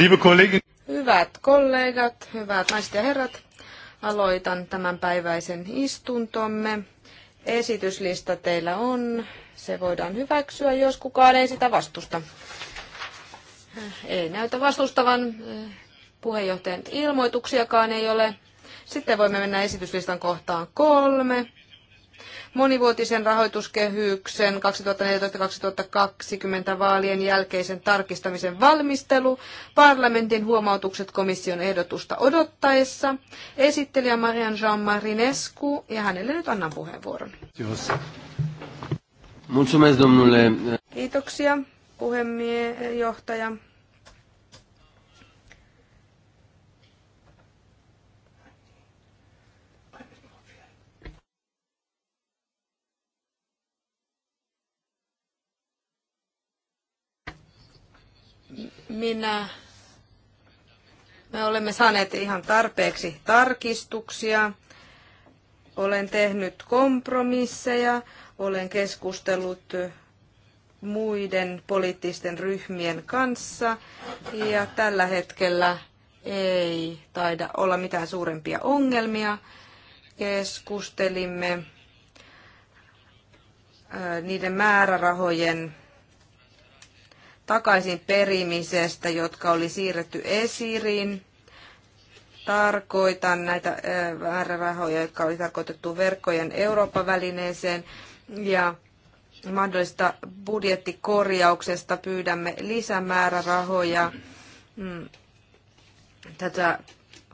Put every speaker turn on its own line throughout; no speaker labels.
Liebe Kollegin...
Hyvät kollegat, hyvät naiset ja herrat, aloitan tämän päiväisen istuntomme. Esityslista teillä on. Se voidaan hyväksyä, jos kukaan ei sitä vastusta. Ei näytä vastustavan. Puheenjohtajan ilmoituksiakaan ei ole. Sitten voimme mennä esityslistan kohtaan kolme monivuotisen rahoituskehyksen 2014-2020 vaalien jälkeisen tarkistamisen valmistelu, parlamentin huomautukset komission ehdotusta odottaessa, esittelijä Marian Jean Marinescu, ja hänelle nyt annan puheenvuoron. Kiitos. Kiitoksia, puheenjohtaja. Minä, me olemme saaneet ihan tarpeeksi tarkistuksia. Olen tehnyt kompromisseja, olen keskustellut muiden poliittisten ryhmien kanssa ja tällä hetkellä ei taida olla mitään suurempia ongelmia. Keskustelimme niiden määrärahojen takaisin perimisestä, jotka oli siirretty esiriin. Tarkoitan näitä määrärahoja, jotka oli tarkoitettu verkkojen Euroopan välineeseen. Ja mahdollista budjettikorjauksesta pyydämme lisämäärärahoja mm, tätä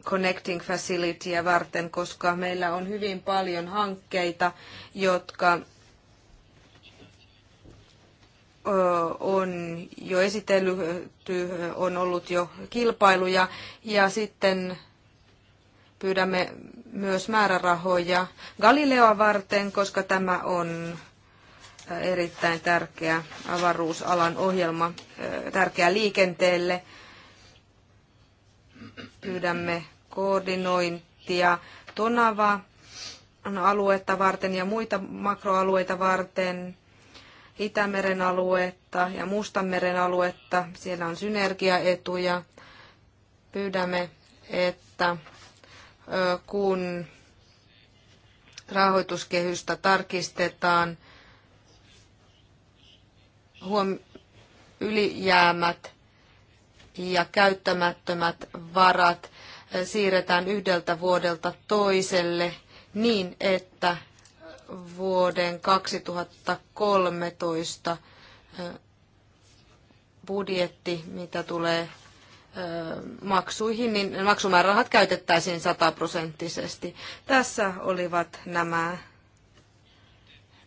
Connecting Facilityä varten, koska meillä on hyvin paljon hankkeita, jotka on jo esitelty, on ollut jo kilpailuja ja sitten pyydämme myös määrärahoja Galileoa varten, koska tämä on erittäin tärkeä avaruusalan ohjelma, tärkeä liikenteelle. Pyydämme koordinointia Tonava aluetta varten ja muita makroalueita varten Itämeren aluetta ja Mustanmeren aluetta. Siellä on synergiaetuja. Pyydämme, että kun rahoituskehystä tarkistetaan, huom- ylijäämät ja käyttämättömät varat siirretään yhdeltä vuodelta toiselle niin, että vuoden 2013 budjetti, mitä tulee maksuihin, niin maksumäärärahat käytettäisiin sataprosenttisesti. Tässä olivat nämä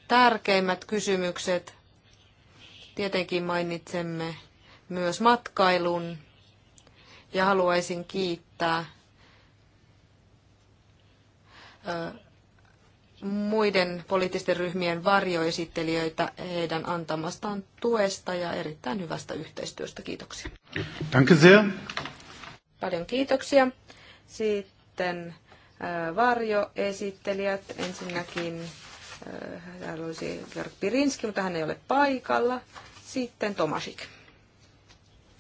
tärkeimmät kysymykset. Tietenkin mainitsemme myös matkailun ja haluaisin kiittää muiden poliittisten ryhmien varjoesittelijöitä heidän antamastaan tuesta ja erittäin hyvästä yhteistyöstä. Kiitoksia. Danke sehr. Paljon kiitoksia. Sitten äh, varjoesittelijät. Ensinnäkin äh, täällä olisi Jörg Pirinski, mutta hän ei ole paikalla. Sitten Tomasik.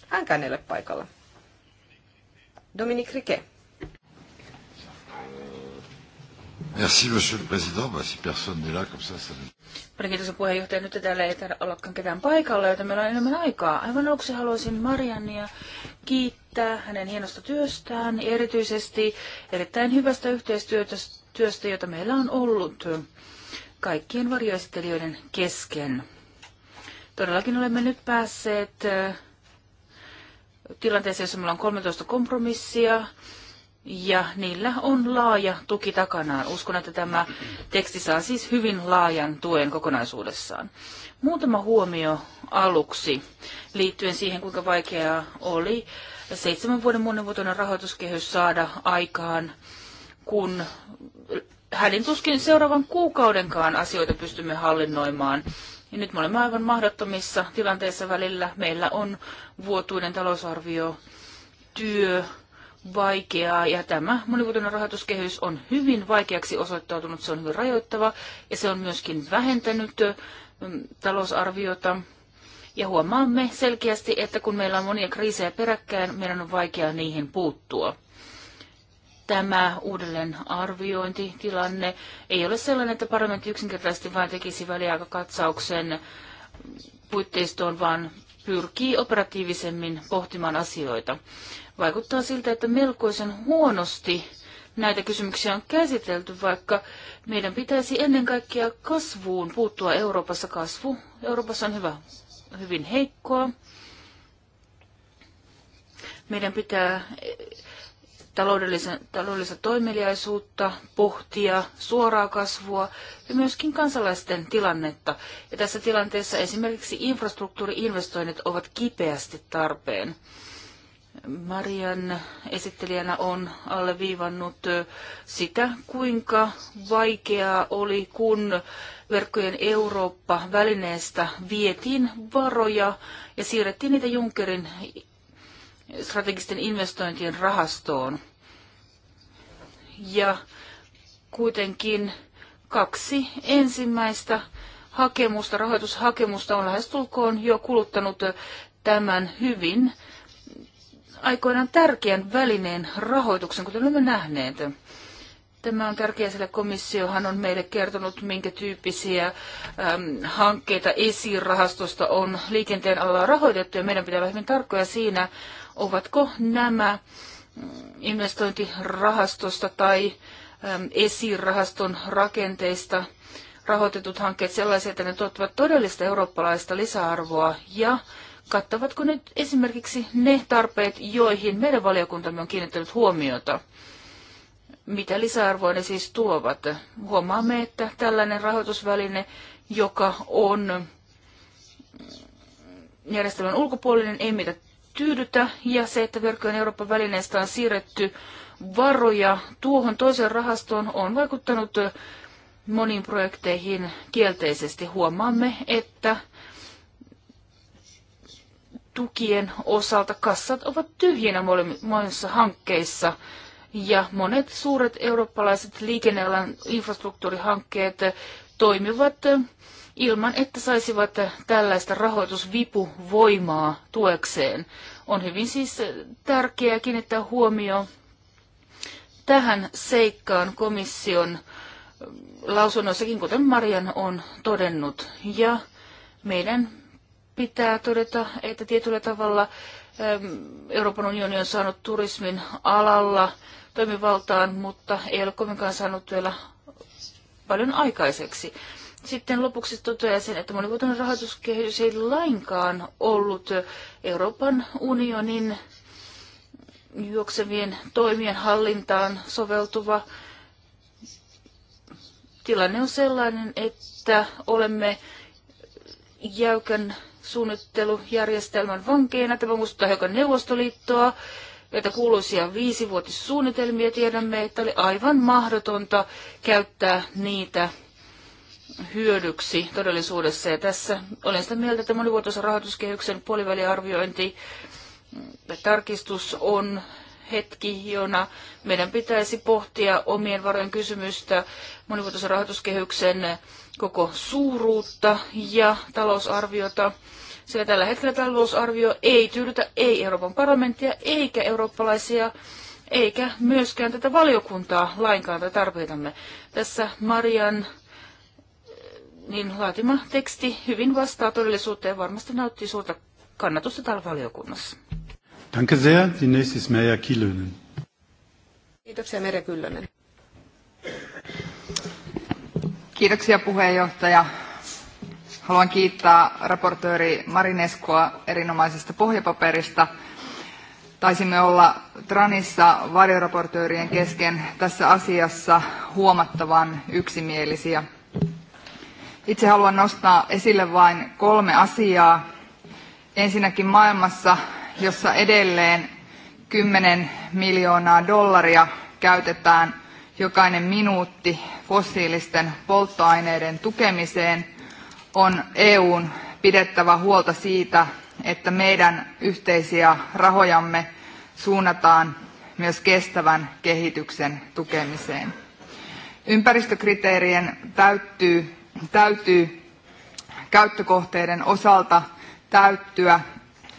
Hänkään ei ole paikalla. Dominique Riquet.
Merci, monsieur le président. Bah, si personne n'est là, comme ça, ça...
Kiitos puheenjohtaja. Nyt täällä ei tarvitse ollakaan ketään paikalla, joten meillä on enemmän aikaa. Aivan aluksi haluaisin Mariannia kiittää hänen hienosta työstään erityisesti erittäin hyvästä yhteistyöstä, jota meillä on ollut kaikkien varjoesittelijöiden kesken. Todellakin olemme nyt päässeet äh, tilanteeseen, jossa meillä on 13 kompromissia, ja niillä on laaja tuki takanaan. Uskon, että tämä teksti saa siis hyvin laajan tuen kokonaisuudessaan. Muutama huomio aluksi liittyen siihen, kuinka vaikeaa oli seitsemän vuoden monivuotoinen rahoituskehys saada aikaan, kun hänen tuskin seuraavan kuukaudenkaan asioita pystymme hallinnoimaan. Ja nyt me olemme aivan mahdottomissa tilanteissa välillä. Meillä on vuotuinen talousarvio, työ, vaikeaa ja tämä monivuotinen rahoituskehys on hyvin vaikeaksi osoittautunut, se on hyvin rajoittava ja se on myöskin vähentänyt talousarviota. Ja huomaamme selkeästi, että kun meillä on monia kriisejä peräkkäin, meidän on vaikea niihin puuttua. Tämä uudelleen arviointitilanne ei ole sellainen, että parlamentti yksinkertaisesti vain tekisi väliaikakatsauksen puitteistoon, vaan pyrkii operatiivisemmin pohtimaan asioita. Vaikuttaa siltä, että melkoisen huonosti näitä kysymyksiä on käsitelty, vaikka meidän pitäisi ennen kaikkea kasvuun puuttua Euroopassa. Kasvu Euroopassa on hyvä, hyvin heikkoa. Meidän pitää eh, taloudellisen, taloudellista toimeliaisuutta, pohtia, suoraa kasvua ja myöskin kansalaisten tilannetta. Ja tässä tilanteessa esimerkiksi infrastruktuuriinvestoinnit ovat kipeästi tarpeen. Marian esittelijänä on alleviivannut sitä, kuinka vaikeaa oli, kun verkkojen Eurooppa-välineestä vietiin varoja ja siirrettiin niitä Junckerin strategisten investointien rahastoon. Ja kuitenkin kaksi ensimmäistä hakemusta, rahoitushakemusta on lähestulkoon jo kuluttanut tämän hyvin aikoinaan tärkeän välineen rahoituksen, kuten olemme nähneet. Tämä on tärkeää, sillä komissiohan on meille kertonut, minkä tyyppisiä äm, hankkeita esirahastosta on liikenteen alalla rahoitettu, ja meidän pitää olla hyvin tarkkoja siinä, ovatko nämä mm, investointirahastosta tai äm, esirahaston rakenteista rahoitetut hankkeet sellaisia, että ne tuottavat todellista eurooppalaista lisäarvoa ja kattavatko nyt esimerkiksi ne tarpeet, joihin meidän valiokuntamme on kiinnittänyt huomiota? Mitä lisäarvoa ne siis tuovat? Huomaamme, että tällainen rahoitusväline, joka on järjestelmän ulkopuolinen, ei meitä tyydytä, ja se, että verkkojen Euroopan välineestä on siirretty varoja tuohon toiseen rahastoon, on vaikuttanut moniin projekteihin kielteisesti. Huomaamme, että tukien osalta kassat ovat tyhjinä monissa hankkeissa. Ja monet suuret eurooppalaiset liikennealan infrastruktuurihankkeet toimivat ilman, että saisivat tällaista rahoitusvipuvoimaa tuekseen. On hyvin siis tärkeää kiinnittää huomio tähän seikkaan komission lausunnoissakin, kuten Marian on todennut. Ja meidän pitää todeta, että tietyllä tavalla ähm, Euroopan unioni on saanut turismin alalla toimivaltaan, mutta ei ole kovinkaan saanut vielä paljon aikaiseksi. Sitten lopuksi toteaisin, että monivuotinen rahoituskehitys ei lainkaan ollut Euroopan unionin juoksevien toimien hallintaan soveltuva. Tilanne on sellainen, että olemme jäykän suunnittelujärjestelmän vankeina. Tämä muistuttaa hiukan Neuvostoliittoa, että kuuluisia viisivuotissuunnitelmia tiedämme, että oli aivan mahdotonta käyttää niitä hyödyksi todellisuudessa. Ja tässä olen sitä mieltä, että monivuotoisen rahoituskehyksen puoliväliarviointi tarkistus on hetki, jona meidän pitäisi pohtia omien varojen kysymystä monivuotoisen rahoituskehyksen koko suuruutta ja talousarviota, sillä tällä hetkellä talousarvio ei tyydytä ei Euroopan parlamenttia eikä eurooppalaisia eikä myöskään tätä valiokuntaa lainkaan tätä tarpeitamme. Tässä Marian niin laatima teksti hyvin vastaa todellisuutta ja varmasti nauttii suurta kannatusta täällä valiokunnassa.
Danke sehr. Die nächste ist
Kiitoksia Merja Kyllönen. Kiitoksia puheenjohtaja. Haluan kiittää raportööri Marineskoa erinomaisesta pohjapaperista. Taisimme olla Tranissa varjoraportöörien kesken tässä asiassa huomattavan yksimielisiä. Itse haluan nostaa esille vain kolme asiaa. Ensinnäkin maailmassa, jossa edelleen 10 miljoonaa dollaria käytetään jokainen minuutti fossiilisten polttoaineiden tukemiseen, on EUn pidettävä huolta siitä, että meidän yhteisiä rahojamme suunnataan myös kestävän kehityksen tukemiseen. Ympäristökriteerien täytyy, täytyy käyttökohteiden osalta täyttyä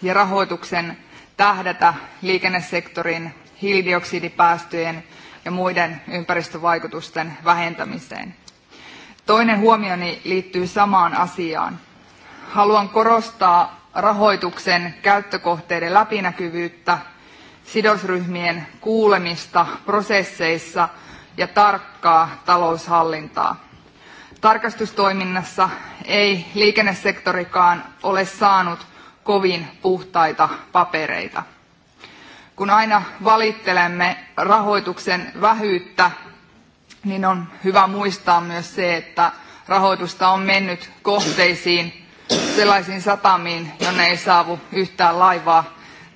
ja rahoituksen tähdätä liikennesektorin hiilidioksidipäästöjen ja muiden ympäristövaikutusten vähentämiseen. Toinen huomioni liittyy samaan asiaan. Haluan korostaa rahoituksen käyttökohteiden läpinäkyvyyttä, sidosryhmien kuulemista prosesseissa ja tarkkaa taloushallintaa. Tarkastustoiminnassa ei liikennesektorikaan ole saanut kovin puhtaita papereita kun aina valittelemme rahoituksen vähyyttä, niin on hyvä muistaa myös se, että rahoitusta on mennyt kohteisiin, sellaisiin satamiin, jonne ei saavu yhtään laivaa,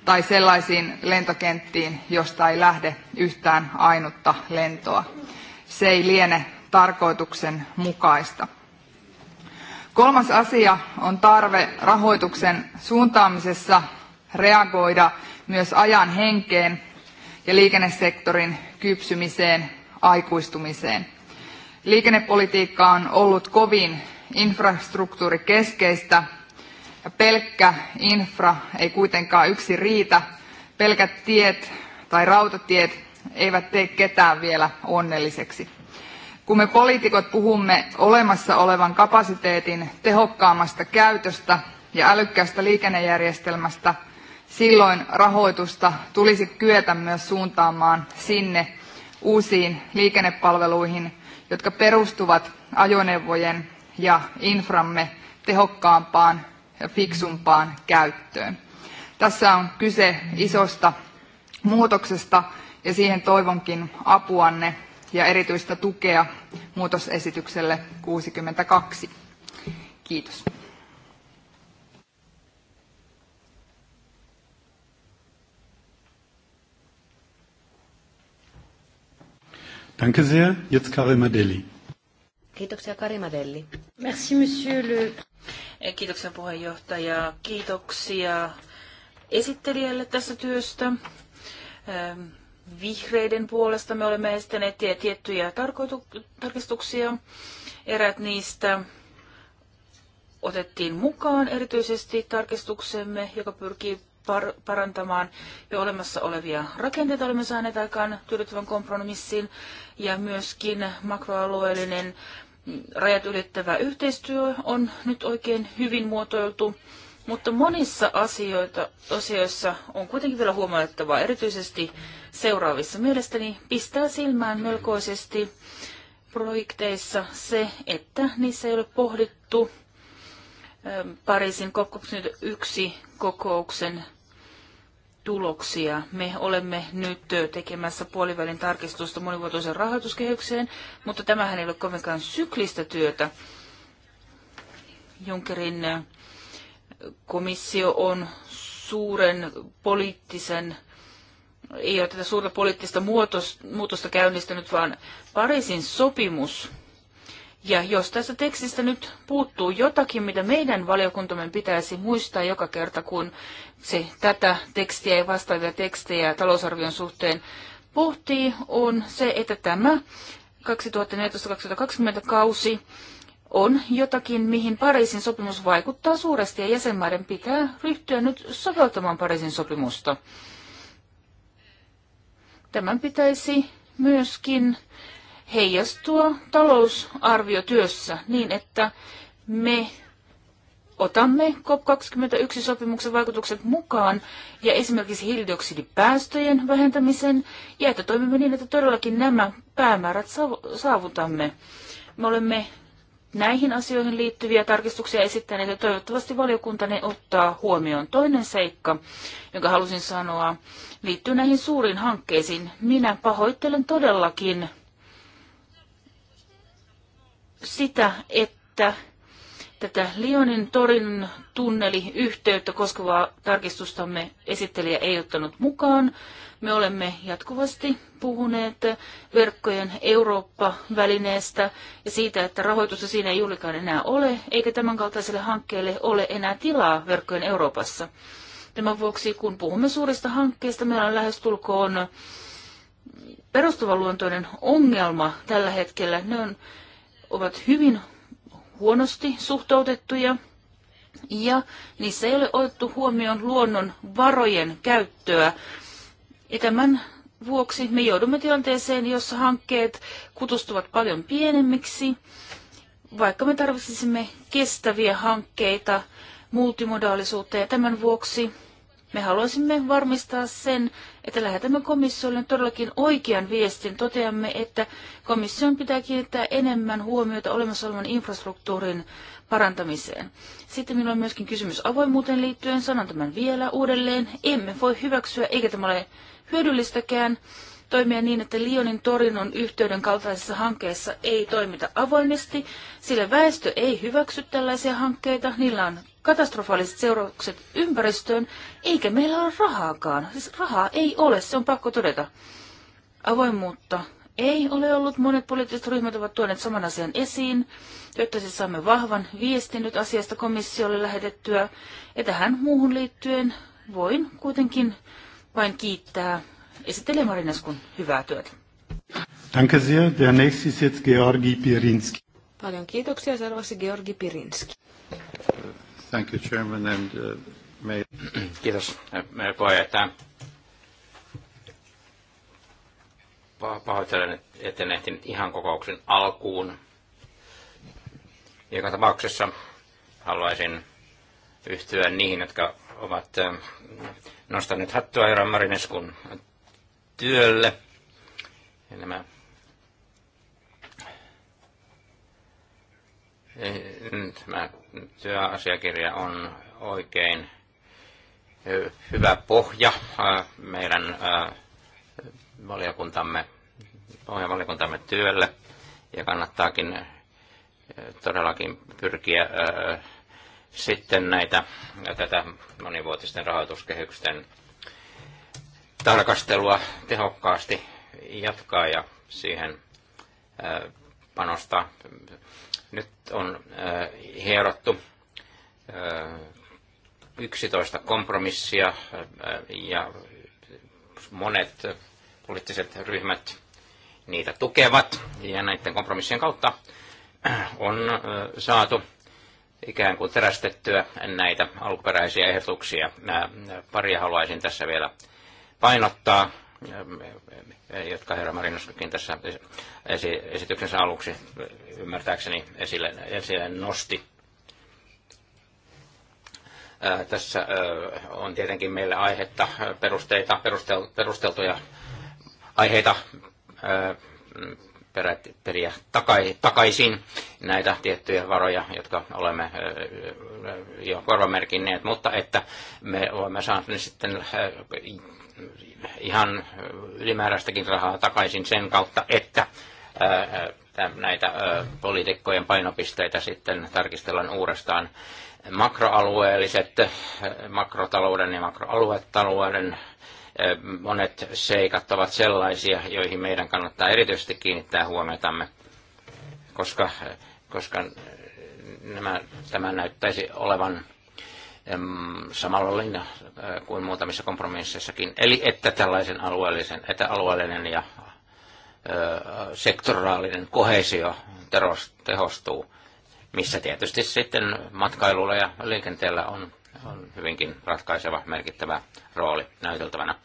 tai sellaisiin lentokenttiin, josta ei lähde yhtään ainutta lentoa. Se ei liene tarkoituksen mukaista. Kolmas asia on tarve rahoituksen suuntaamisessa reagoida myös ajan henkeen ja liikennesektorin kypsymiseen, aikuistumiseen. Liikennepolitiikka on ollut kovin infrastruktuurikeskeistä ja pelkkä infra ei kuitenkaan yksi riitä. Pelkät tiet tai rautatiet eivät tee ketään vielä onnelliseksi. Kun me poliitikot puhumme olemassa olevan kapasiteetin tehokkaammasta käytöstä ja älykkäästä liikennejärjestelmästä – silloin rahoitusta tulisi kyetä myös suuntaamaan sinne uusiin liikennepalveluihin, jotka perustuvat ajoneuvojen ja inframme tehokkaampaan ja fiksumpaan käyttöön. Tässä on kyse isosta muutoksesta ja siihen toivonkin apuanne ja erityistä tukea muutosesitykselle 62. Kiitos.
Danke sehr. Jetzt Karima
Kiitoksia Karima Delli. Merci monsieur le... Eh, kiitoksia
puheenjohtaja. Kiitoksia esittelijälle tästä työstä. Ehm, vihreiden puolesta me olemme esittäneet tiettyjä tarkistuksia. Erät niistä otettiin mukaan, erityisesti tarkistuksemme, joka pyrkii par- parantamaan jo olemassa olevia rakenteita. Olemme saaneet aikaan tyydyttävän kompromissin ja myöskin makroalueellinen rajat ylittävä yhteistyö on nyt oikein hyvin muotoiltu. Mutta monissa asioita, osioissa on kuitenkin vielä huomioittavaa, erityisesti seuraavissa. Mielestäni pistää silmään melkoisesti projekteissa se, että niissä ei ole pohdittu Pariisin COP21 kokouksen tuloksia. Me olemme nyt tekemässä puolivälin tarkistusta monivuotoisen rahoituskehykseen, mutta tämähän ei ole kovinkaan syklistä työtä. Junckerin komissio on suuren poliittisen, ei ole tätä suurta poliittista muutosta käynnistänyt, vaan Pariisin sopimus – ja jos tästä tekstistä nyt puuttuu jotakin, mitä meidän valiokuntamme pitäisi muistaa joka kerta, kun se tätä tekstiä ja vastaavia tekstejä talousarvion suhteen pohtii, on se, että tämä 2014-2020 kausi on jotakin, mihin Pariisin sopimus vaikuttaa suuresti ja jäsenmaiden pitää ryhtyä nyt soveltamaan Pariisin sopimusta. Tämän pitäisi myöskin heijastua talousarviotyössä niin, että me otamme COP21-sopimuksen vaikutukset mukaan ja esimerkiksi hiilidioksidipäästöjen vähentämisen ja että toimimme niin, että todellakin nämä päämäärät saavutamme. Me olemme näihin asioihin liittyviä tarkistuksia esittäneet ja toivottavasti valiokunta ne ottaa huomioon. Toinen seikka, jonka halusin sanoa, liittyy näihin suuriin hankkeisiin. Minä pahoittelen todellakin sitä, että tätä Lionin torin tunneliyhteyttä koskevaa tarkistustamme esittelijä ei ottanut mukaan. Me olemme jatkuvasti puhuneet verkkojen Eurooppa-välineestä ja siitä, että rahoitusta siinä ei juurikaan enää ole, eikä tämänkaltaiselle hankkeelle ole enää tilaa verkkojen Euroopassa. Tämän vuoksi, kun puhumme suurista hankkeista, meillä on lähestulkoon perustuvaluontoinen ongelma tällä hetkellä. Ne on ovat hyvin huonosti suhtautettuja ja niissä ei ole otettu huomioon luonnon varojen käyttöä. Ja tämän vuoksi me joudumme tilanteeseen, jossa hankkeet kutustuvat paljon pienemmiksi, vaikka me tarvitsisimme kestäviä hankkeita multimodaalisuutta ja tämän vuoksi me haluaisimme varmistaa sen, että lähetämme komissiolle todellakin oikean viestin. Toteamme, että komission pitää kiinnittää enemmän huomiota olemassa olevan infrastruktuurin parantamiseen. Sitten minulla on myöskin kysymys avoimuuteen liittyen. Sanon tämän vielä uudelleen. Emme voi hyväksyä, eikä tämä ole hyödyllistäkään toimia niin, että Lionin torinon yhteyden kaltaisessa hankkeessa ei toimita avoimesti, sillä väestö ei hyväksy tällaisia hankkeita, niillä on katastrofaaliset seuraukset ympäristöön, eikä meillä ole rahaakaan. Siis rahaa ei ole, se on pakko todeta. Avoimuutta ei ole ollut. Monet poliittiset ryhmät ovat tuoneet saman asian esiin, jotta siis saamme vahvan viestin nyt asiasta komissiolle lähetettyä. Ja tähän muuhun liittyen voin kuitenkin vain kiittää esittelijä Marineskun hyvää työtä.
Danke sehr. Der nächste ist jetzt Georgi Pirinski.
Paljon kiitoksia. Seuraavaksi Georgi Pirinski.
Thank you, Chairman, and uh, may... Kiitos puheenjohtaja. Pahoittelen, etten ehtinyt ihan kokouksen alkuun. Joka tapauksessa haluaisin yhtyä niihin, jotka ovat nostaneet hattua Jyran Marineskun työlle. Ja nämä tämä eh, työasiakirja on oikein hyvä pohja meidän valiokuntamme, pohjavaliokuntamme työlle ja kannattaakin todellakin pyrkiä sitten näitä, tätä monivuotisten rahoituskehyksen tarkastelua tehokkaasti jatkaa ja siihen panostaa. Nyt on äh, hierottu 11 äh, kompromissia äh, ja monet poliittiset ryhmät niitä tukevat ja näiden kompromissien kautta on saatu ikään kuin terästettyä näitä alkuperäisiä ehdotuksia. Paria haluaisin tässä vielä painottaa. Ehm, ehm, jotka herra Marinoskin tässä esityksensä aluksi ymmärtääkseni esille, esille nosti. Tässä on tietenkin meille aihetta, perusteita, perustel, perusteltuja aiheita perä, periä takai, takaisin näitä tiettyjä varoja, jotka olemme jo korvamerkinneet, mutta että me olemme saaneet sitten ihan ylimääräistäkin rahaa takaisin sen kautta, että näitä poliitikkojen painopisteitä sitten tarkistellaan uudestaan. Makroalueelliset, makrotalouden ja makroaluetalouden monet seikat ovat sellaisia, joihin meidän kannattaa erityisesti kiinnittää huomiotamme, koska, koska nämä, tämä näyttäisi olevan samalla linja kuin muutamissa kompromisseissakin. Eli että tällaisen alueellisen, että alueellinen ja sektoraalinen kohesio tehostuu, missä tietysti sitten matkailulla ja liikenteellä on, on hyvinkin ratkaiseva merkittävä rooli näyteltävänä.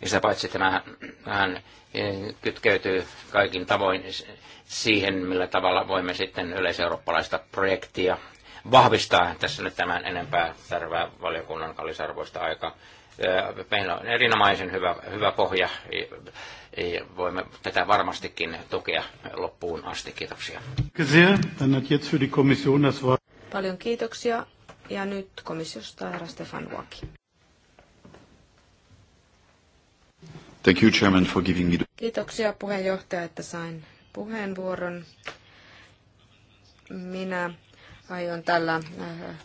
Ja sitä paitsi tämä hän kytkeytyy kaikin tavoin siihen, millä tavalla voimme sitten yleiseurooppalaista projektia vahvistaa tässä nyt tämän enempää tärvää valiokunnan kallisarvoista aikaa. Meillä on erinomaisen hyvä, hyvä pohja. Voimme tätä varmastikin tukea loppuun asti. Kiitoksia.
Paljon kiitoksia. Ja nyt komissiosta herra Stefan Waki.
Thank you, Chairman, for giving me...
Kiitoksia puheenjohtaja, että sain puheenvuoron. Minä aion tällä äh, äh,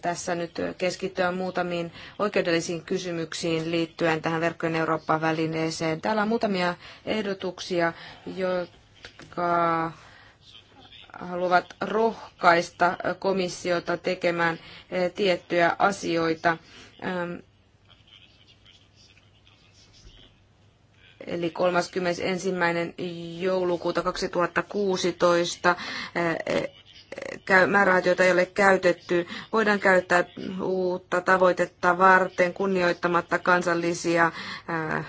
tässä nyt keskittyä muutamiin oikeudellisiin kysymyksiin liittyen tähän verkkojen Eurooppa-välineeseen. Täällä on muutamia ehdotuksia, jotka haluavat rohkaista komissiota tekemään äh, tiettyjä asioita. Ähm, eli 31. joulukuuta 2016 määrärahat, ei ole käytetty, voidaan käyttää uutta tavoitetta varten kunnioittamatta kansallisia äh,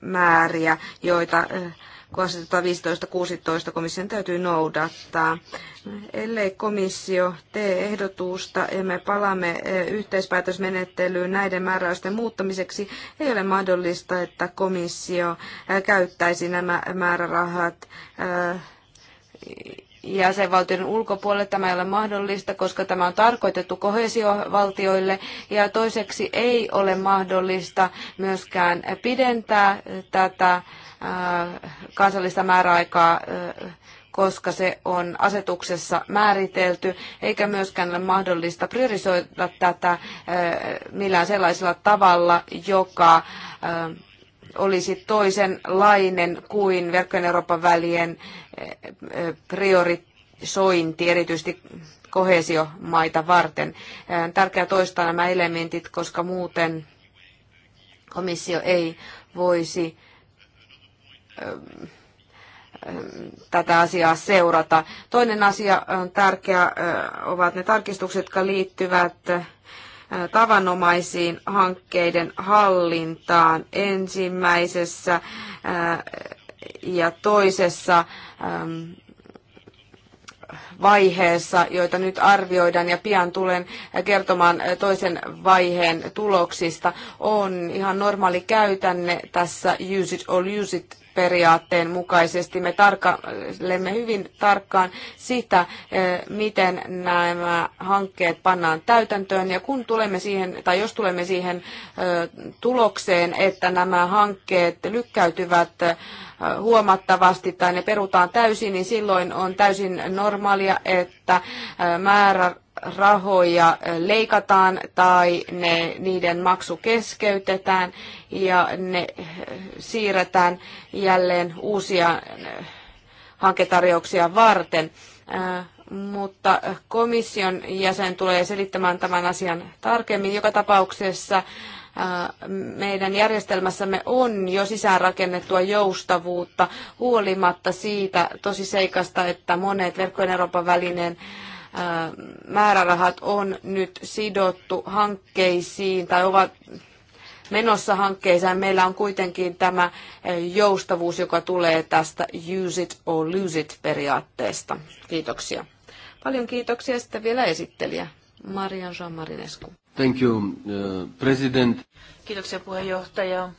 määriä, joita 2015-2016 äh, komission täytyy noudattaa. Ellei komissio tee ehdotusta ja me palaamme äh, yhteispäätösmenettelyyn näiden määräysten muuttamiseksi, ei ole mahdollista, että komissio käyttäisi nämä määrärahat jäsenvaltioiden ulkopuolelle. Tämä ei ole mahdollista, koska tämä on tarkoitettu kohesiovaltioille. Ja toiseksi ei ole mahdollista myöskään pidentää tätä äh, kansallista määräaikaa äh, koska se on asetuksessa määritelty, eikä myöskään ole mahdollista priorisoida tätä äh, millään sellaisella tavalla, joka olisi toisenlainen kuin verkkojen Euroopan välien eh, priorisointi, erityisesti kohesiomaita varten. Eh, on tärkeää toistaa nämä elementit, koska muuten komissio ei voisi eh, tätä asiaa seurata. Toinen asia on tärkeä ovat ne tarkistukset, jotka liittyvät tavanomaisiin hankkeiden hallintaan ensimmäisessä ja toisessa vaiheessa, joita nyt arvioidaan ja pian tulen kertomaan toisen vaiheen tuloksista, on ihan normaali käytänne tässä use it or use it periaatteen mukaisesti. Me tarkkailemme hyvin tarkkaan sitä, eh, miten nämä hankkeet pannaan täytäntöön ja kun tulemme siihen, tai jos tulemme siihen eh, tulokseen, että nämä hankkeet lykkäytyvät eh, huomattavasti tai ne perutaan täysin, niin silloin on täysin normaalia, että määrä rahoja leikataan tai ne, niiden maksu keskeytetään ja ne eh, siirretään jälleen uusia eh, hanketarjouksia varten. Äh, mutta komission jäsen tulee selittämään tämän asian tarkemmin. Joka tapauksessa äh, meidän järjestelmässämme on jo sisäänrakennettua joustavuutta huolimatta siitä tosiseikasta, että monet verkkojen Euroopan välineen määrärahat on nyt sidottu hankkeisiin tai ovat menossa hankkeeseen. Meillä on kuitenkin tämä joustavuus, joka tulee tästä use it or lose it periaatteesta. Kiitoksia. Paljon kiitoksia sitten vielä esittelijä Marian Jean Marinescu.
Thank you, uh, president. Kiitoksia puheenjohtaja.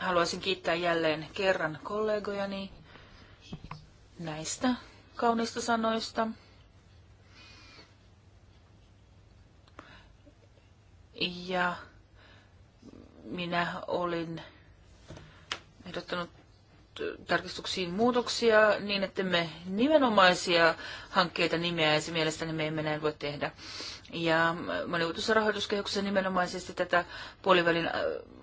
Haluaisin kiittää jälleen kerran kollegojani näistä kaunista sanoista. Ja minä olin ehdottanut tarkistuksiin muutoksia niin, että me nimenomaisia hankkeita nimeäisi. Mielestäni me emme näin voi tehdä. Ja monivuotisessa rahoituskehyksessä nimenomaisesti tätä puolivälin äh,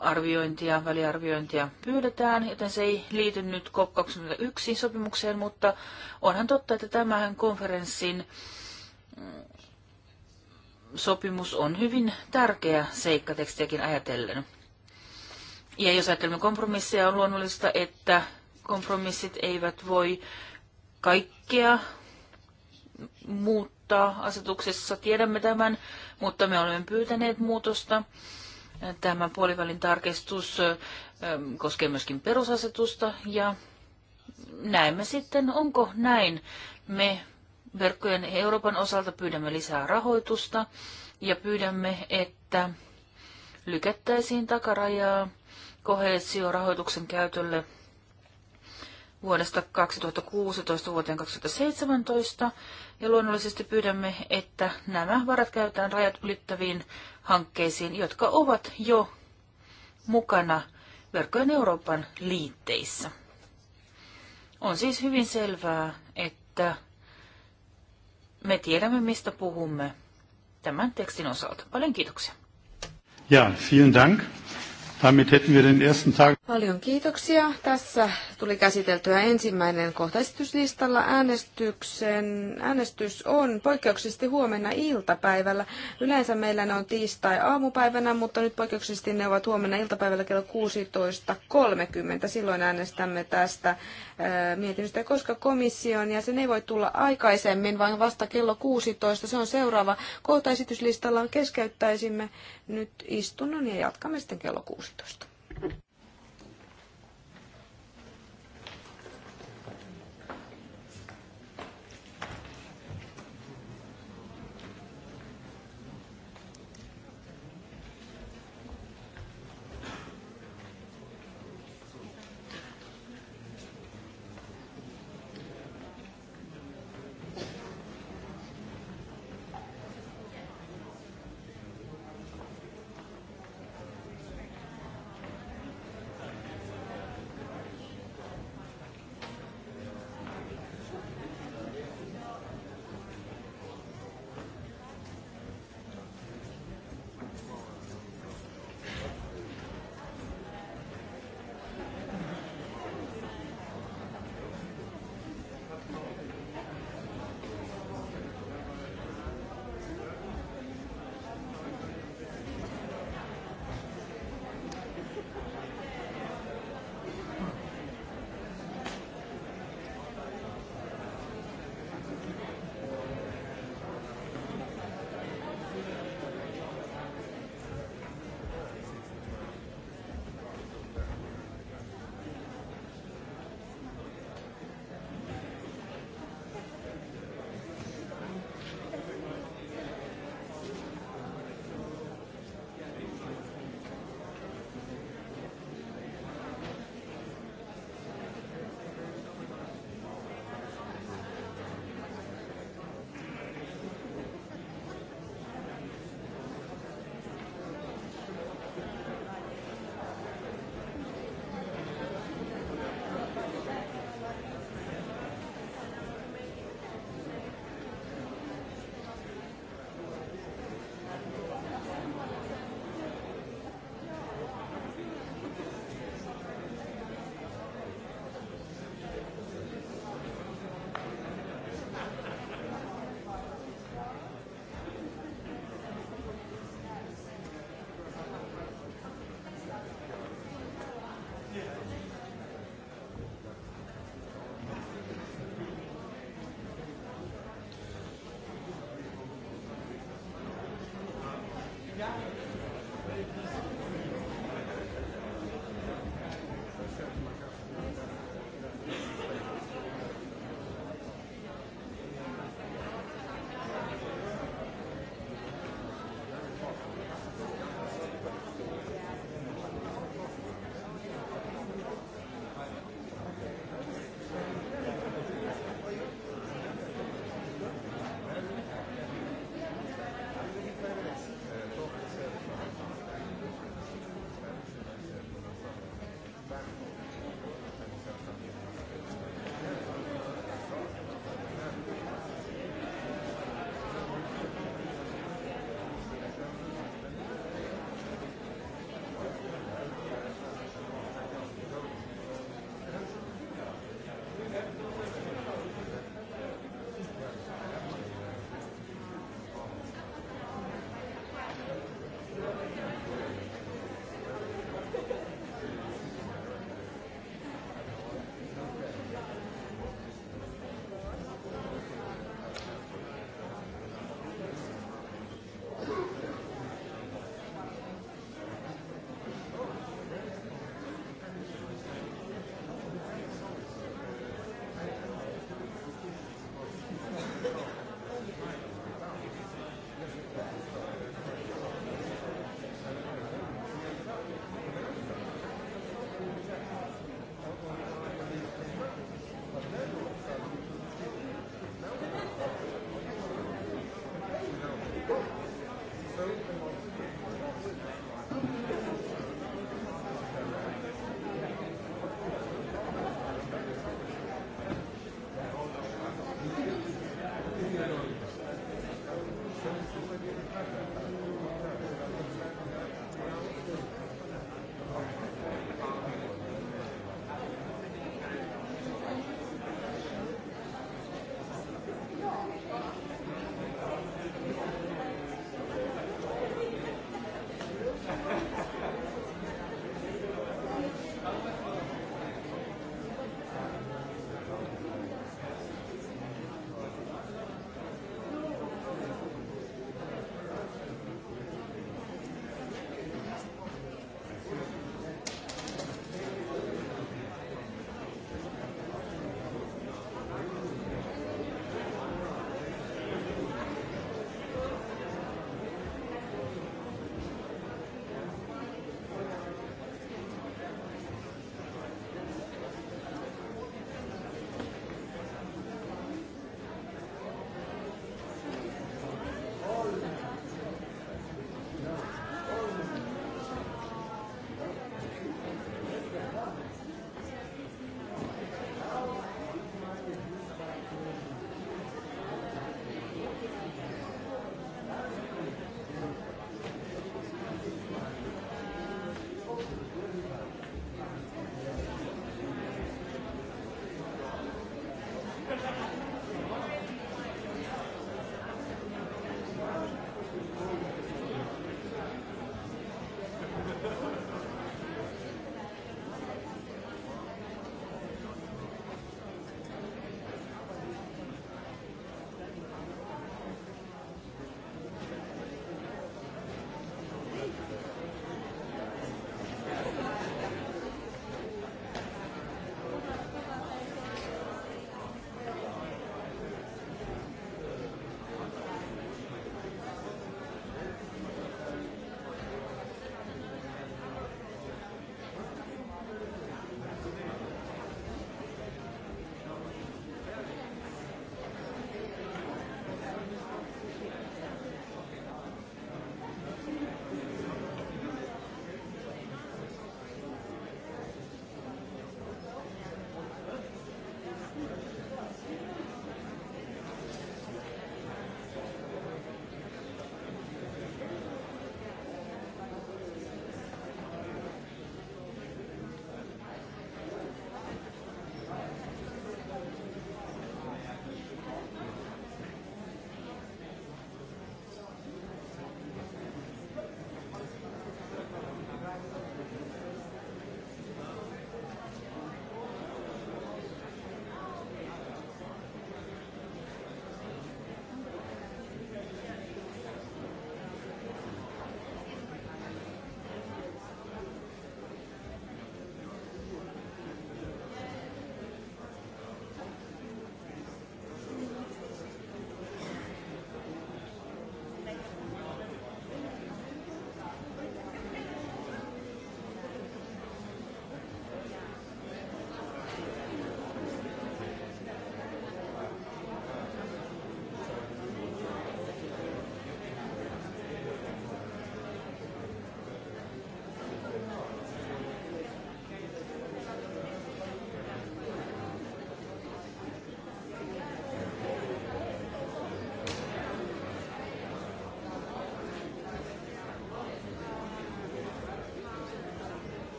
arviointia, väliarviointia pyydetään, joten se ei liity nyt COP21 sopimukseen, mutta onhan totta, että tämän konferenssin mm, sopimus on hyvin tärkeä seikka tekstiäkin ajatellen. Ja jos ajattelemme kompromisseja, on luonnollista, että kompromissit eivät voi kaikkea muuttaa muuttaa asetuksessa. Tiedämme tämän, mutta me olemme pyytäneet muutosta. Tämä puolivälin tarkistus koskee myöskin perusasetusta ja näemme sitten, onko näin. Me verkkojen Euroopan osalta pyydämme lisää rahoitusta ja pyydämme, että lykättäisiin takarajaa rahoituksen käytölle vuodesta 2016 vuoteen 2017. Ja luonnollisesti pyydämme, että nämä varat käytetään rajat ylittäviin hankkeisiin, jotka ovat jo mukana verkkojen Euroopan liitteissä. On siis hyvin selvää, että me tiedämme, mistä puhumme tämän tekstin osalta. Paljon kiitoksia.
Ja, vielen dank. Damit hätten wir den ersten Tag.
Paljon kiitoksia. Tässä tuli käsiteltyä ensimmäinen kohta esityslistalla. Äänestyksen, äänestys on poikkeuksellisesti huomenna iltapäivällä. Yleensä meillä ne on tiistai aamupäivänä, mutta nyt poikkeuksellisesti ne ovat huomenna iltapäivällä kello 16.30. Silloin äänestämme tästä mietinnöstä, koska komission ja sen ei voi tulla aikaisemmin, vaan vasta kello 16. Se on seuraava kohta esityslistalla. Keskeyttäisimme nyt istunnon ja jatkamme sitten kello 16.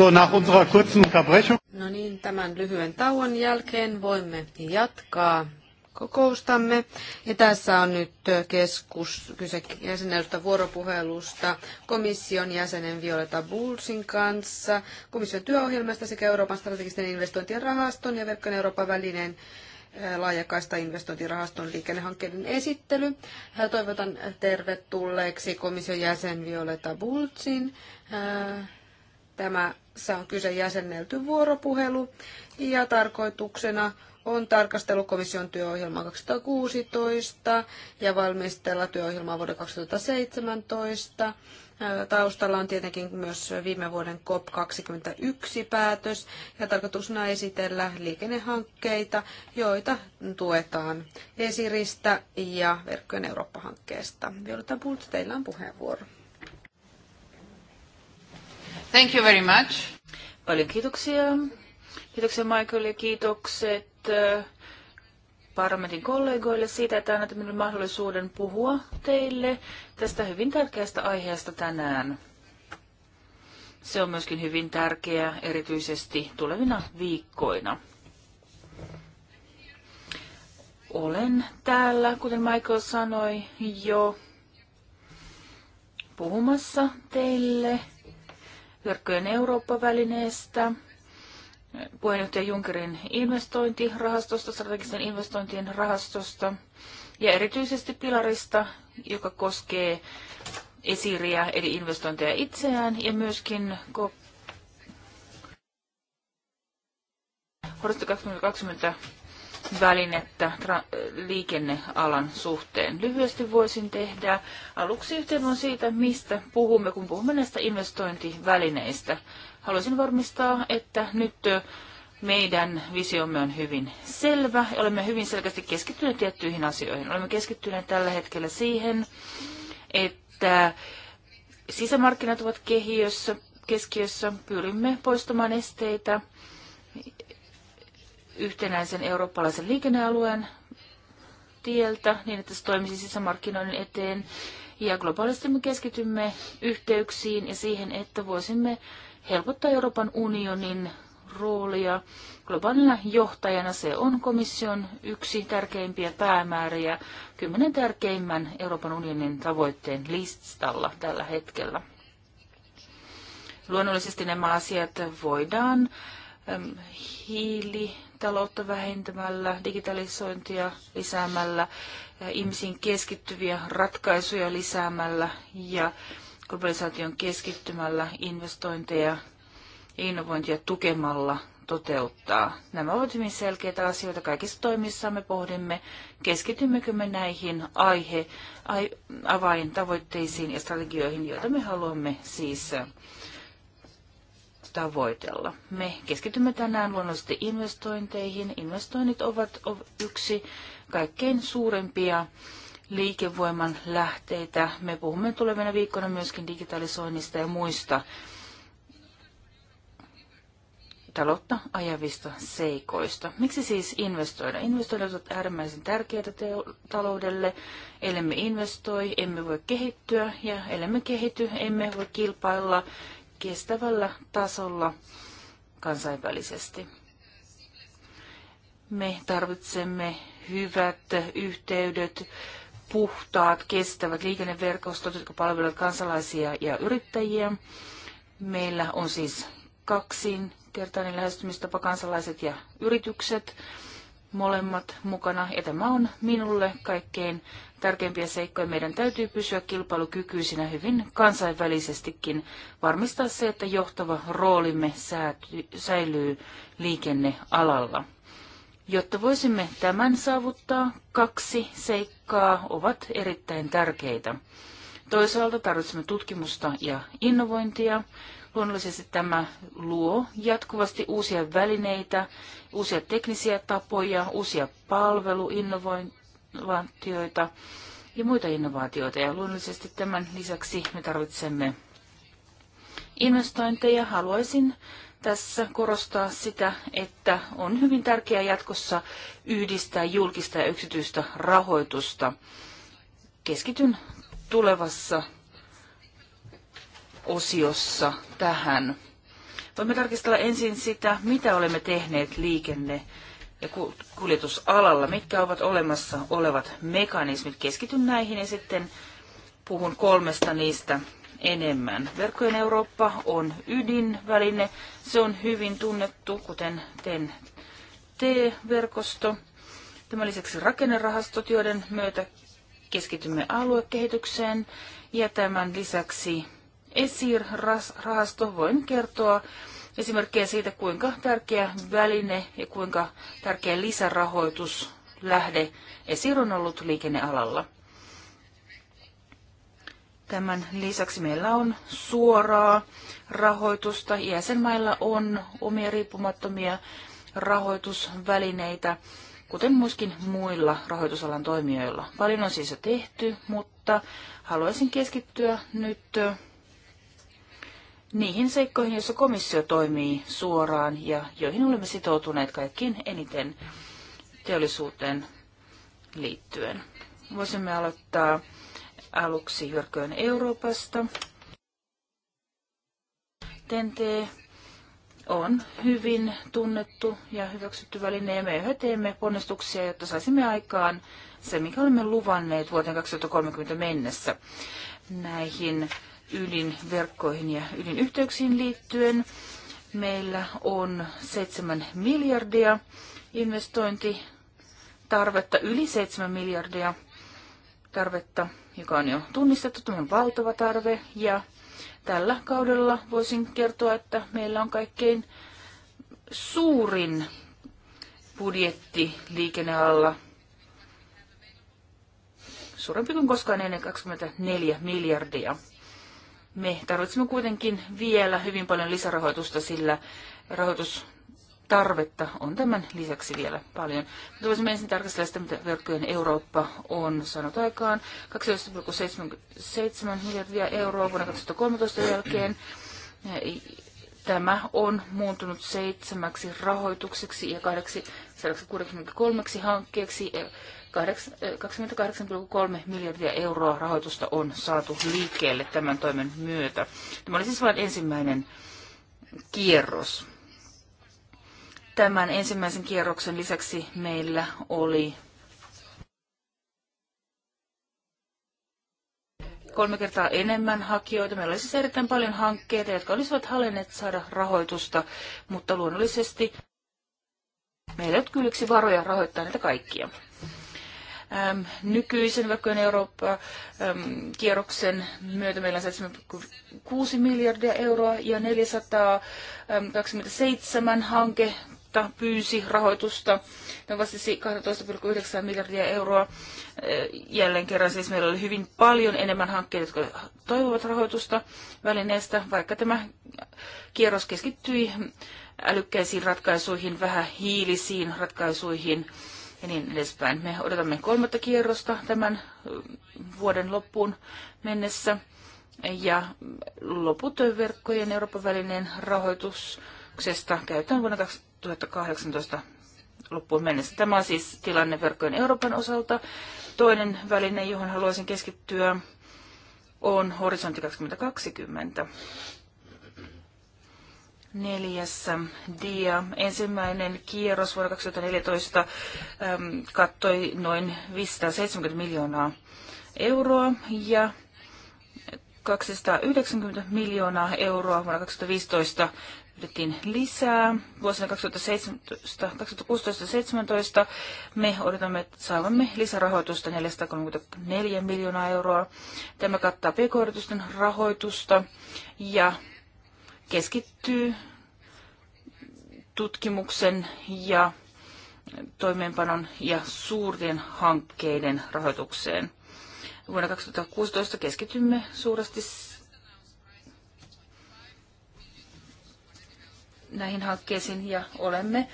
So, nach unserer kurzen Unterbrechung. No niin, tämän lyhyen tauon jälkeen voimme jatkaa kokoustamme. Ja tässä on nyt keskus, kyse jäsenelystä vuoropuhelusta komission jäsenen Violeta Bulsin kanssa, komission työohjelmasta sekä Euroopan strategisten investointien rahaston ja verkkojen Euroopan välinen laajakaista investointirahaston liikennehankkeiden esittely. Toivotan tervetulleeksi komission jäsen Violeta Bultsin. Tämä tässä on kyse jäsennelty vuoropuhelu ja tarkoituksena on tarkastella komission työohjelmaa 2016 ja valmistella työohjelmaa vuoden 2017. Taustalla on tietenkin myös viime vuoden COP21-päätös ja tarkoituksena esitellä liikennehankkeita, joita tuetaan Esiristä ja Verkkojen Eurooppa-hankkeesta. Violeta Bult, teillä on puheenvuoro.
Thank you very much. Paljon kiitoksia. Kiitoksia Michael ja kiitokset äh, parlamentin kollegoille siitä, että annatte minulle mahdollisuuden puhua teille tästä hyvin tärkeästä aiheesta tänään. Se on myöskin hyvin tärkeää erityisesti tulevina viikkoina. Olen täällä, kuten Michael sanoi, jo puhumassa teille verkkojen Eurooppa-välineestä, puheenjohtaja Junckerin investointirahastosta, strategisten investointien rahastosta ja erityisesti pilarista, joka koskee esiriä eli investointeja itseään ja myöskin Horisontti 2020 välinettä liikennealan suhteen. Lyhyesti voisin tehdä aluksi on siitä, mistä puhumme, kun puhumme näistä investointivälineistä. Haluaisin varmistaa, että nyt meidän visiomme on hyvin selvä. Olemme hyvin selkeästi keskittyneet tiettyihin asioihin. Olemme keskittyneet tällä hetkellä siihen, että sisämarkkinat ovat kehiössä, keskiössä. Pyrimme poistamaan esteitä yhtenäisen eurooppalaisen liikennealueen tieltä niin, että se toimisi sisämarkkinoiden eteen. Ja globaalisti me keskitymme yhteyksiin ja siihen, että voisimme helpottaa Euroopan unionin roolia. Globaalina johtajana se on komission yksi tärkeimpiä päämääriä kymmenen tärkeimmän Euroopan unionin tavoitteen listalla tällä hetkellä. Luonnollisesti nämä asiat voidaan hiili taloutta vähentämällä, digitalisointia lisäämällä, eh, ihmisiin keskittyviä ratkaisuja lisäämällä ja globalisaation keskittymällä investointeja ja innovointia tukemalla toteuttaa. Nämä ovat hyvin selkeitä asioita. Kaikissa toimissamme pohdimme, keskitymmekö me näihin aihe, ai, avaintavoitteisiin ja strategioihin, joita me haluamme siis eh, tavoitella. Me keskitymme tänään luonnollisesti investointeihin. Investoinnit ovat yksi kaikkein suurimpia liikevoiman lähteitä. Me puhumme tulevina viikkoina myöskin digitalisoinnista ja muista taloutta ajavista seikoista. Miksi siis investoida? Investoinnit ovat äärimmäisen tärkeitä taloudelle. Ellemme investoi, emme voi kehittyä ja ellemme kehity, emme voi kilpailla kestävällä tasolla kansainvälisesti. Me tarvitsemme hyvät yhteydet, puhtaat, kestävät liikenneverkostot, jotka palvelevat kansalaisia ja yrittäjiä. Meillä on siis kaksinkertainen lähestymistapa kansalaiset ja yritykset, molemmat mukana. Ja tämä on minulle kaikkein tärkeimpiä seikkoja. Meidän täytyy pysyä kilpailukykyisinä hyvin kansainvälisestikin, varmistaa se, että johtava roolimme säilyy liikennealalla. Jotta voisimme tämän saavuttaa, kaksi seikkaa ovat erittäin tärkeitä. Toisaalta tarvitsemme tutkimusta ja innovointia. Luonnollisesti tämä luo jatkuvasti uusia välineitä, uusia teknisiä tapoja, uusia palveluinnovointeja innovaatioita ja muita innovaatioita. Ja luonnollisesti tämän lisäksi me tarvitsemme investointeja. Haluaisin tässä korostaa sitä, että on hyvin tärkeää jatkossa yhdistää julkista ja yksityistä rahoitusta. Keskityn tulevassa osiossa tähän. Voimme tarkistella ensin sitä, mitä olemme tehneet liikenne- ja kuljetusalalla, mitkä ovat olemassa olevat mekanismit. Keskityn näihin ja sitten puhun kolmesta niistä enemmän. Verkkojen Eurooppa on ydinväline. Se on hyvin tunnettu, kuten TEN T-verkosto. Tämän lisäksi rakennerahastot, joiden myötä keskitymme aluekehitykseen. Ja tämän lisäksi ESIR-rahasto voin kertoa esimerkkejä siitä, kuinka tärkeä väline ja kuinka tärkeä lisärahoitus lähde esiin on ollut liikennealalla. Tämän lisäksi meillä on suoraa rahoitusta. Jäsenmailla on omia riippumattomia rahoitusvälineitä, kuten myöskin muilla rahoitusalan toimijoilla. Paljon on siis jo tehty, mutta haluaisin keskittyä nyt niihin seikkoihin, joissa komissio toimii suoraan ja joihin olemme sitoutuneet kaikkiin eniten teollisuuteen liittyen. Voisimme aloittaa aluksi Jyrköön Euroopasta. TNT on hyvin tunnettu ja hyväksytty väline ja me yhä teemme ponnistuksia, jotta saisimme aikaan se, mikä olemme luvanneet vuoteen 2030 mennessä näihin ydinverkkoihin ja ydinyhteyksiin liittyen. Meillä on 7 miljardia investointitarvetta, yli 7 miljardia tarvetta, joka on jo tunnistettu. Tämä on valtava tarve ja tällä kaudella voisin kertoa, että meillä on kaikkein suurin budjetti liikennealla suurempi kuin koskaan ennen 24 miljardia me tarvitsemme kuitenkin vielä hyvin paljon lisärahoitusta, sillä tarvetta on tämän lisäksi vielä paljon. Mutta voisimme ensin tarkastella sitä, mitä verkkojen Eurooppa on saanut aikaan. 12,77 miljardia euroa vuonna 2013 jälkeen. Tämä on muuntunut seitsemäksi rahoitukseksi ja 863 hankkeeksi 28,3 miljardia euroa rahoitusta on saatu liikkeelle tämän toimen myötä. Tämä oli siis vain ensimmäinen kierros. Tämän ensimmäisen kierroksen lisäksi meillä oli kolme kertaa enemmän hakijoita. Meillä oli siis erittäin paljon hankkeita, jotka olisivat halenneet saada rahoitusta, mutta luonnollisesti meillä ei ole kylliksi varoja rahoittaa näitä kaikkia äm, nykyisen verkkojen Eurooppa-kierroksen myötä meillä on 7,6 miljardia euroa ja 427 hanketta pyysi rahoitusta. Ne vastasi siis 12,9 miljardia euroa. Jälleen kerran siis meillä oli hyvin paljon enemmän hankkeita, jotka toivovat rahoitusta välineestä, vaikka tämä kierros keskittyi älykkäisiin ratkaisuihin, vähän hiilisiin ratkaisuihin ja niin edespäin. Me odotamme kolmatta kierrosta tämän vuoden loppuun mennessä ja loput verkkojen Euroopan välineen rahoituksesta käytetään vuonna 2018 loppuun mennessä. Tämä on siis tilanne verkkojen Euroopan osalta. Toinen väline, johon haluaisin keskittyä, on Horisontti 2020 neljäs dia. Ensimmäinen kierros vuonna 2014 äm, kattoi noin 570 miljoonaa euroa ja 290 miljoonaa euroa vuonna 2015 odotettiin lisää. Vuosina 2016-2017 me odotamme, että saavamme lisärahoitusta 434 miljoonaa euroa. Tämä kattaa pk rahoitusta ja keskittyy tutkimuksen ja toimeenpanon ja suurien hankkeiden rahoitukseen. Vuonna 2016 keskitymme suuresti näihin hankkeisiin ja olemme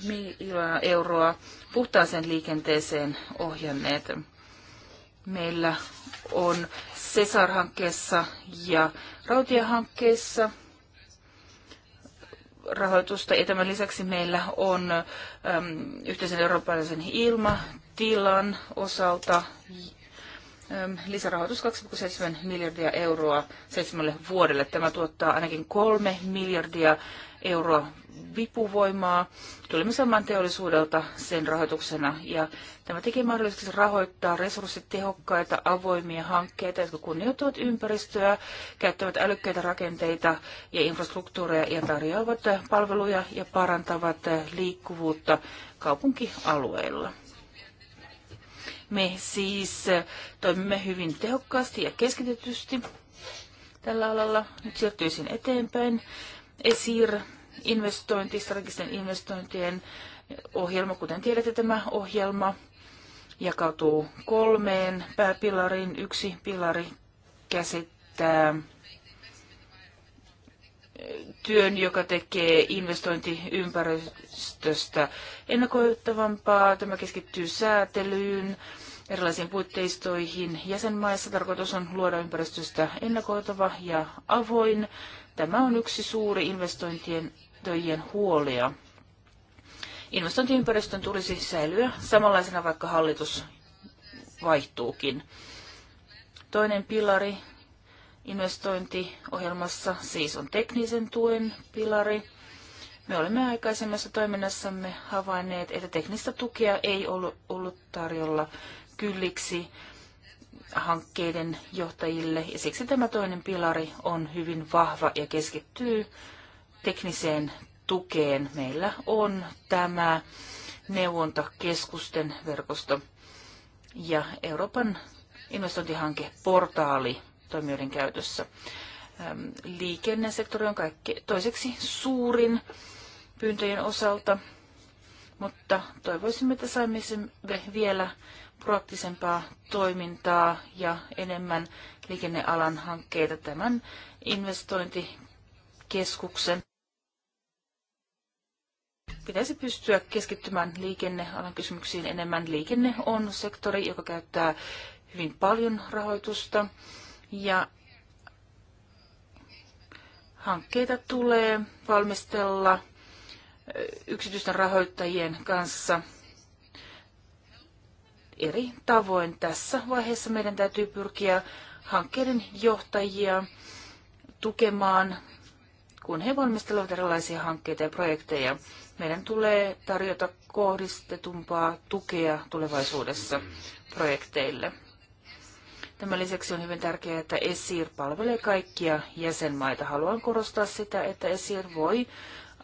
3,5 miljoonaa euroa puhtaaseen liikenteeseen ohjanneet. Meillä on CESAR-hankkeessa ja rautiahankkeessa rahoitusta. Ja tämän lisäksi meillä on äm, yhteisen eurooppalaisen ilmatilan osalta äm, lisärahoitus 2,7 miljardia euroa seitsemälle vuodelle. Tämä tuottaa ainakin kolme miljardia euroa vipuvoimaa. Tulemme saamaan teollisuudelta sen rahoituksena ja tämä tekee mahdolliseksi rahoittaa resurssitehokkaita avoimia hankkeita, jotka kunnioittavat ympäristöä, käyttävät älykkäitä rakenteita ja infrastruktuureja ja tarjoavat palveluja ja parantavat liikkuvuutta kaupunkialueilla. Me siis toimimme hyvin tehokkaasti ja keskitetysti tällä alalla. Nyt siirtyisin eteenpäin. ESIR-investointi, strategisten investointien ohjelma, kuten tiedätte, tämä ohjelma jakautuu kolmeen pääpilariin. Yksi pilari käsittää työn, joka tekee investointiympäristöstä ennakoittavampaa. Tämä keskittyy säätelyyn, erilaisiin puitteistoihin jäsenmaissa. Tarkoitus on luoda ympäristöstä ennakoitava ja avoin Tämä on yksi suuri investointien huolia. Investointiympäristön tulisi säilyä samanlaisena, vaikka hallitus vaihtuukin. Toinen pilari investointiohjelmassa siis on teknisen tuen pilari. Me olemme aikaisemmassa toiminnassamme havainneet, että teknistä tukea ei ollut tarjolla kylliksi hankkeiden johtajille ja siksi tämä toinen pilari on hyvin vahva ja keskittyy tekniseen tukeen. Meillä on tämä neuvontakeskusten verkosto ja Euroopan investointihankeportaali toimijoiden käytössä. Liikennesektori on kaikki toiseksi suurin pyyntöjen osalta, mutta toivoisimme, että saisimme vielä proaktisempaa toimintaa ja enemmän liikennealan hankkeita tämän investointikeskuksen. Pitäisi pystyä keskittymään liikennealan kysymyksiin enemmän. Liikenne on sektori, joka käyttää hyvin paljon rahoitusta ja hankkeita tulee valmistella yksityisten rahoittajien kanssa – eri tavoin. Tässä vaiheessa meidän täytyy pyrkiä hankkeiden johtajia tukemaan, kun he valmistelevat erilaisia hankkeita ja projekteja. Meidän tulee tarjota kohdistetumpaa tukea tulevaisuudessa projekteille. Tämän lisäksi on hyvin tärkeää, että ESIR palvelee kaikkia jäsenmaita. Haluan korostaa sitä, että ESIR voi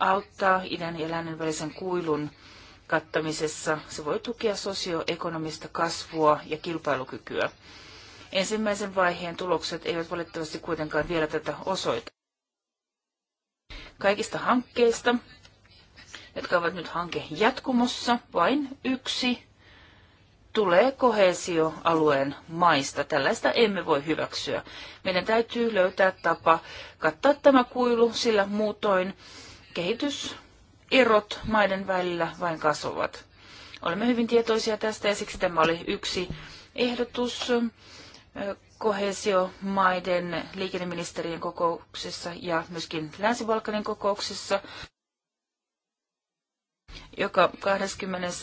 auttaa idän ja lännen välisen kuilun kattamisessa. Se voi tukea sosioekonomista kasvua ja kilpailukykyä. Ensimmäisen vaiheen tulokset eivät valitettavasti kuitenkaan vielä tätä osoita. Kaikista hankkeista, jotka ovat nyt hanke jatkumossa, vain yksi tulee kohesioalueen maista. Tällaista emme voi hyväksyä. Meidän täytyy löytää tapa kattaa tämä kuilu, sillä muutoin kehitys erot maiden välillä vain kasvavat. Olemme hyvin tietoisia tästä ja siksi tämä oli yksi ehdotus kohesiomaiden liikenneministerien kokouksessa ja myöskin Länsi-Balkanin kokouksessa, joka 22.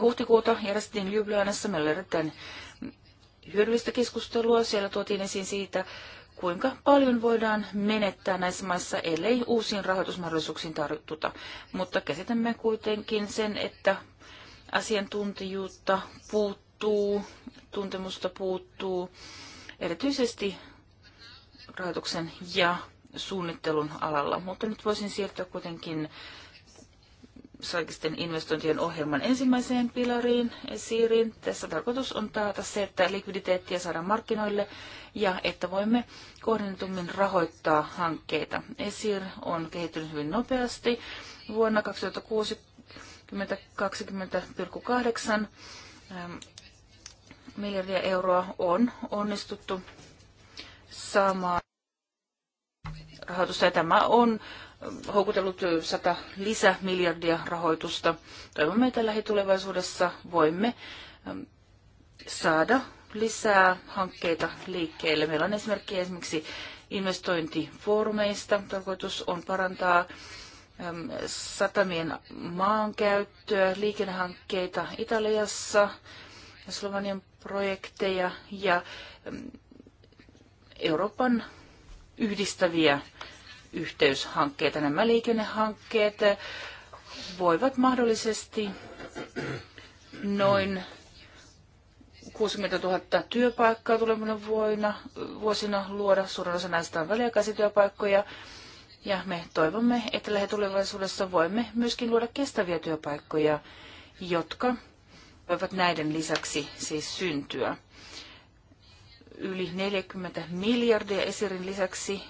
huhtikuuta järjestettiin Ljubljanassa. Meillä oli erittäin hyödyllistä keskustelua. Siellä tuotiin esiin siitä, kuinka paljon voidaan menettää näissä maissa, ellei uusiin rahoitusmahdollisuuksiin tartuta. Mutta käsitämme kuitenkin sen, että asiantuntijuutta puuttuu, tuntemusta puuttuu, erityisesti rahoituksen ja suunnittelun alalla. Mutta nyt voisin siirtyä kuitenkin strategisten investointien ohjelman ensimmäiseen pilariin, siiriin. Tässä tarkoitus on taata se, että likviditeettiä saadaan markkinoille ja että voimme kohdennetummin rahoittaa hankkeita. ESIR on kehittynyt hyvin nopeasti. Vuonna 2060 20,8 ähm, miljardia euroa on onnistuttu saamaan rahoitusta. Ja tämä on houkutellut 100 lisämiljardia rahoitusta. Toivomme, että lähitulevaisuudessa voimme ähm, saada lisää hankkeita liikkeelle. Meillä on esimerkki esimerkiksi investointifoorumeista. Tarkoitus on parantaa ähm, satamien maankäyttöä, liikennehankkeita Italiassa, Slovenian projekteja ja ähm, Euroopan yhdistäviä yhteyshankkeita. Nämä liikennehankkeet voivat mahdollisesti noin 60 000 työpaikkaa tulevina vuosina, vuosina luoda. Suurin osa näistä on väliaikaisia työpaikkoja. Ja me toivomme, että lähetulevaisuudessa voimme myöskin luoda kestäviä työpaikkoja, jotka voivat näiden lisäksi siis syntyä. Yli 40 miljardia esirin lisäksi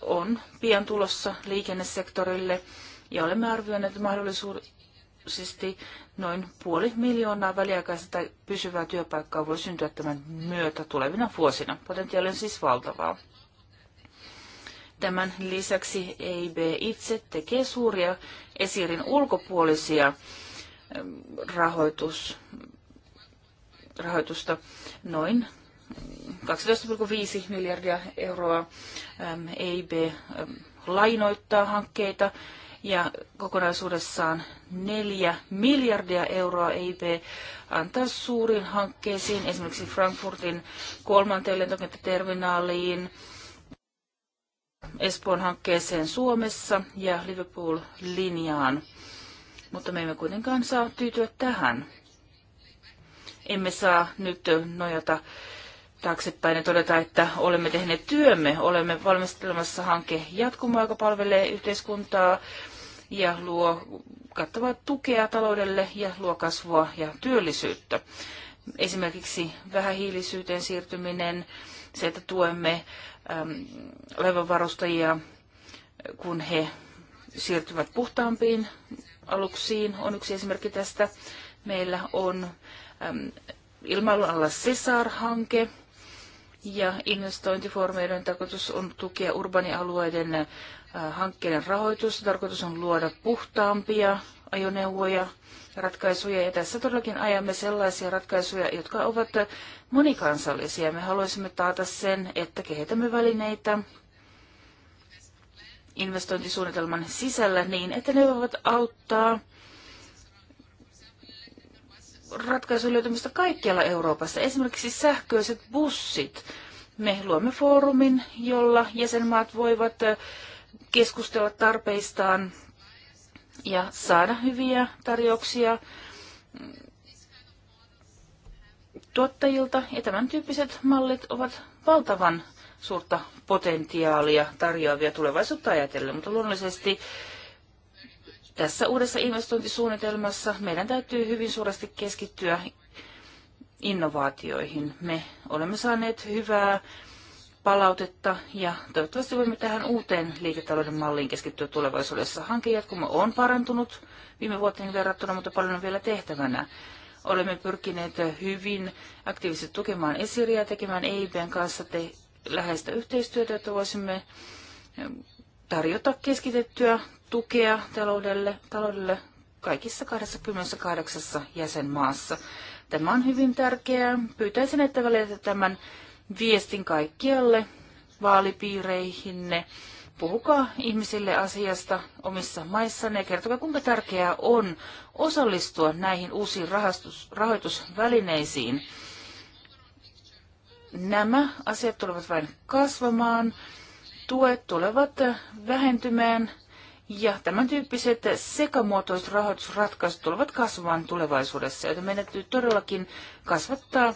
on pian tulossa liikennesektorille ja olemme arvioineet mahdollisesti noin puoli miljoonaa väliaikaista tai pysyvää työpaikkaa voi syntyä tämän myötä tulevina vuosina. Potentiaali on siis valtavaa. Tämän lisäksi EIB itse tekee suuria esirin ulkopuolisia rahoitus, rahoitusta noin 12,5 miljardia euroa EIB lainoittaa hankkeita ja kokonaisuudessaan 4 miljardia euroa EIB antaa suuriin hankkeisiin, esimerkiksi Frankfurtin kolmanteen lentokenttäterminaaliin, Espoon hankkeeseen Suomessa ja Liverpool-linjaan. Mutta me emme kuitenkaan saa tyytyä tähän. Emme saa nyt nojata taaksepäin ja todeta, että olemme tehneet työmme. Olemme valmistelemassa hanke jatkumoa, joka palvelee yhteiskuntaa ja luo kattavaa tukea taloudelle ja luo kasvua ja työllisyyttä. Esimerkiksi vähähiilisyyteen siirtyminen, se, että tuemme laivanvarustajia, kun he siirtyvät puhtaampiin aluksiin, on yksi esimerkki tästä. Meillä on ilmailun alla CESAR-hanke, ja investointifoorumeiden tarkoitus on tukea urbanialueiden äh, hankkeiden rahoitusta. Tarkoitus on luoda puhtaampia ajoneuvoja, ratkaisuja. Ja tässä todellakin ajamme sellaisia ratkaisuja, jotka ovat monikansallisia. Me haluaisimme taata sen, että kehitämme välineitä investointisuunnitelman sisällä niin, että ne voivat auttaa ratkaisun löytämistä kaikkialla Euroopassa. Esimerkiksi sähköiset bussit. Me luomme foorumin, jolla jäsenmaat voivat keskustella tarpeistaan ja saada hyviä tarjouksia mm, tuottajilta. Ja tämän tyyppiset mallit ovat valtavan suurta potentiaalia tarjoavia tulevaisuutta ajatellen, mutta luonnollisesti tässä uudessa investointisuunnitelmassa meidän täytyy hyvin suuresti keskittyä innovaatioihin. Me olemme saaneet hyvää palautetta ja toivottavasti voimme tähän uuteen liiketalouden malliin keskittyä tulevaisuudessa. Hankejatkumo on parantunut viime vuoteen verrattuna, mutta paljon on vielä tehtävänä. Olemme pyrkineet hyvin aktiivisesti tukemaan esiriä, tekemään EIBn kanssa te läheistä yhteistyötä, että voisimme tarjota keskitettyä tukea taloudelle, taloudelle kaikissa 28 jäsenmaassa. Tämä on hyvin tärkeää. Pyytäisin, että välitä tämän viestin kaikkialle vaalipiireihinne. Puhukaa ihmisille asiasta omissa maissanne ja kertokaa, kuinka tärkeää on osallistua näihin uusiin rahastus, rahoitusvälineisiin. Nämä asiat tulevat vain kasvamaan, tuet tulevat vähentymään ja tämän tyyppiset sekamuotoiset rahoitusratkaisut tulevat kasvamaan tulevaisuudessa, joten meidän täytyy todellakin kasvattaa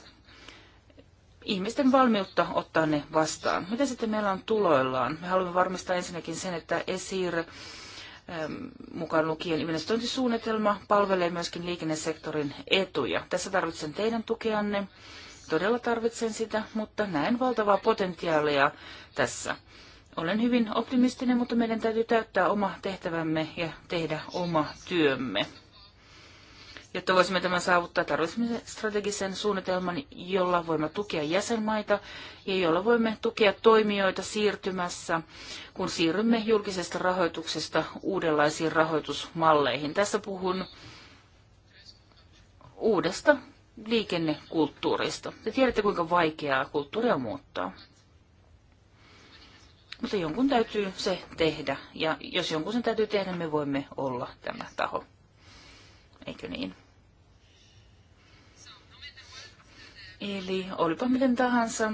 ihmisten valmiutta ottaa ne vastaan. Mitä sitten meillä on tuloillaan? Me haluamme varmistaa ensinnäkin sen, että ESIR ähm, mukaan lukien investointisuunnitelma palvelee myöskin liikennesektorin etuja. Tässä tarvitsen teidän tukeanne. Todella tarvitsen sitä, mutta näen valtavaa potentiaalia tässä. Olen hyvin optimistinen, mutta meidän täytyy täyttää oma tehtävämme ja tehdä oma työmme. Jotta voisimme tämän saavuttaa, tarvitsemme strategisen suunnitelman, jolla voimme tukea jäsenmaita ja jolla voimme tukea toimijoita siirtymässä, kun siirrymme julkisesta rahoituksesta uudenlaisiin rahoitusmalleihin. Tässä puhun uudesta liikennekulttuurista. Te tiedätte, kuinka vaikeaa kulttuuria muuttaa. Mutta jonkun täytyy se tehdä. Ja jos jonkun sen täytyy tehdä, me voimme olla tämä taho. Eikö niin? Eli olipa miten tahansa.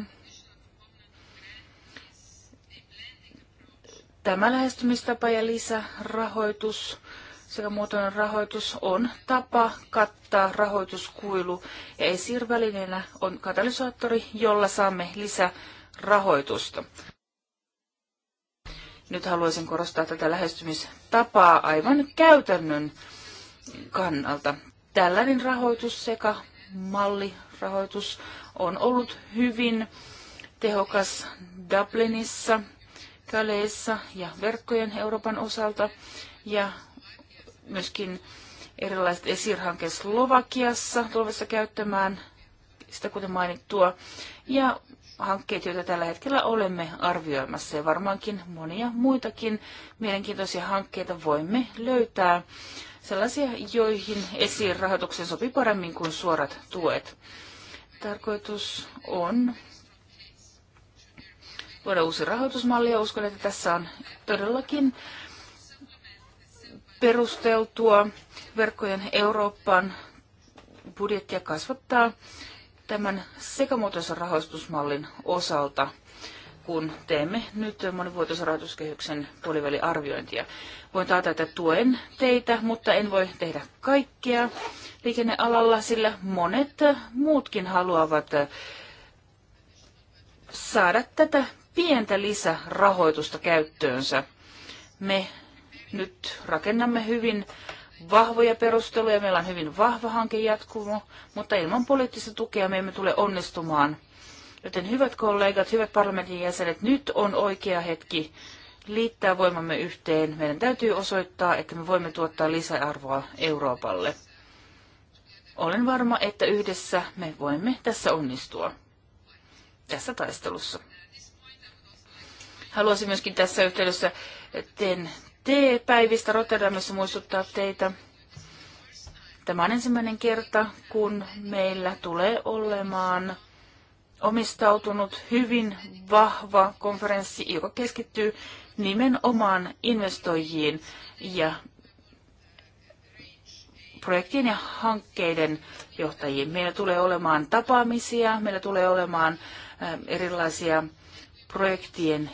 Tämä lähestymistapa ja lisärahoitus sekä muotoinen rahoitus on tapa kattaa rahoituskuilu ja esirvälineenä on katalysaattori, jolla saamme lisärahoitusta. Nyt haluaisin korostaa tätä lähestymistapaa aivan käytännön kannalta. Tällainen rahoitus sekä mallirahoitus on ollut hyvin tehokas Dublinissa, Kaleissa ja verkkojen Euroopan osalta ja myöskin erilaiset esirhankkeet Slovakiassa tulevassa käyttämään sitä kuten mainittua. Ja hankkeet, joita tällä hetkellä olemme arvioimassa ja varmaankin monia muitakin mielenkiintoisia hankkeita voimme löytää. Sellaisia, joihin esiin rahoituksen sopii paremmin kuin suorat tuet. Tarkoitus on luoda uusi rahoitusmalli ja uskon, että tässä on todellakin perusteltua verkkojen Euroopan budjettia kasvattaa tämän sekamuotoisen rahoitusmallin osalta, kun teemme nyt monivuotoisen rahoituskehyksen puoliväliarviointia. Voin taata, että tuen teitä, mutta en voi tehdä kaikkea liikennealalla, sillä monet muutkin haluavat saada tätä pientä lisärahoitusta käyttöönsä. Me nyt rakennamme hyvin vahvoja perusteluja, meillä on hyvin vahva hanke jatkumo, mutta ilman poliittista tukea me emme tule onnistumaan. Joten hyvät kollegat, hyvät parlamentin jäsenet, nyt on oikea hetki liittää voimamme yhteen. Meidän täytyy osoittaa, että me voimme tuottaa lisäarvoa Euroopalle. Olen varma, että yhdessä me voimme tässä onnistua, tässä taistelussa. Haluaisin myöskin tässä yhteydessä ten päivistä Rotterdamissa muistuttaa teitä. Tämä on ensimmäinen kerta, kun meillä tulee olemaan omistautunut hyvin vahva konferenssi, joka keskittyy nimenomaan investoijiin ja projektien ja hankkeiden johtajiin. Meillä tulee olemaan tapaamisia, meillä tulee olemaan erilaisia projektien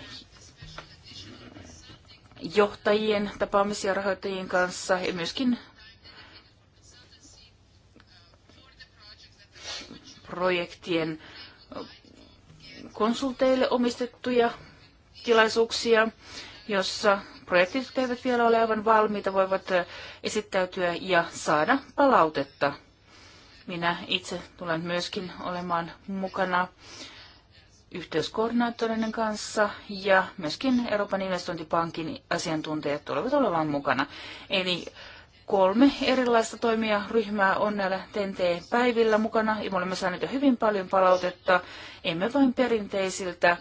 johtajien tapaamisia rahoittajien kanssa ja myöskin projektien konsulteille omistettuja tilaisuuksia, jossa projektit, jotka eivät vielä ole aivan valmiita, voivat esittäytyä ja saada palautetta. Minä itse tulen myöskin olemaan mukana yhteyskoordinaattorinen kanssa ja myöskin Euroopan investointipankin asiantuntijat tulevat olemaan mukana. Eli kolme erilaista toimijaryhmää on näillä TNT-päivillä mukana ja me olemme saaneet jo hyvin paljon palautetta, emme vain perinteisiltä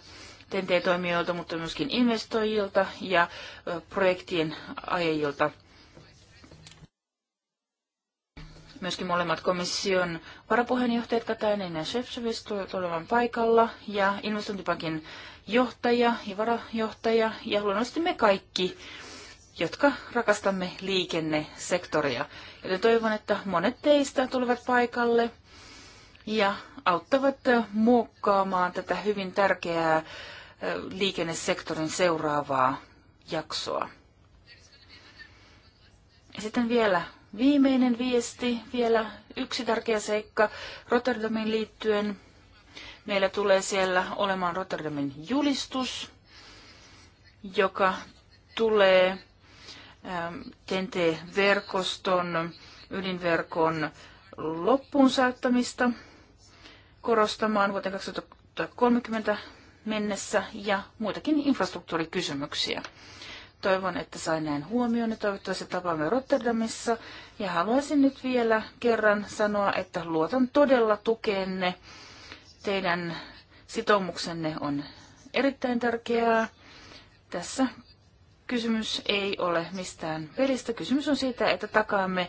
TNT-toimijoilta, mutta myöskin investoijilta ja projektien ajajilta – Myöskin molemmat komission varapuheenjohtajat Katainen ja tulevat tulevan paikalla ja investointipankin johtaja ja varajohtaja ja luonnollisesti me kaikki, jotka rakastamme liikennesektoria. Joten toivon, että monet teistä tulevat paikalle ja auttavat muokkaamaan tätä hyvin tärkeää liikennesektorin seuraavaa jaksoa. Sitten vielä viimeinen viesti, vielä yksi tärkeä seikka Rotterdamin liittyen. Meillä tulee siellä olemaan Rotterdamin julistus, joka tulee ähm, TNT-verkoston, ydinverkon loppuun saattamista korostamaan vuoteen 2030 mennessä ja muitakin infrastruktuurikysymyksiä. Toivon, että sain näin huomioon ja toivottavasti tapaamme Rotterdamissa. Ja haluaisin nyt vielä kerran sanoa, että luotan todella tukeenne. Teidän sitoumuksenne on erittäin tärkeää. Tässä kysymys ei ole mistään pelistä. Kysymys on siitä, että takaamme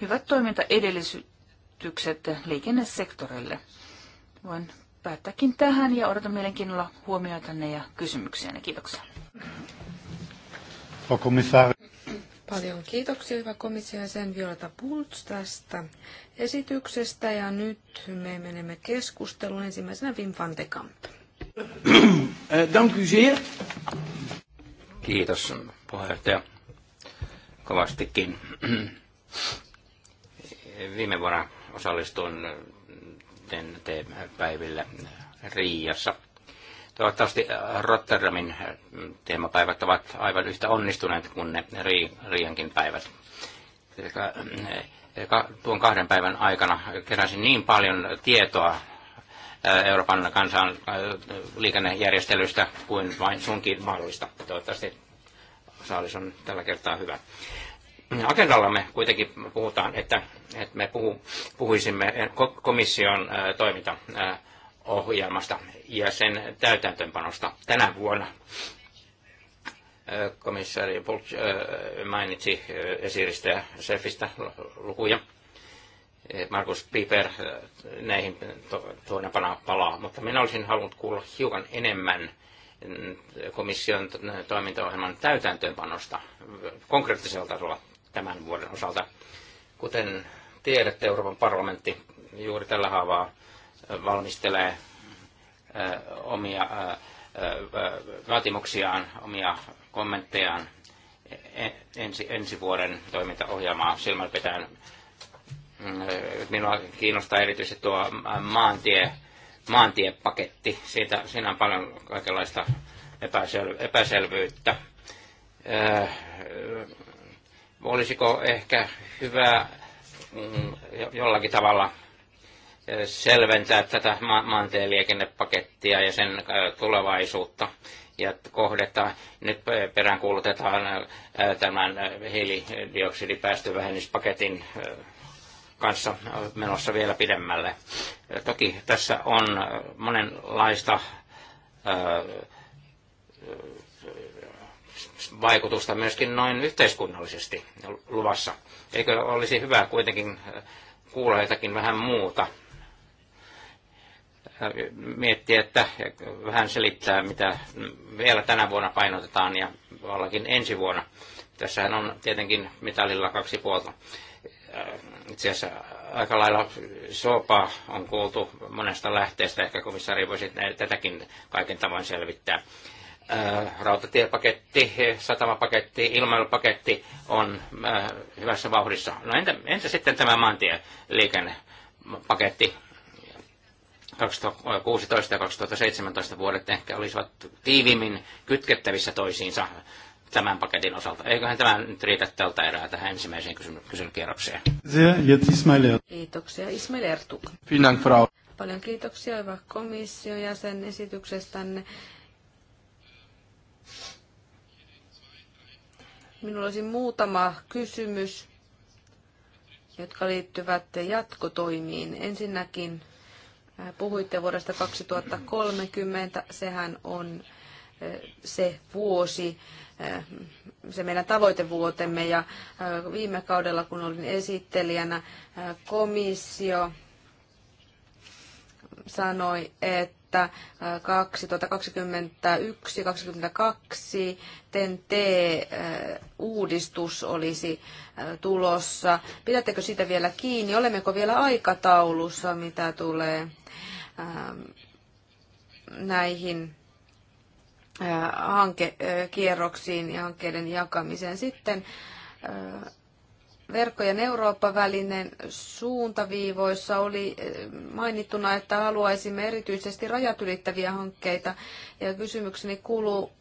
hyvät toimintaedellytykset liikennesektorille. Voin päättääkin tähän ja odotan mielenkiinnolla
huomioitanne ja kysymyksiänne. Kiitoksia.
Frau Kommissarin.
Paljon kiitoksia, hyvä komissio sen Violeta Bultz tästä esityksestä. Ja nyt me menemme keskusteluun ensimmäisenä Wim van de Kamp.
Eh, Kiitos puheenjohtaja kovastikin. Viime vuonna osallistuin TNT-päivillä Riijassa Toivottavasti Rotterdamin teemapäivät ovat aivan yhtä onnistuneet kuin ne Riiankin päivät. Tuon kahden päivän aikana keräsin niin paljon tietoa Euroopan kansan liikennejärjestelystä kuin vain sunkin mahdollista. Toivottavasti saalis on tällä kertaa hyvä. me kuitenkin puhutaan, että, että me puhu, puhuisimme komission toiminta ohjelmasta ja sen täytäntöönpanosta tänä vuonna. Komissaari Pulch mainitsi esiristä ja SEFistä lukuja. Markus Piper näihin tuonnepana palaa, mutta minä olisin halunnut kuulla hiukan enemmän mm, komission toimintaohjelman täytäntöönpanosta konkreettisella tasolla tämän vuoden osalta. Kuten tiedätte, Euroopan parlamentti juuri tällä haavaa valmistelee omia vaatimuksiaan, omia kommenttejaan e, ensi, ensi vuoden toimintaohjelmaa silmällä pitäen. Mm, minua kiinnostaa erityisesti tuo maantie, maantiepaketti. Siitä, siinä on paljon kaikenlaista epäsel, epäselvyyttä. Öö, olisiko ehkä hyvä mm, jollakin tavalla selventää tätä maantieliikennepakettia ja sen tulevaisuutta ja kohdetta. Nyt peräänkuulutetaan tämän hiilidioksidipäästövähennyspaketin kanssa menossa vielä pidemmälle. Toki tässä on monenlaista vaikutusta myöskin noin yhteiskunnallisesti luvassa. Eikö olisi hyvä kuitenkin kuulla jotakin vähän muuta miettiä, että vähän selittää, mitä vielä tänä vuonna painotetaan ja vallakin ensi vuonna. Tässähän on tietenkin mitalilla kaksi puolta. Itse asiassa aika lailla soopaa on kuultu monesta lähteestä. Ehkä komissaari voisi tätäkin kaiken tavoin selvittää. Rautatiepaketti, satamapaketti, ilmailupaketti on hyvässä vauhdissa. No entä, entä sitten tämä maantieliikennepaketti? 2016 ja 2017 vuodet ehkä olisivat tiivimmin kytkettävissä toisiinsa tämän paketin osalta. Eiköhän tämä nyt riitä tältä erää tähän ensimmäiseen kyselykierrokseen. Kiitoksia
Ismail Ertuk. Paljon kiitoksia hyvä komission jäsen esityksestänne. Minulla olisi muutama kysymys, jotka liittyvät jatkotoimiin. Ensinnäkin Äh, puhuitte vuodesta 2030, sehän on äh, se vuosi, äh, se meidän tavoitevuotemme. Ja viime kaudella, kun olin esittelijänä, komissio sanoi, että että 2021-2022 TEN-T-uudistus olisi tulossa. Pidättekö sitä vielä kiinni? Olemmeko vielä aikataulussa, mitä tulee näihin hankekierroksiin ja hankkeiden jakamiseen? Sitten verkkojen Eurooppa-välinen suuntaviivoissa oli eh, mainittuna, että haluaisimme erityisesti rajat ylittäviä hankkeita. Ja kysymykseni kuuluu,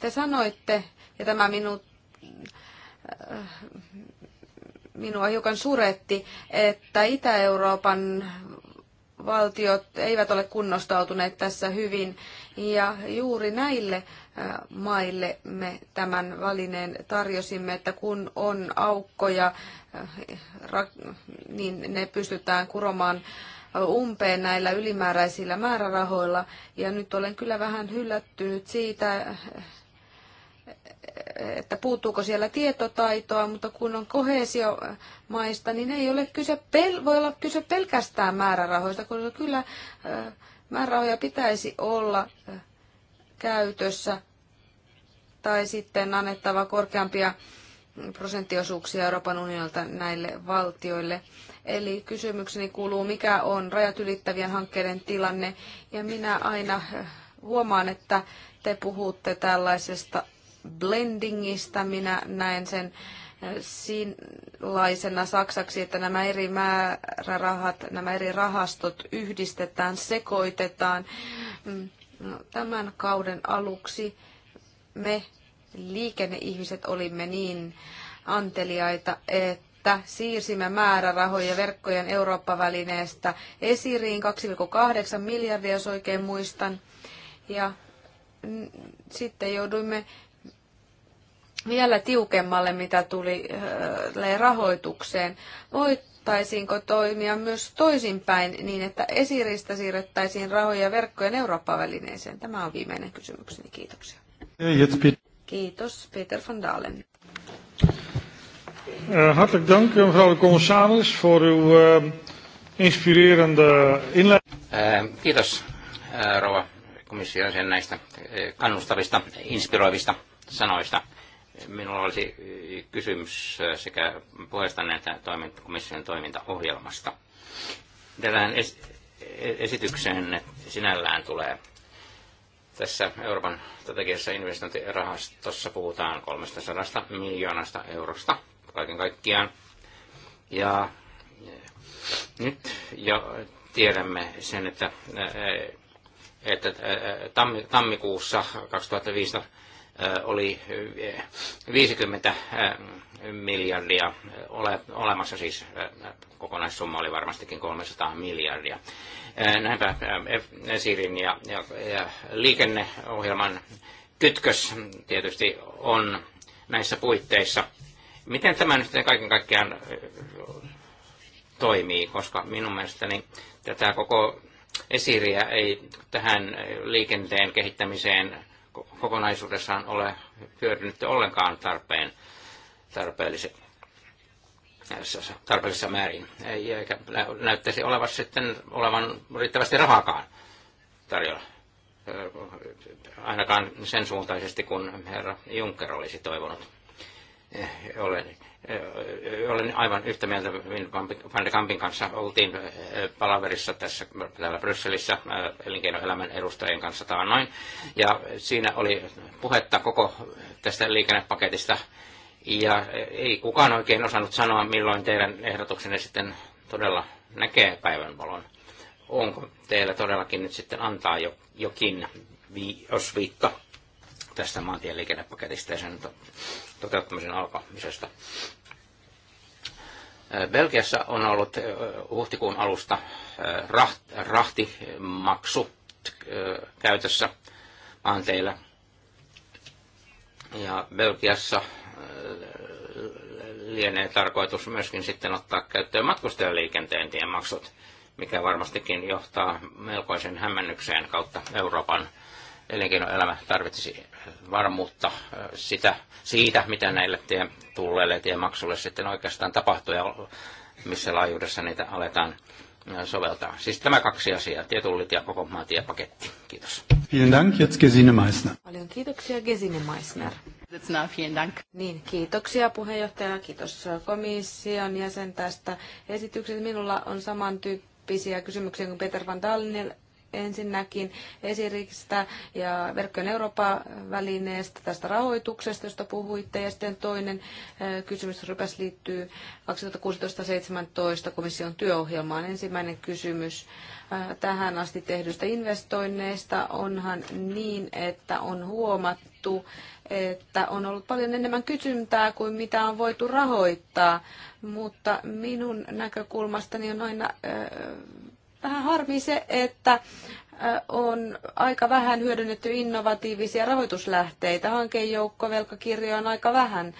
te sanoitte, ja tämä minut, eh, minua hiukan suretti, että Itä-Euroopan valtiot eivät ole kunnostautuneet tässä hyvin. Ja juuri näille maille me tämän välineen tarjosimme, että kun on aukkoja, niin ne pystytään kuromaan umpeen näillä ylimääräisillä määrärahoilla. Ja nyt olen kyllä vähän hyllättynyt siitä, että puuttuuko siellä tietotaitoa, mutta kun on kohesiomaista, niin ei ole kyse, voi olla kyse pelkästään määrärahoista, koska kyllä määrärahoja pitäisi olla käytössä tai sitten annettava korkeampia prosenttiosuuksia Euroopan unionilta näille valtioille. Eli kysymykseni kuuluu, mikä on rajat ylittävien hankkeiden tilanne. Ja minä aina huomaan, että te puhutte tällaisesta blendingistä. Minä näen sen sinlaisena saksaksi, että nämä eri määrärahat, nämä eri rahastot yhdistetään, sekoitetaan. Mm No, tämän kauden aluksi me liikenneihmiset olimme niin anteliaita, että siirsimme määrärahoja verkkojen Eurooppa-välineestä esiriin 2,8 miljardia, jos oikein muistan. Ja sitten jouduimme vielä tiukemmalle, mitä tuli rahoitukseen. Voit voitaisiinko toimia myös toisinpäin niin, että esiristä siirrettäisiin rahoja verkkojen Eurooppa-välineeseen? Tämä on viimeinen kysymykseni. Kiitoksia. Kiitos, Peter van Dalen.
Eh, hartelijk dank, mevrouw de commissaris, voor uw eh, inspirerende inleiding.
Eh, kiitos, rouva komissio, sen näistä kannustavista, inspiroivista sanoista Minulla olisi eh, kysymys eh, sekä puheestanne että komission toimintaohjelmasta. Tähän es, e-, esitykseen sinällään tulee tässä Euroopan strategisessa investointirahastossa puhutaan 300 miljoonasta eurosta kaiken kaikkiaan. Ja eh, nyt jo tiedämme sen, että, että tammikuussa 2015 oli 50 miljardia ole, olemassa, siis kokonaissumma oli varmastikin 300 miljardia. Näinpä Esirin ja, ja, ja liikenneohjelman kytkös tietysti on näissä puitteissa. Miten tämä nyt kaiken kaikkiaan toimii, koska minun mielestäni tätä koko esiriä ei tähän liikenteen kehittämiseen kokonaisuudessaan ole hyödynnetty ollenkaan tarpeen, tarpeellisessa, tarpeellisessa määrin. Ei eikä näyttäisi olevan sitten olevan riittävästi rahakaan tarjolla ainakaan sen suuntaisesti kun herra Juncker olisi toivonut. Eh, olen olen aivan yhtä mieltä Van de Kampin kanssa. Oltiin palaverissa tässä täällä Brysselissä elinkeinoelämän edustajien kanssa taannoin. Ja siinä oli puhetta koko tästä liikennepaketista. Ja ei kukaan oikein osannut sanoa, milloin teidän ehdotuksenne sitten todella näkee päivänvalon. Onko teillä todellakin nyt sitten antaa jo, jokin vi, osviitta tästä maantieliikennepaketista ja sen toteuttamisen alkamisesta. Belgiassa on ollut huhtikuun alusta raht, rahtimaksu käytössä maanteillä. Ja Belgiassa lienee tarkoitus myöskin sitten ottaa käyttöön matkustajaliikenteen tien maksut, mikä varmastikin johtaa melkoisen hämmennykseen kautta Euroopan elinkeinoelämä tarvitsisi äh, varmuutta äh, sitä, siitä, mitä näille tie, tulleille tiemaksulle sitten oikeastaan tapahtuu ja missä laajuudessa niitä aletaan äh, soveltaa. Siis tämä kaksi asiaa, tietullit ja koko maan tiepaketti. Kiitos.
Vielen Dank, jetzt Gesine Meissner.
Paljon kiitoksia Gesine Meissner. Vielen Dank. Niin, kiitoksia puheenjohtaja, kiitos komission jäsen tästä esityksestä. Minulla on samantyyppisiä kysymyksiä kuin Peter van Dalenilla ensinnäkin esirikistä ja verkkojen Eurooppa-välineestä, tästä rahoituksesta, josta puhuitte, ja sitten toinen kysymys rypäs liittyy 2016-2017 komission työohjelmaan. Ensimmäinen kysymys tähän asti tehdyistä investoinneista onhan niin, että on huomattu, että on ollut paljon enemmän kysyntää kuin mitä on voitu rahoittaa, mutta minun näkökulmastani on aina vähän harmi se, että on aika vähän hyödynnetty innovatiivisia rahoituslähteitä. Hankejoukkovelkakirjoja on aika vähän.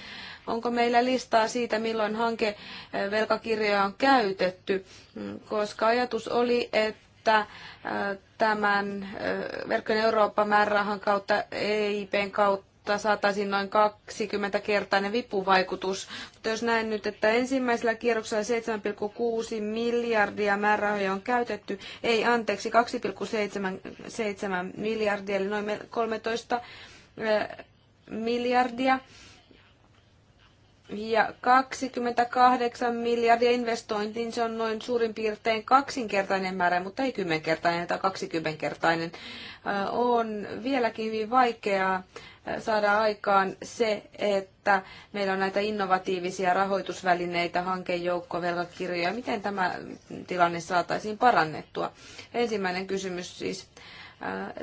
Onko meillä listaa siitä, milloin hankevelkakirjoja on käytetty? Mm, koska ajatus oli, että tämän verkkojen Eurooppa-määrärahan kautta, EIPn kautta, jotta saataisiin noin 20-kertainen vipuvaikutus. Mutta jos näen nyt, että ensimmäisellä kierroksella 7,6 miljardia määrärahoja on käytetty, ei anteeksi, 2,7 miljardia, eli noin 13 miljardia ja 28 miljardia investointiin, se on noin suurin piirtein kaksinkertainen määrä, mutta ei kymmenkertainen tai kaksikymmenkertainen. On vieläkin hyvin vaikeaa saada aikaan se, että meillä on näitä innovatiivisia rahoitusvälineitä, hankejoukko, velkakirjoja. Miten tämä tilanne saataisiin parannettua? Ensimmäinen kysymys siis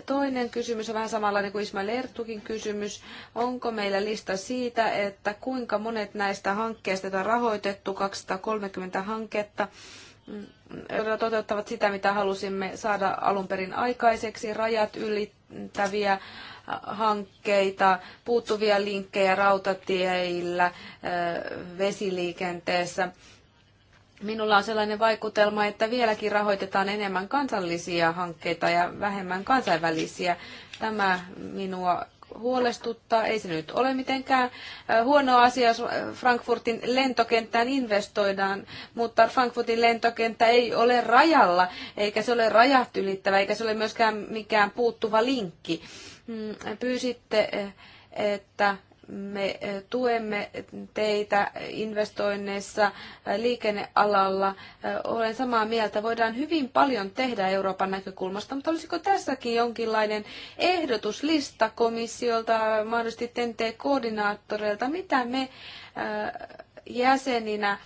Toinen kysymys on vähän samanlainen kuin Ismail Ertukin kysymys. Onko meillä lista siitä, että kuinka monet näistä hankkeista, joita on rahoitettu, 230 hanketta, mm, jotka toteuttavat sitä, mitä halusimme saada alun perin aikaiseksi, rajat ylittäviä hankkeita, puuttuvia linkkejä rautateillä, vesiliikenteessä. Minulla on sellainen vaikutelma, että vieläkin rahoitetaan enemmän kansallisia hankkeita ja vähemmän kansainvälisiä. Tämä minua huolestuttaa. Ei se nyt ole mitenkään äh, huono asia, jos Frankfurtin lentokenttään investoidaan, mutta Frankfurtin lentokenttä ei ole rajalla, eikä se ole rajat ylittävä, eikä se ole myöskään mikään puuttuva linkki. Mm, pyysitte, äh, että me eh, tuemme teitä investoinneissa eh, liikennealalla. Eh, olen samaa mieltä, voidaan hyvin paljon tehdä Euroopan näkökulmasta, mutta olisiko tässäkin jonkinlainen ehdotuslista komissiolta, mahdollisesti TNT-koordinaattoreilta, mitä me jäseninä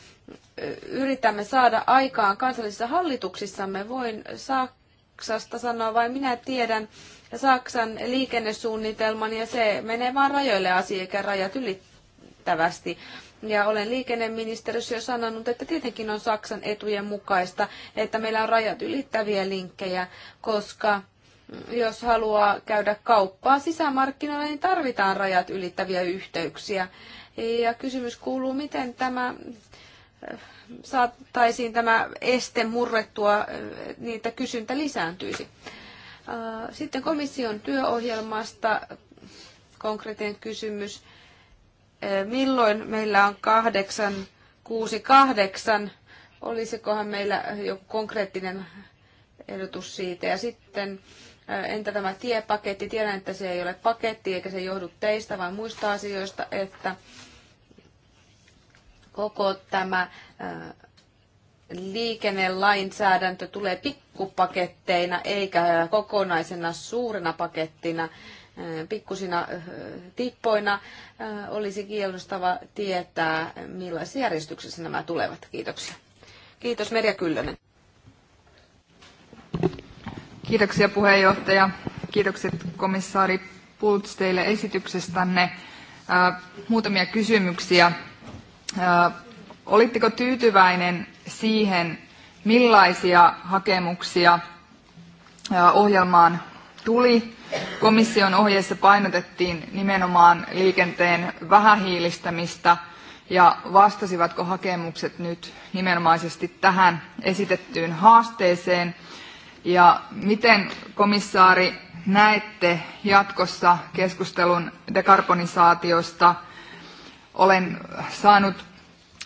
yritämme saada aikaan kansallisissa hallituksissamme. Voin Saksasta sanoa, vain minä tiedän, Saksan liikennesuunnitelman ja se menee vain rajoille asia, eikä rajat ylittävästi. Ja olen liikenneministeriössä jo sanonut, että tietenkin on Saksan etujen mukaista, että meillä on rajat ylittäviä linkkejä, koska jos haluaa käydä kauppaa sisämarkkinoilla, niin tarvitaan rajat ylittäviä yhteyksiä. Ja kysymys kuuluu, miten tämä saataisiin tämä este murrettua, niitä kysyntä lisääntyisi. Äh, sitten komission työohjelmasta konkreettinen kysymys. Äh, milloin meillä on 868? Olisikohan meillä joku konkreettinen ehdotus siitä? Ja sitten äh, entä tämä tiepaketti? Tiedän, että se ei ole paketti eikä se johdu teistä, vaan muista asioista, että koko tämä liikennelainsäädäntö tulee pikkupaketteina eikä kokonaisena suurena pakettina eh, pikkusina eh, tippoina. Eh, olisi kiinnostava tietää, millaisessa järjestyksessä nämä tulevat. Kiitoksia. Kiitos Merja Kyllönen.
Kiitoksia puheenjohtaja. Kiitokset komissaari Pultz teille esityksestänne. muutamia kysymyksiä. Ää, olitteko tyytyväinen siihen, millaisia hakemuksia ohjelmaan tuli. Komission ohjeessa painotettiin nimenomaan liikenteen vähähiilistämistä ja vastasivatko hakemukset nyt nimenomaisesti tähän esitettyyn haasteeseen ja miten komissaari näette jatkossa keskustelun dekarbonisaatiosta? Olen saanut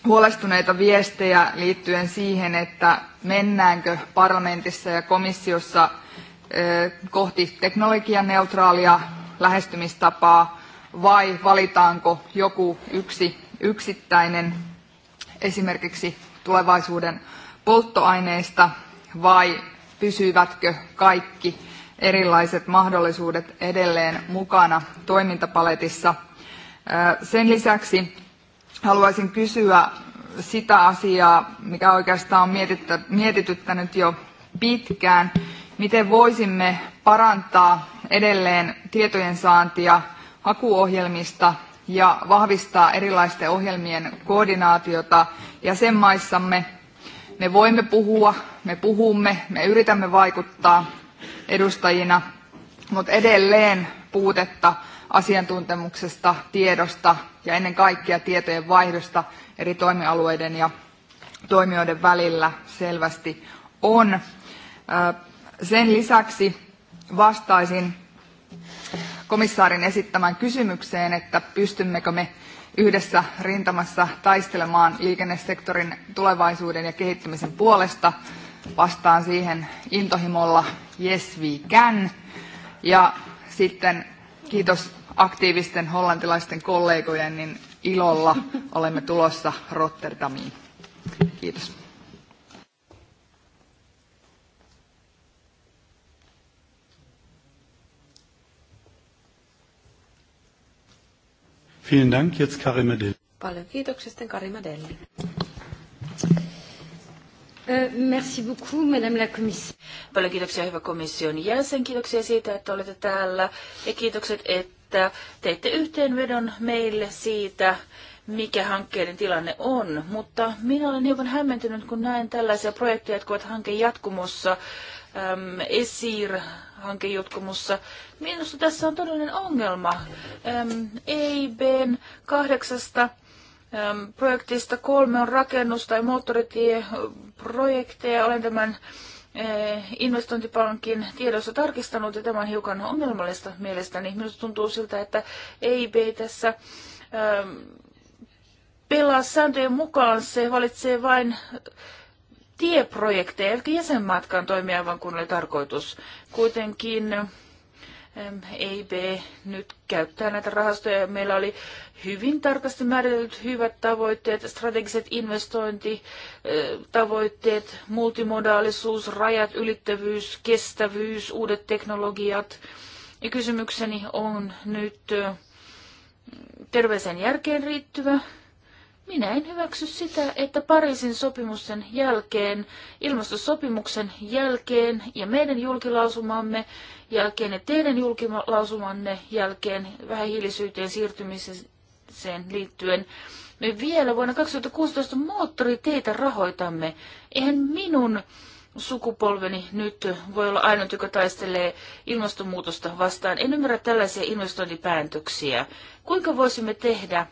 huolestuneita viestejä liittyen siihen, että mennäänkö parlamentissa ja komissiossa kohti teknologianeutraalia lähestymistapaa vai valitaanko joku yksi yksittäinen esimerkiksi tulevaisuuden polttoaineista vai pysyvätkö kaikki erilaiset mahdollisuudet edelleen mukana toimintapaletissa. Sen lisäksi haluaisin kysyä sitä asiaa, mikä oikeastaan on mietityttänyt jo pitkään. Miten voisimme parantaa edelleen tietojen saantia hakuohjelmista ja vahvistaa erilaisten ohjelmien koordinaatiota jäsenmaissamme. Me voimme puhua, me puhumme, me yritämme vaikuttaa edustajina, mutta edelleen puutetta asiantuntemuksesta, tiedosta ja ennen kaikkea tietojen vaihdosta eri toimialueiden ja toimijoiden välillä selvästi on. Sen lisäksi vastaisin komissaarin esittämään kysymykseen, että pystymmekö me yhdessä rintamassa taistelemaan liikennesektorin tulevaisuuden ja kehittymisen puolesta. Vastaan siihen intohimolla Yes We Can. Ja sitten kiitos aktiivisten hollantilaisten kollegojen, niin ilolla olemme tulossa Rotterdamiin. Kiitos.
Vielen Dank, jetzt Karim Adel.
Paljon kiitoksia sitten Karima Deli. Merci beaucoup,
Madame la Commissaire. Paljon kiitoksia hyvä komission jäsen. Kiitoksia siitä, että olette täällä. Ja kiitokset, että että teitte yhteenvedon meille siitä, mikä hankkeiden tilanne on, mutta minä olen hiukan hämmentynyt, kun näen tällaisia projekteja, jotka ovat jatkumossa äm, esir jatkumossa. Minusta tässä on todellinen ongelma. Ei EIBn kahdeksasta äm, projektista kolme on rakennus- tai moottoritieprojekteja. Olen tämän Eh, investointipankin tiedossa tarkistanut, ja tämä on hiukan ongelmallista mielestäni. Minusta tuntuu siltä, että EIB tässä ähm, pelaa sääntöjen mukaan, se valitsee vain äh, tieprojekteja, eli jäsenmaatkaan toimia aivan kun oli tarkoitus. Kuitenkin EIB e nyt käyttää näitä rahastoja. Meillä oli hyvin tarkasti määritellyt hyvät tavoitteet, strategiset investointitavoitteet, eh, multimodaalisuus, rajat, ylittävyys, kestävyys, uudet teknologiat. Ja kysymykseni on nyt eh, terveisen järkeen riittyvä. Minä en hyväksy sitä, että Pariisin sopimusten jälkeen, ilmastosopimuksen jälkeen ja meidän julkilausumamme jälkeen ja teidän julkilausumanne jälkeen vähähiilisyyteen siirtymiseen liittyen. Me vielä vuonna 2016 moottoriteitä rahoitamme. Eihän minun sukupolveni nyt voi olla ainoa, joka taistelee ilmastonmuutosta vastaan. En ymmärrä tällaisia investointipäätöksiä. Kuinka voisimme tehdä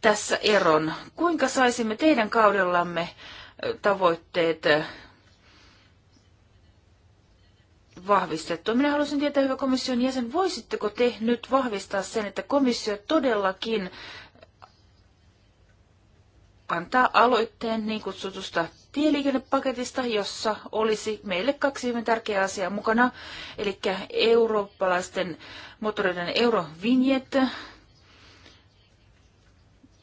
tässä eron? Kuinka saisimme teidän kaudellamme tavoitteet Vahvistettu. Minä haluaisin tietää, hyvä komission jäsen, voisitteko te nyt vahvistaa sen, että komissio todellakin antaa aloitteen niin kutsutusta tieliikennepaketista, jossa olisi meille kaksi hyvin tärkeää asiaa mukana, eli eurooppalaisten moottoreiden eurovinjet,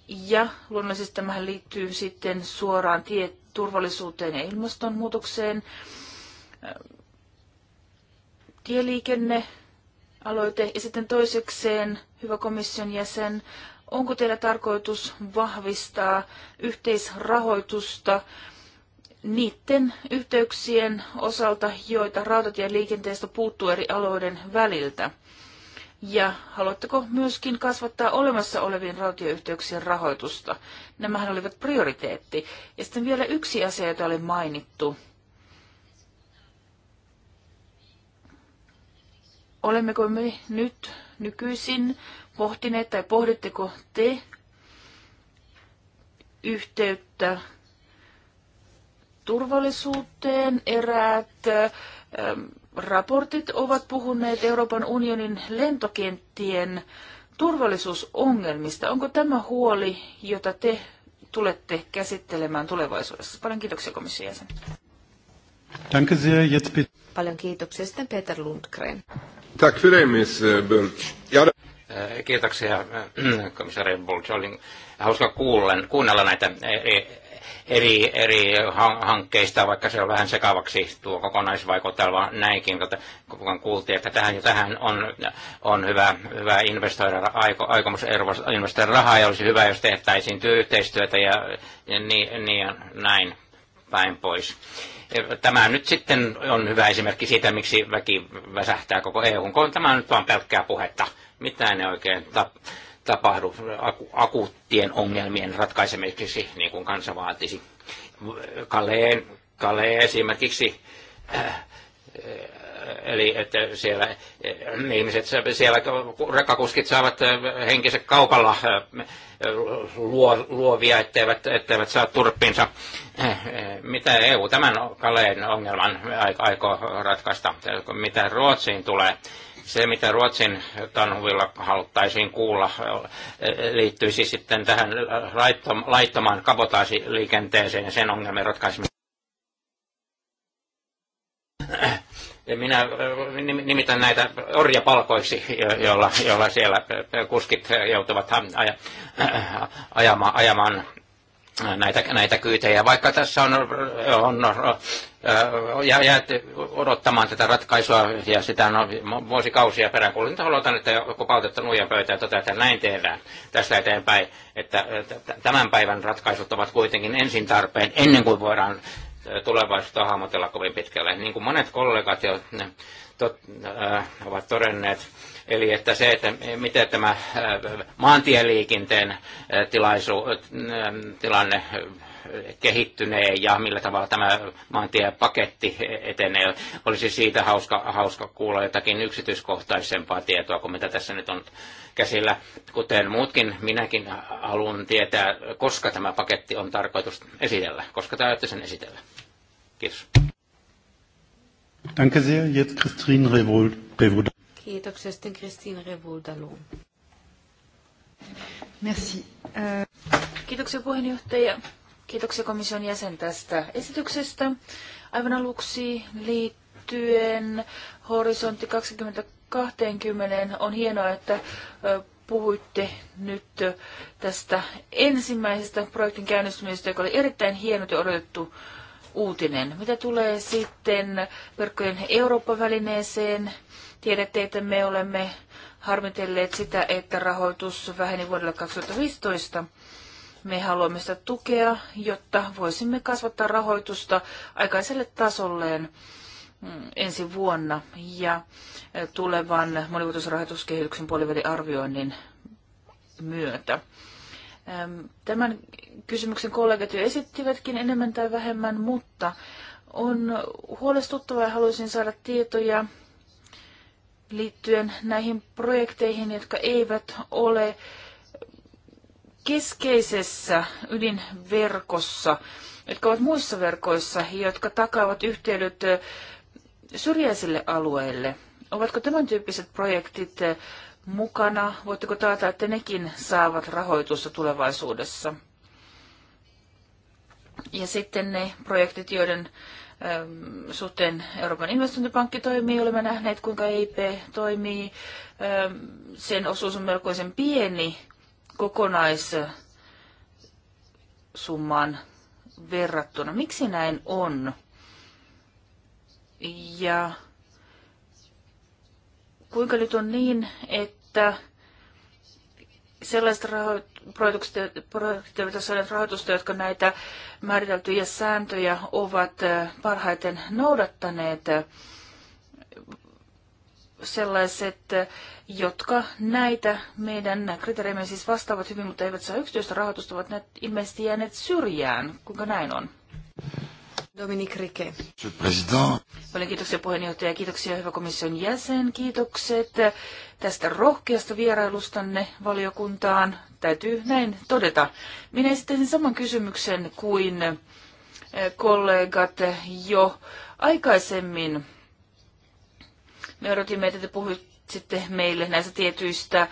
ja luonnollisesti tämähän liittyy sitten suoraan tieturvallisuuteen ja ilmastonmuutokseen tieliikenne aloite ja sitten toisekseen, hyvä komission jäsen, onko teillä tarkoitus vahvistaa yhteisrahoitusta niiden yhteyksien osalta, joita rautatieliikenteestä puuttuu eri alueiden väliltä? Ja haluatteko myöskin kasvattaa olemassa olevien rautatieyhteyksien rahoitusta? Nämähän olivat prioriteetti. Ja sitten vielä yksi asia, jota oli mainittu. olemmeko me nyt nykyisin pohtineet tai pohditteko te yhteyttä turvallisuuteen? Eräät ähm, raportit ovat puhuneet Euroopan unionin lentokenttien turvallisuusongelmista. Onko tämä huoli, jota te tulette käsittelemään tulevaisuudessa? Paljon kiitoksia komission jäsen.
Danke sehr, jetzt bitte.
Paljon kiitoksia. Sitten Peter Lundgren.
Tack för det, miss eh, Bulch. Ja... Eh, kiitoksia, eh, komissaari Bulch. Olin hauska kuulla, kuunnella näitä eri, eri eri hankkeista, vaikka se on vähän sekavaksi tuo kokonaisvaikutelma näinkin, kun kuultiin, että tähän, tähän on, on hyvä, hyvä investoida, aiko, aikomus investoida rahaa ja olisi hyvä, jos tehtäisiin työyhteistyötä ja, ja niin, niin näin päin pois Tämä nyt sitten on hyvä esimerkki siitä, miksi väki väsähtää koko EU. -kun. Tämä on nyt vain pelkkää puhetta. Mitään ei oikein tapahdu akuuttien ongelmien ratkaisemiseksi, niin kuin kansa vaatisi. Kaleen, Kalee esimerkiksi äh, Eli että siellä eh, ihmiset, siellä rekkakuskit saavat eh, henkensä kaupalla eh, luo, luovia, etteivät, etteivät saa turppinsa. Mitä EU tämän kaleen ongelman aikoo ratkaista? Mitä Ruotsiin tulee? se, mitä Ruotsin tanhuvilla haluttaisiin kuulla, liittyisi sitten tähän laittomaan kabotaasiliikenteeseen ja sen ongelmien ratkaisemiseen minä äh, nimitän näitä orjapalkoiksi, joilla, joilla siellä äh, kuskit äh, joutuvat ajamaan, ajamaan näitä, näitä kyytejä, vaikka tässä on, on, on ja jääty odottamaan tätä ratkaisua ja sitä on vuosikausia että Haluan, että joku pautetta nuijan pöytään toteaa, että näin tehdään tästä eteenpäin, että tämän päivän ratkaisut ovat kuitenkin ensin tarpeen ennen kuin voidaan tulevaisuutta hahmotella kovin pitkälle. Niin kuin monet kollegat jo tot, äh, ovat todenneet, eli että se, että miten tämä äh, maantieliikenteen tilaisu, äh, tilanne kehittyneen ja millä tavalla tämä maantiepaketti etenee. Olisi siitä hauska, hauska kuulla jotakin yksityiskohtaisempaa tietoa kuin mitä tässä nyt on käsillä. Kuten muutkin, minäkin haluan tietää, koska tämä paketti on tarkoitus esitellä, koska te ajatte sen esitellä. Kiitos.
Danke sehr. Jetzt Christine Revoud.
Kiitoksia. Sitten Christine Revoudalou.
Merci.
Euh, Kiitoksia puheenjohtaja. Kiitoksia komission jäsen tästä esityksestä. Aivan aluksi liittyen horisontti 2020 on hienoa, että puhuitte nyt tästä ensimmäisestä projektin käynnistymisestä, joka oli erittäin hieno ja odotettu uutinen. Mitä tulee sitten verkkojen Eurooppa-välineeseen? Tiedätte, että me olemme harmitelleet sitä, että rahoitus väheni vuodelle 2015. Me haluamme sitä tukea, jotta voisimme kasvattaa rahoitusta aikaiselle tasolleen mm, ensi vuonna ja tulevan monivuotisrahoituskehityksen puoliväliarvioinnin myötä. Tämän kysymyksen kollegat jo esittivätkin enemmän tai vähemmän, mutta on huolestuttavaa ja haluaisin saada tietoja liittyen näihin projekteihin, jotka eivät ole keskeisessä ydinverkossa, jotka ovat muissa verkoissa, jotka takaavat yhteydet syrjäisille alueille. Ovatko tämän tyyppiset projektit mukana? Voitteko taata, että nekin saavat rahoitusta tulevaisuudessa? Ja sitten ne projektit, joiden suhteen Euroopan investointipankki toimii. Olemme nähneet, kuinka EIP toimii. Sen osuus on melkoisen pieni kokonaissummaan verrattuna. Miksi näin on? Ja kuinka nyt on niin, että sellaiset projektit, joita saaneet rahoitusta, jotka näitä määriteltyjä sääntöjä ovat eh, parhaiten noudattaneet, sellaiset, jotka näitä meidän kriteerejä siis vastaavat hyvin, mutta eivät saa yksityistä rahoitusta, ovat näet ilmeisesti jääneet syrjään. Kuinka näin on? Dominique Rike. Paljon kiitoksia puheenjohtaja, kiitoksia hyvä komission jäsen, kiitokset tästä rohkeasta vierailustanne valiokuntaan. Täytyy näin todeta. Minä esittäisin saman kysymyksen kuin eh, kollegat jo aikaisemmin me odotimme, että te puhuitte meille näistä tietyistä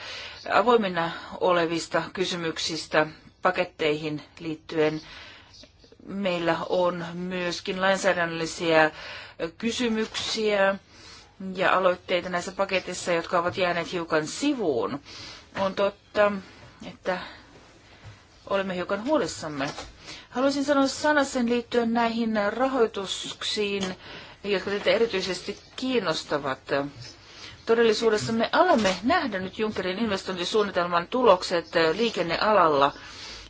avoimena olevista kysymyksistä paketteihin liittyen. Meillä on myöskin lainsäädännöllisiä kysymyksiä ja aloitteita näissä paketissa, jotka ovat jääneet hiukan sivuun. On totta, että olemme hiukan huolissamme. Haluaisin sanoa sana sen liittyen näihin rahoituksiin jotka teitä erityisesti kiinnostavat. Todellisuudessa me alamme nähdä nyt Junckerin investointisuunnitelman tulokset liikennealalla,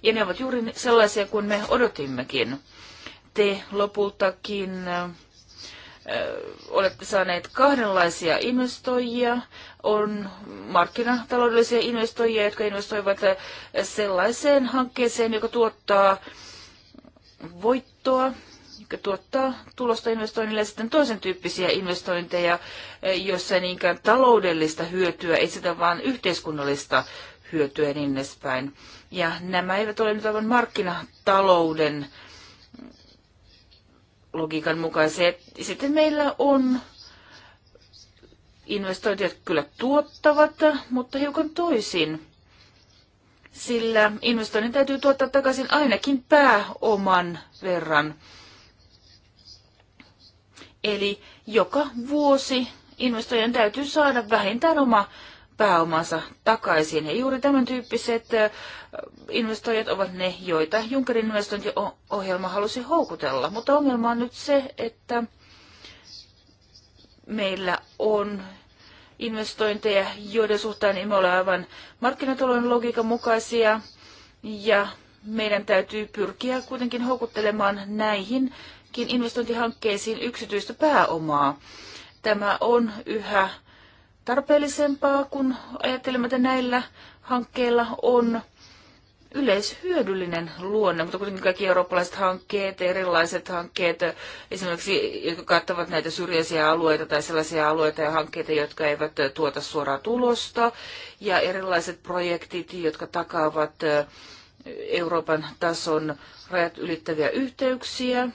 ja ne ovat juuri sellaisia kuin me odotimmekin. Te lopultakin äh, olette saaneet kahdenlaisia investoijia. On markkinataloudellisia investoijia, jotka investoivat äh, sellaiseen hankkeeseen, joka tuottaa voittoa jotka tuottaa tulosta investoinnille ja sitten toisen tyyppisiä investointeja, e, joissa ei niinkään taloudellista hyötyä etsitä, vaan yhteiskunnallista hyötyä ja niin edespäin. Ja nämä eivät ole nyt aivan markkinatalouden logiikan mukaisia. Sitten meillä on jotka kyllä tuottavat, mutta hiukan toisin. Sillä investoinnin täytyy tuottaa takaisin ainakin pääoman verran. Eli joka vuosi investoijan täytyy saada vähintään oma pääomansa takaisin. Ja juuri tämän tyyppiset investoijat ovat ne, joita Junckerin investointiohjelma halusi houkutella. Mutta ongelma on nyt se, että meillä on investointeja, joiden suhteen emme ole aivan markkinatalouden logiikan mukaisia. Ja meidän täytyy pyrkiä kuitenkin houkuttelemaan näihin investointihankkeisiin yksityistä pääomaa. Tämä on yhä tarpeellisempaa, kun ajattelemme, että näillä hankkeilla on yleishyödyllinen luonne, mutta kuitenkin kaikki eurooppalaiset hankkeet, erilaiset hankkeet, esimerkiksi jotka kattavat näitä syrjäisiä alueita tai sellaisia alueita ja hankkeita, jotka eivät tuota suoraa tulosta, ja erilaiset projektit, jotka takaavat Euroopan tason rajat ylittäviä yhteyksiä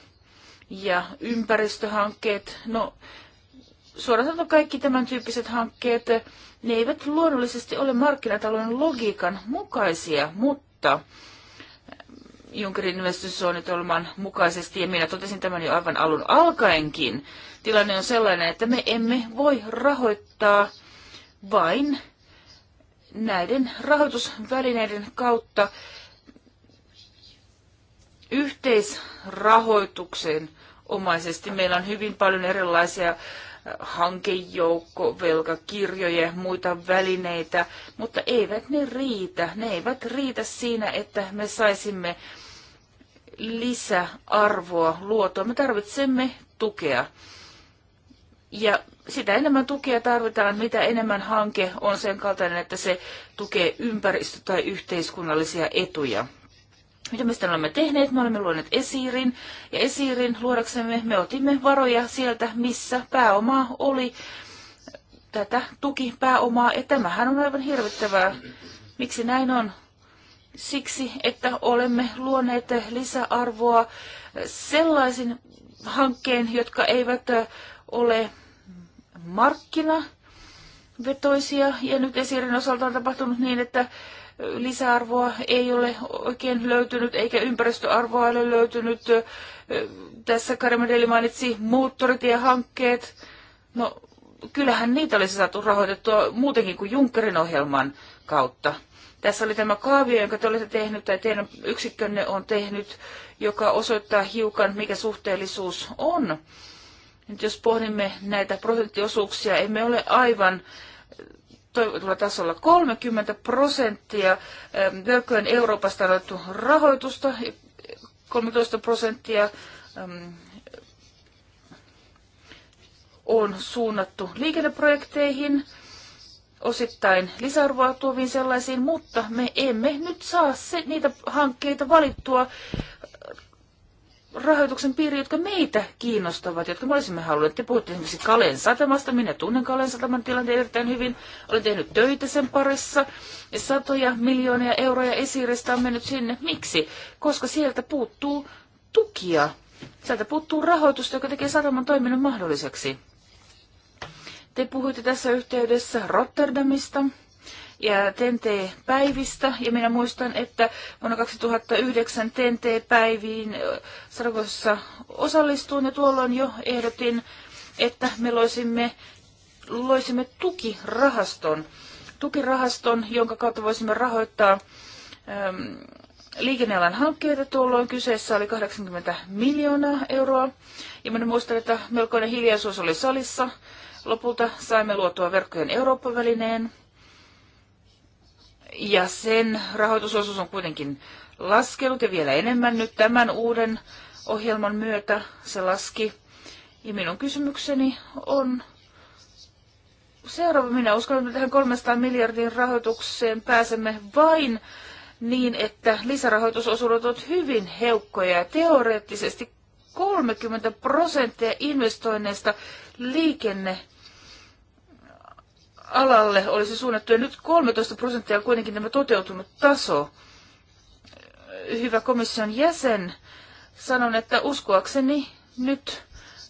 ja ympäristöhankkeet. No, suoraan sanottuna kaikki tämän tyyppiset hankkeet, ne eivät luonnollisesti ole markkinatalouden logiikan mukaisia, mutta Junckerin investointisuunnitelman mukaisesti, ja minä totesin tämän jo aivan alun alkaenkin, tilanne on sellainen, että me emme voi rahoittaa vain näiden rahoitusvälineiden kautta yhteisrahoituksen omaisesti. Meillä on hyvin paljon erilaisia äh, hankejoukko, velkakirjoja ja muita välineitä, mutta eivät ne riitä. Ne eivät riitä siinä, että me saisimme lisäarvoa luotua. Me tarvitsemme tukea. Ja sitä enemmän tukea tarvitaan, mitä enemmän hanke on sen kaltainen, että se tukee ympäristö- tai yhteiskunnallisia etuja mitä me sitten olemme tehneet? Me olemme luoneet esiirin, ja esiirin luodaksemme me otimme varoja sieltä, missä pääomaa oli, tätä tukipääomaa, ja tämähän on aivan hirvittävää. Miksi näin on? Siksi, että olemme luoneet lisäarvoa sellaisin hankkeen, jotka eivät ole markkinavetoisia, ja nyt esiirin osalta on tapahtunut niin, että lisäarvoa ei ole oikein löytynyt, eikä ympäristöarvoa ole löytynyt. Tässä Karimedeli mainitsi moottoritiehankkeet. No, kyllähän niitä olisi saatu rahoitettua muutenkin kuin Junckerin ohjelman kautta. Tässä oli tämä kaavio, jonka te olette tehnyt tai teidän yksikkönne on tehnyt, joka osoittaa hiukan, mikä suhteellisuus on. Nyt jos pohdimme näitä prosenttiosuuksia, emme ole aivan toivotulla tasolla 30 prosenttia velkojen Euroopasta annettu rahoitusta, 13 prosenttia on suunnattu liikenneprojekteihin, osittain lisäarvoa tuoviin sellaisiin, mutta me emme nyt saa se, niitä hankkeita valittua rahoituksen piiriin, jotka meitä kiinnostavat, jotka me olisimme halunneet. Te puhutte esimerkiksi Kalen satamasta. Minä tunnen Kalen sataman tilanteen erittäin hyvin. Olen tehnyt töitä sen parissa. Ja satoja miljoonia euroja esiiristä on mennyt sinne. Miksi? Koska sieltä puuttuu tukia. Sieltä puuttuu rahoitusta, joka tekee sataman toiminnan mahdolliseksi. Te puhuitte tässä yhteydessä Rotterdamista ja TNT-päivistä. Ja minä muistan, että vuonna 2009 TNT-päiviin Saragossa osallistuin ja tuolloin jo ehdotin, että me loisimme, loisimme tukirahaston, tukirahaston, jonka kautta voisimme rahoittaa äm, liikennealan hankkeita. Tuolloin kyseessä oli 80 miljoonaa euroa. Ja minä muistan, että melkoinen hiljaisuus oli salissa. Lopulta saimme luotua verkkojen Eurooppa-välineen, ja sen rahoitusosuus on kuitenkin laskenut ja vielä enemmän nyt tämän uuden ohjelman myötä se laski. Ja minun kysymykseni on seuraava. Minä uskon, että tähän 300 miljardin rahoitukseen pääsemme vain niin, että lisärahoitusosuudet ovat hyvin heukkoja. Teoreettisesti 30 prosenttia investoinneista liikenne alalle olisi suunnattu. Ja nyt 13 prosenttia on kuitenkin tämä toteutunut taso. Hyvä komission jäsen, sanon, että uskoakseni nyt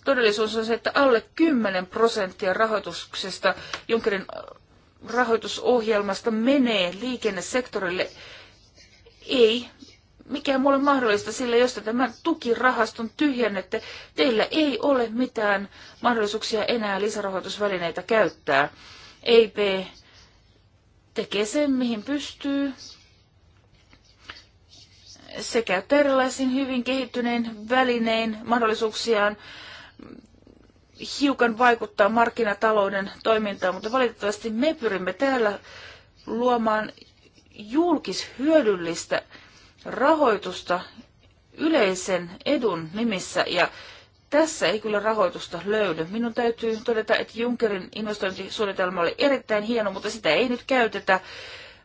todellisuus on se, että alle 10 prosenttia rahoituksesta Junckerin rahoitusohjelmasta menee liikennesektorille. Ei mikään muu ole mahdollista, sillä jos tämä tukirahaston tyhjennette, teillä ei ole mitään mahdollisuuksia enää lisärahoitusvälineitä käyttää. EIP tekee sen, mihin pystyy. Se käyttää erilaisin hyvin kehittyneen välinein mahdollisuuksiaan hiukan vaikuttaa markkinatalouden toimintaan, mutta valitettavasti me pyrimme täällä luomaan julkishyödyllistä rahoitusta yleisen edun nimissä ja tässä ei kyllä rahoitusta löydy. Minun täytyy todeta, että Junckerin investointisuunnitelma oli erittäin hieno, mutta sitä ei nyt käytetä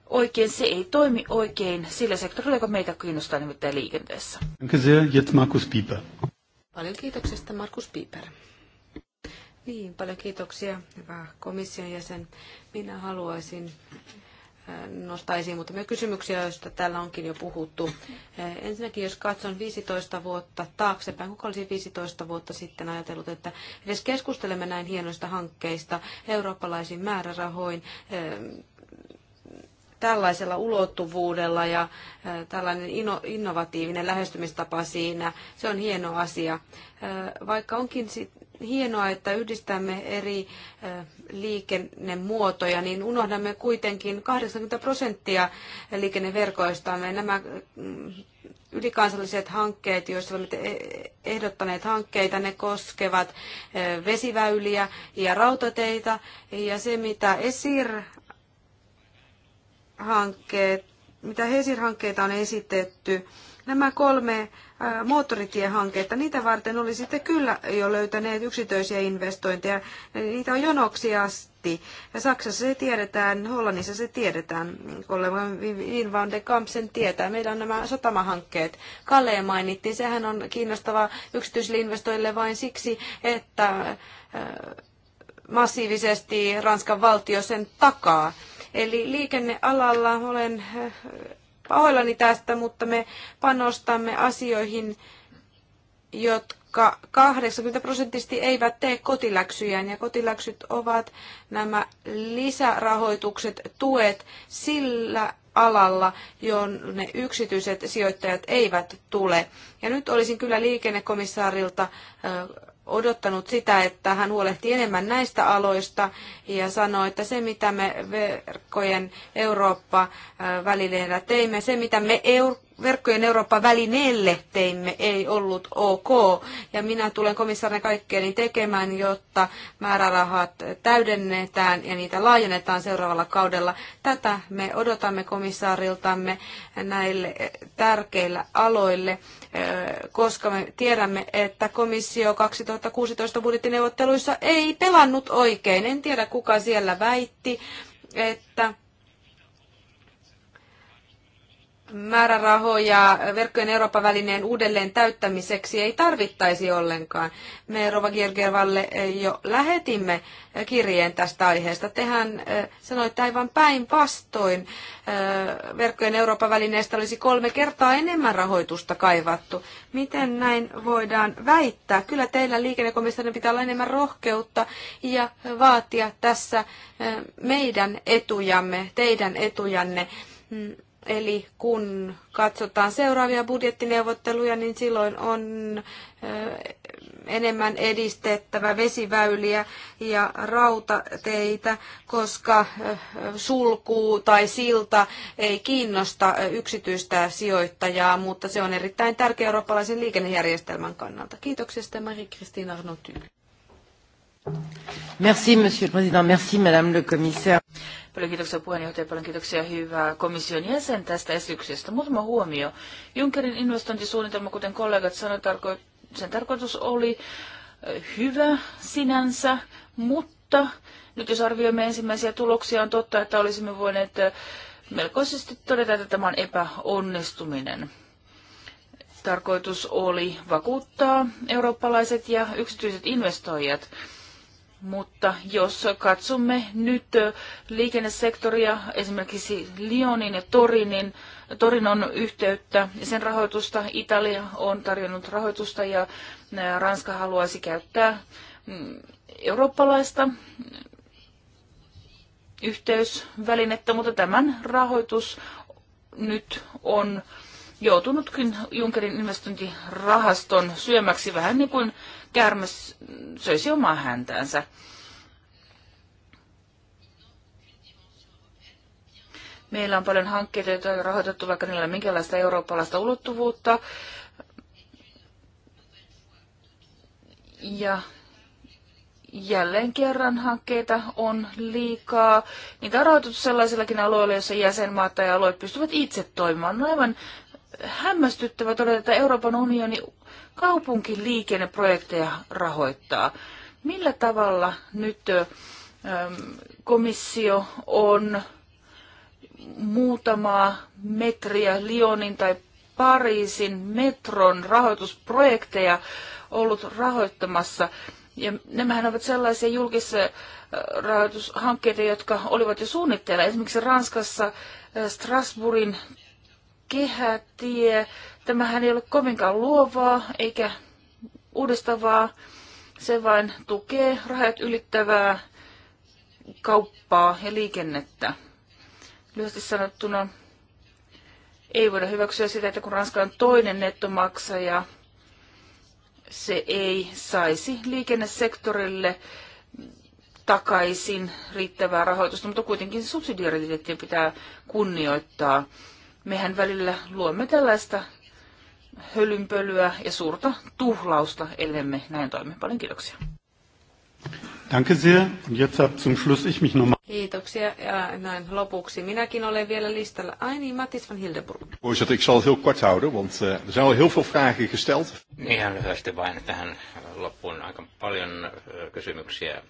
oikein. Se ei toimi oikein sillä sektorilla, joka meitä
kiinnostaa nimittäin liikenteessä.
Markus Pieper.
Paljon kiitoksesta, Markus Pieper. Niin, paljon kiitoksia, hyvä komission jäsen. Minä haluaisin nostaa esiin muutamia kysymyksiä, joista täällä onkin jo puhuttu. Ensinnäkin, jos katson 15 vuotta taaksepäin, kuka olisi 15 vuotta sitten ajatellut, että edes keskustelemme näin hienoista hankkeista eurooppalaisiin määrärahoin, eh, tällaisella ulottuvuudella ja eh, tällainen innovatiivinen lähestymistapa siinä, se on hieno asia. Eh, vaikka onkin sit hienoa, että yhdistämme eri liikennemuotoja, niin unohdamme kuitenkin 80 prosenttia liikenneverkoistamme. Nämä mm, ylikansalliset hankkeet, joissa olemme e-, ehdottaneet hankkeita, ne koskevat vesiväyliä ja rautateita Ja se, mitä esir mitä hesir hankkeita on esitetty, nämä kolme Moottoritiehankkeita Niitä varten olisitte kyllä jo löytäneet yksityisiä investointeja. Niitä on jonoksi asti. Ja Saksassa se tiedetään, Hollannissa se tiedetään. Kollega Vin van de Kamp sen tietää. Meillä on nämä satamahankkeet. Kalle mainittiin, sehän on kiinnostava yksityisille investoijille vain siksi, että massiivisesti Ranskan valtio sen takaa. Eli liikennealalla olen pahoillani tästä, mutta me panostamme asioihin, jotka 80 prosenttisesti eivät tee kotiläksyjään. Ja kotiläksyt ovat nämä lisärahoitukset, tuet sillä alalla, jonne yksityiset sijoittajat eivät tule. Ja nyt olisin kyllä liikennekomissaarilta odottanut sitä, että hän huolehti enemmän näistä aloista ja sanoi, että se mitä me verkkojen Eurooppa-välilehdellä teimme, se mitä me Euro verkkojen Eurooppa välineelle teimme ei ollut ok. Ja minä tulen komissaarina kaikkeeni tekemään, jotta määrärahat täydennetään ja niitä laajennetaan seuraavalla kaudella. Tätä me odotamme komissaariltamme näille tärkeillä aloille, eh, koska me tiedämme, että komissio 2016 budjettineuvotteluissa ei pelannut oikein. En tiedä, kuka siellä väitti, että määrärahoja verkkojen Euroopan välineen uudelleen täyttämiseksi ei tarvittaisi ollenkaan. Me Rova Gergervalle eh, jo lähetimme eh, kirjeen tästä aiheesta. Tehän eh, sanoitte aivan päinvastoin. Verkkojen Euroopan välineestä olisi kolme kertaa enemmän rahoitusta kaivattu. Miten näin voidaan väittää? Kyllä teillä liikennekomissarin pitää olla enemmän rohkeutta ja vaatia tässä meidän etujamme, teidän etujanne mm. Eli kun katsotaan seuraavia budjettineuvotteluja, niin silloin on enemmän edistettävä vesiväyliä ja rautateitä, koska sulku tai silta ei kiinnosta yksityistä sijoittajaa, mutta se on erittäin tärkeä eurooppalaisen liikennejärjestelmän kannalta. Kiitoksesta Marie-Christine Arnoty.
Paljon kiitoksia puheenjohtaja, paljon kiitoksia hyvää komission jäsen tästä esityksestä. Muutama huomio. Junckerin investointisuunnitelma, kuten kollegat sanoivat, sen tarkoitus oli hyvä sinänsä, mutta nyt jos arvioimme ensimmäisiä tuloksia, on totta, että olisimme voineet melkoisesti todeta, että tämä on epäonnistuminen. Tarkoitus oli vakuuttaa eurooppalaiset ja yksityiset investoijat. Mutta jos katsomme nyt liikennesektoria, esimerkiksi Lyonin ja Torinin, Torinon yhteyttä ja sen rahoitusta, Italia on tarjonnut rahoitusta ja Ranska haluaisi käyttää mm, eurooppalaista mm, yhteysvälinettä, mutta tämän rahoitus nyt on joutunutkin Junckerin investointirahaston syömäksi vähän niin kuin käärme söisi omaa häntäänsä. Meillä on paljon hankkeita, joita on rahoitettu, vaikka niillä ei ole eurooppalaista ulottuvuutta. Ja jälleen kerran hankkeita on liikaa. Niitä on rahoitettu sellaisillakin alueilla, joissa jäsenmaat tai alueet pystyvät itse toimimaan. No aivan hämmästyttävä todeta, että Euroopan unioni kaupunkin liikenneprojekteja rahoittaa. Millä tavalla nyt komissio on muutamaa metriä Lyonin tai Pariisin metron rahoitusprojekteja ollut rahoittamassa. Ja nämähän ovat sellaisia julkisia rahoitushankkeita, jotka olivat jo suunnitteilla. Esimerkiksi Ranskassa Strasbourgin kehätie. Tämähän ei ole kovinkaan luovaa eikä uudistavaa. Se vain tukee rajat ylittävää kauppaa ja liikennettä. Lyhyesti sanottuna ei voida hyväksyä sitä, että kun Ranska on toinen nettomaksaja, se ei saisi liikennesektorille takaisin riittävää rahoitusta, mutta kuitenkin subsidiariteettia pitää kunnioittaa mehän välillä luemme tällaista hölynpölyä ja suurta tuhlausta, ellemme näin toimi. Paljon kiitoksia.
Danke sehr. Und jetzt ab zum Schluss ich mich nochmal.
Kiitoksia. Ja näin lopuksi minäkin olen vielä listalla. Ai niin, Mattis van Hildeburg.
Voorzitter, ik zal het heel kort houden, want uh, er zijn al heel veel vragen gesteld. Ihan
lyhyesti vain tähän loppuun aika paljon eh, kysymyksiä,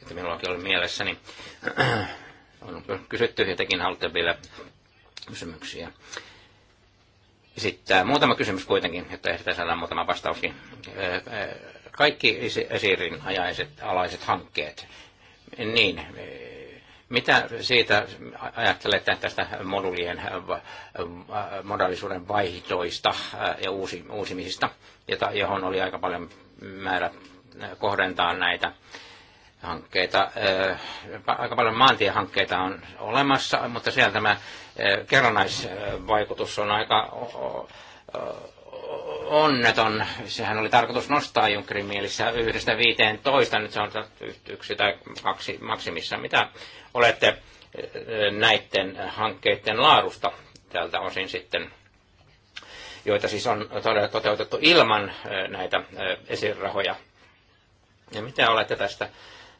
joita minullakin oli mielessäni. on kysytty ja niin tekin haluatte vielä kysymyksiä. Sitten muutama kysymys kuitenkin, että ehditään saada muutama vastauskin. Kaikki Esirin ajaiset, alaiset hankkeet, niin mitä siitä ajattelette tästä modulien modallisuuden vaihtoista ja uusimisista, johon oli aika paljon määrä kohdentaa näitä hankkeita. Äh, aika paljon maantiehankkeita on olemassa, mutta siellä tämä äh, kerrannaisvaikutus on aika onneton. Sehän oli tarkoitus nostaa Junckerin mielessä yhdestä viiteen toista, nyt se on yksi tai kaksi maksimissa. Mitä olette äh, näiden hankkeiden laadusta tältä osin sitten, joita siis on toteutettu ilman näitä esirahoja? Ja mitä olette tästä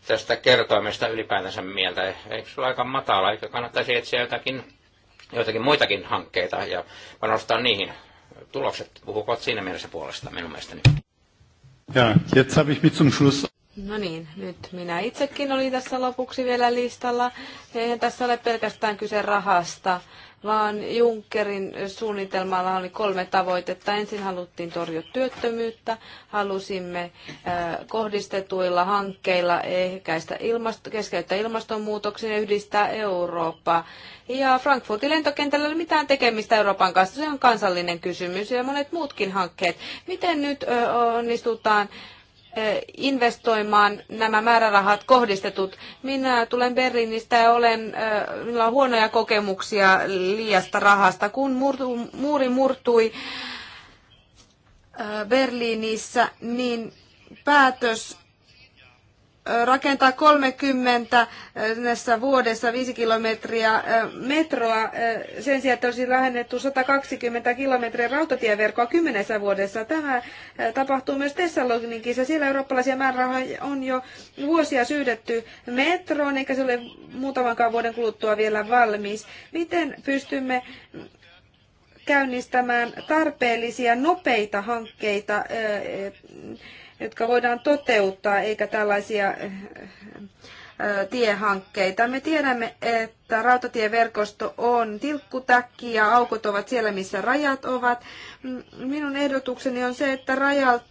tästä kertoimesta ylipäätänsä mieltä? Eikö sulla aika matala? Eikö kannattaisi etsiä jotakin, joitakin muitakin hankkeita ja panostaa niihin? Tulokset puhuvat siinä mielessä puolesta minun mielestäni.
Ja, jetzt habe ich mit zum Schluss
No niin, nyt minä itsekin olin tässä lopuksi vielä listalla. Eihän tässä ole pelkästään kyse rahasta vaan Junckerin suunnitelmalla oli kolme tavoitetta. Ensin haluttiin torjua työttömyyttä, halusimme kohdistetuilla hankkeilla ehkäistä ilmasto, keskeyttää ilmastonmuutoksen ja yhdistää Eurooppaa. Ja Frankfurtin lentokentällä ei ole mitään tekemistä Euroopan kanssa, se on kansallinen kysymys ja monet muutkin hankkeet. Miten nyt onnistutaan investoimaan nämä määrärahat kohdistetut. Minä tulen Berliinistä ja olen, minulla on huonoja kokemuksia liiasta rahasta. Kun murtu, muuri murtui Berliinissä, niin päätös rakentaa 30 vuodessa 5 kilometriä eh, metroa eh, sen sijaan, että olisi lähennetty 120 kilometriä rautatieverkkoa kymmenessä vuodessa. Tämä eh, tapahtuu myös Thessalonikissa. Siellä eurooppalaisia määrärahoja on jo vuosia syydetty metroon, eikä se ole muutamankaan vuoden kuluttua vielä valmis. Miten pystymme käynnistämään tarpeellisia nopeita hankkeita jotka voidaan toteuttaa, eikä tällaisia eh, eh, tiehankkeita. Me tiedämme, että rautatieverkosto on tilkkutäkki ja aukot ovat siellä, missä rajat ovat. Minun ehdotukseni on se, että rajalta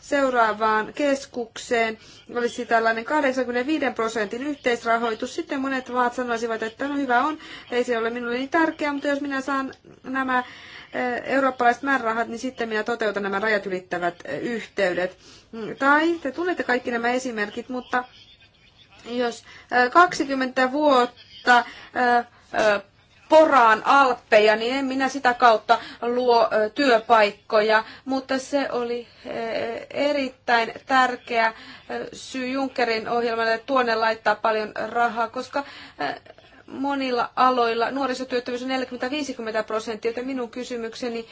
seuraavaan keskukseen olisi tällainen 85 prosentin yhteisrahoitus. Sitten monet vaat sanoisivat, että no hyvä on, ei se ole minulle niin tärkeää, mutta jos minä saan nämä eh, eurooppalaiset määrärahat, niin sitten minä toteutan nämä rajat ylittävät yhteydet. Tai te tunnette kaikki nämä esimerkit, mutta jos 20 vuotta poraan alppeja, niin en minä sitä kautta luo työpaikkoja, mutta se oli erittäin tärkeä syy Junckerin ohjelmalle tuonne laittaa paljon rahaa, koska monilla aloilla nuorisotyöttömyys on 40-50 prosenttia, joten minun kysymykseni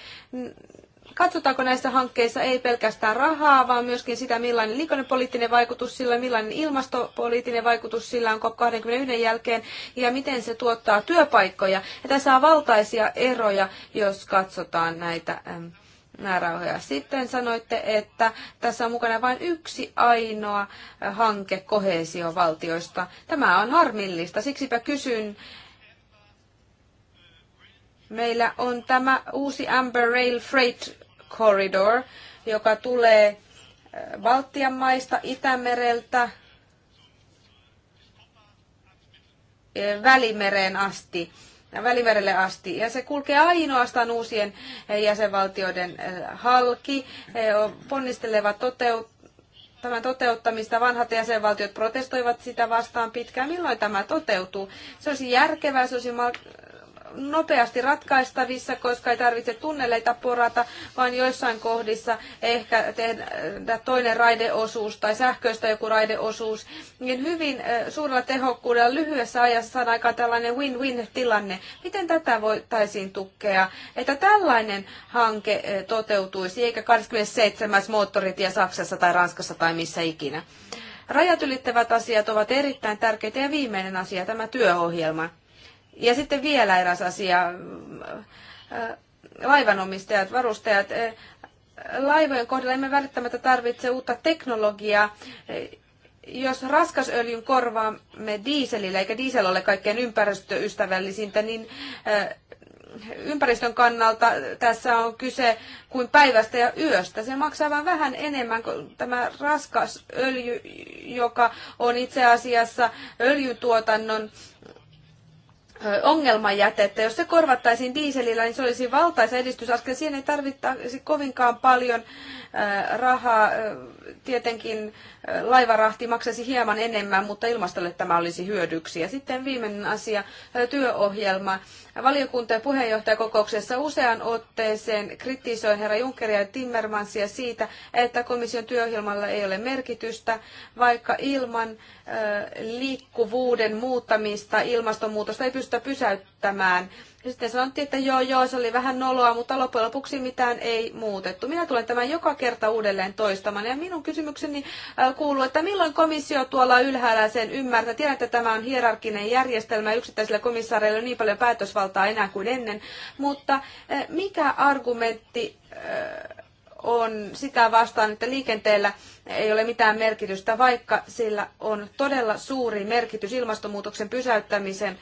katsotaanko näissä hankkeissa ei pelkästään rahaa, vaan myöskin sitä, millainen liikennepoliittinen vaikutus sillä, millainen ilmastopoliittinen vaikutus sillä on COP21 jälkeen ja miten se tuottaa työpaikkoja. Ja tässä on valtaisia eroja, jos katsotaan näitä määrärahoja. Sitten sanoitte, että tässä on mukana vain yksi ainoa hanke kohesiovaltioista. Tämä on harmillista. Siksipä kysyn, Meillä on tämä uusi Amber Rail Freight Corridor, joka tulee äh, Baltian maista, Itämereltä, äh, Välimereen asti. Välimerelle asti. Ja se kulkee ainoastaan uusien äh, jäsenvaltioiden halki. He ponnistelevat toteut- tämän toteuttamista. Vanhat jäsenvaltiot protestoivat sitä vastaan pitkään. Milloin tämä toteutuu? Se olisi järkevää, se olisi nopeasti ratkaistavissa, koska ei tarvitse tunneleita porata, vaan joissain kohdissa ehkä tehdä toinen raideosuus tai sähköistä joku raideosuus, niin hyvin suurella tehokkuudella lyhyessä ajassa saadaan aikaan tällainen win-win-tilanne. Miten tätä voitaisiin tukea, että tällainen hanke toteutuisi, eikä 27. moottoritie Saksassa tai Ranskassa tai missä ikinä? Rajat ylittävät asiat ovat erittäin tärkeitä ja viimeinen asia tämä työohjelma. Ja sitten vielä eräs asia. Äh, laivanomistajat, varustajat, äh, laivojen kohdalla emme välttämättä tarvitse uutta teknologiaa. Äh, jos raskasöljyn korvaamme diiselillä, eikä diesel ole kaikkein ympäristöystävällisintä, niin ympäristön kannalta tässä on kyse kuin päivästä ja yöstä. Se maksaa vain vähän enemmän kuin tämä raskas öljy, joka on itse asiassa öljytuotannon ongelmajätettä. Jos se korvattaisiin diiselillä, niin se olisi valtaisa edistysaskel. Siihen ei tarvittaisi kovinkaan paljon rahaa. Tietenkin laivarahti maksaisi hieman enemmän, mutta ilmastolle tämä olisi hyödyksi. Ja sitten viimeinen asia, työohjelma. Valiokunta- ja puheenjohtajakokouksessa usean otteeseen kritisoin herra Junckeria ja Timmermansia siitä, että komission työohjelmalla ei ole merkitystä, vaikka ilman liikkuvuuden muuttamista ilmastonmuutosta ei pystytä pysäyttämään käyttämään. Ja sitten sanottiin, että joo, joo, se oli vähän noloa, mutta loppujen lopuksi mitään ei muutettu. Minä tulen tämän joka kerta uudelleen toistamaan. Ja minun kysymykseni äh, kuuluu, että milloin komissio tuolla ylhäällä sen ymmärtää? Tiedän, että tämä on hierarkinen järjestelmä, yksittäisillä komissaareilla on niin paljon päätösvaltaa enää kuin ennen. Mutta äh, mikä argumentti äh, on sitä vastaan, että liikenteellä ei ole mitään merkitystä, vaikka sillä on todella suuri merkitys ilmastonmuutoksen pysäyttämisen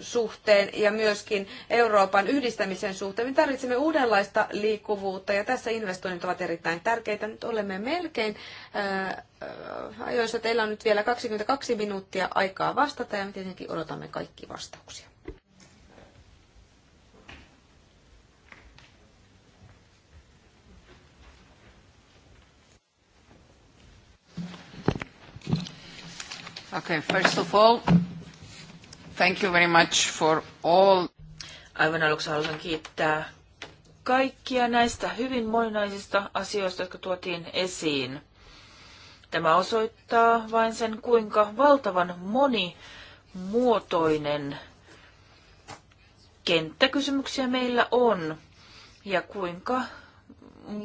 suhteen ja myöskin Euroopan yhdistämisen suhteen. Me tarvitsemme uudenlaista liikkuvuutta ja tässä investoinnit ovat erittäin tärkeitä. Nyt olemme melkein ajoissa. Teillä on nyt vielä 22 minuuttia aikaa vastata ja me tietenkin odotamme kaikki vastauksia.
Okay, first of all, thank you very much for all. Aivan aluksi haluan kiittää kaikkia näistä hyvin moninaisista asioista, jotka tuotiin esiin. Tämä osoittaa vain sen, kuinka valtavan monimuotoinen kenttäkysymyksiä meillä on ja kuinka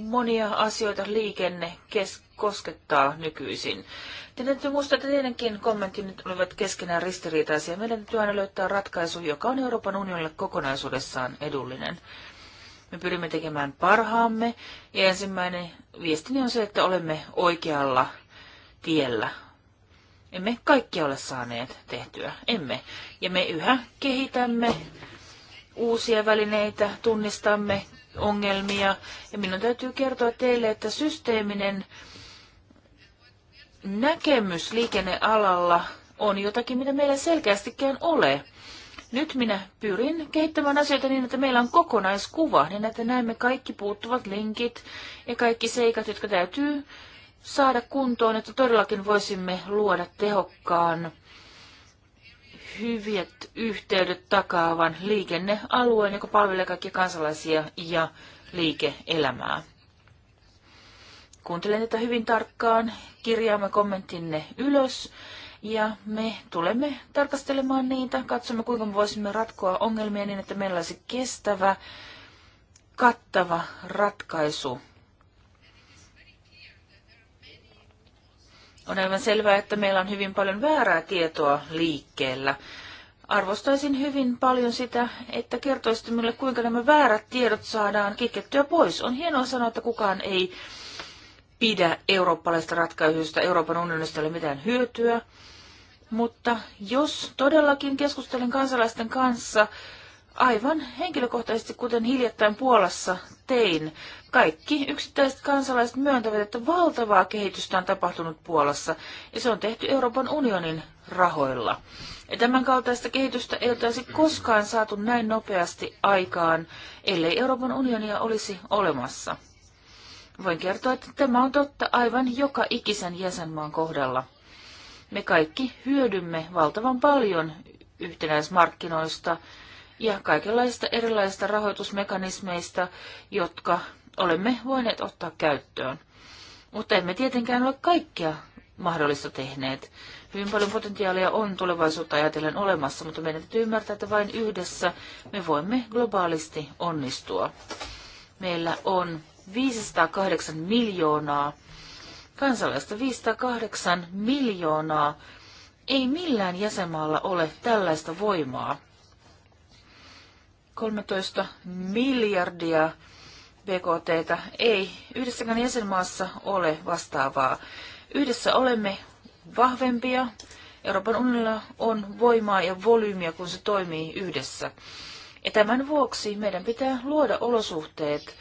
monia asioita liikenne kes- koskettaa nykyisin. Te täytyy muistaa, että teidänkin kommenttinne olivat keskenään ristiriitaisia. Meidän täytyy aina löytää ratkaisu, joka on Euroopan unionille kokonaisuudessaan edullinen. Me pyrimme tekemään parhaamme ja ensimmäinen viestini on se, että olemme oikealla tiellä. Emme kaikki ole saaneet tehtyä, emme. Ja me yhä kehitämme uusia välineitä, tunnistamme ongelmia. Ja minun täytyy kertoa teille, että systeeminen näkemys liikennealalla on jotakin, mitä meillä selkeästikään ole. Nyt minä pyrin kehittämään asioita niin, että meillä on kokonaiskuva, niin että näemme kaikki puuttuvat linkit ja kaikki seikat, jotka täytyy saada kuntoon, että todellakin voisimme luoda tehokkaan hyvät yhteydet takaavan liikennealueen, joka palvelee kaikkia kansalaisia ja liike-elämää. Kuuntelen tätä hyvin tarkkaan, kirjaamme kommenttinne ylös ja me tulemme tarkastelemaan niitä, katsomme kuinka me voisimme ratkoa ongelmia niin, että meillä olisi kestävä, kattava ratkaisu. On aivan selvää, että meillä on hyvin paljon väärää tietoa liikkeellä. Arvostaisin hyvin paljon sitä, että kertoisitte minulle, kuinka nämä väärät tiedot saadaan kitkettyä pois. On hienoa sanoa, että kukaan ei pidä eurooppalaisista ratkaisuista, Euroopan unionista ole mitään hyötyä. Mutta jos todellakin keskustelen kansalaisten kanssa aivan henkilökohtaisesti, kuten hiljattain Puolassa tein, kaikki yksittäiset kansalaiset myöntävät, että valtavaa kehitystä on tapahtunut Puolassa ja se on tehty Euroopan unionin rahoilla. Ja tämän kaltaista kehitystä ei olisi koskaan saatu näin nopeasti aikaan, ellei Euroopan unionia olisi olemassa. Voin kertoa, että tämä on totta aivan joka ikisen jäsenmaan kohdalla. Me kaikki hyödymme valtavan paljon yhtenäismarkkinoista ja kaikenlaisista erilaisista rahoitusmekanismeista, jotka olemme voineet ottaa käyttöön. Mutta emme tietenkään ole kaikkea mahdollista tehneet. Hyvin paljon potentiaalia on tulevaisuutta ajatellen olemassa, mutta meidän täytyy ymmärtää, että vain yhdessä me voimme globaalisti onnistua. Meillä on 508 miljoonaa kansalaista, 508 miljoonaa. Ei millään jäsenmaalla ole tällaista voimaa. 13 miljardia BKT ei yhdessäkään jäsenmaassa ole vastaavaa. Yhdessä olemme vahvempia. Euroopan unionilla on voimaa ja volyymiä, kun se toimii yhdessä. Ja tämän vuoksi meidän pitää luoda olosuhteet,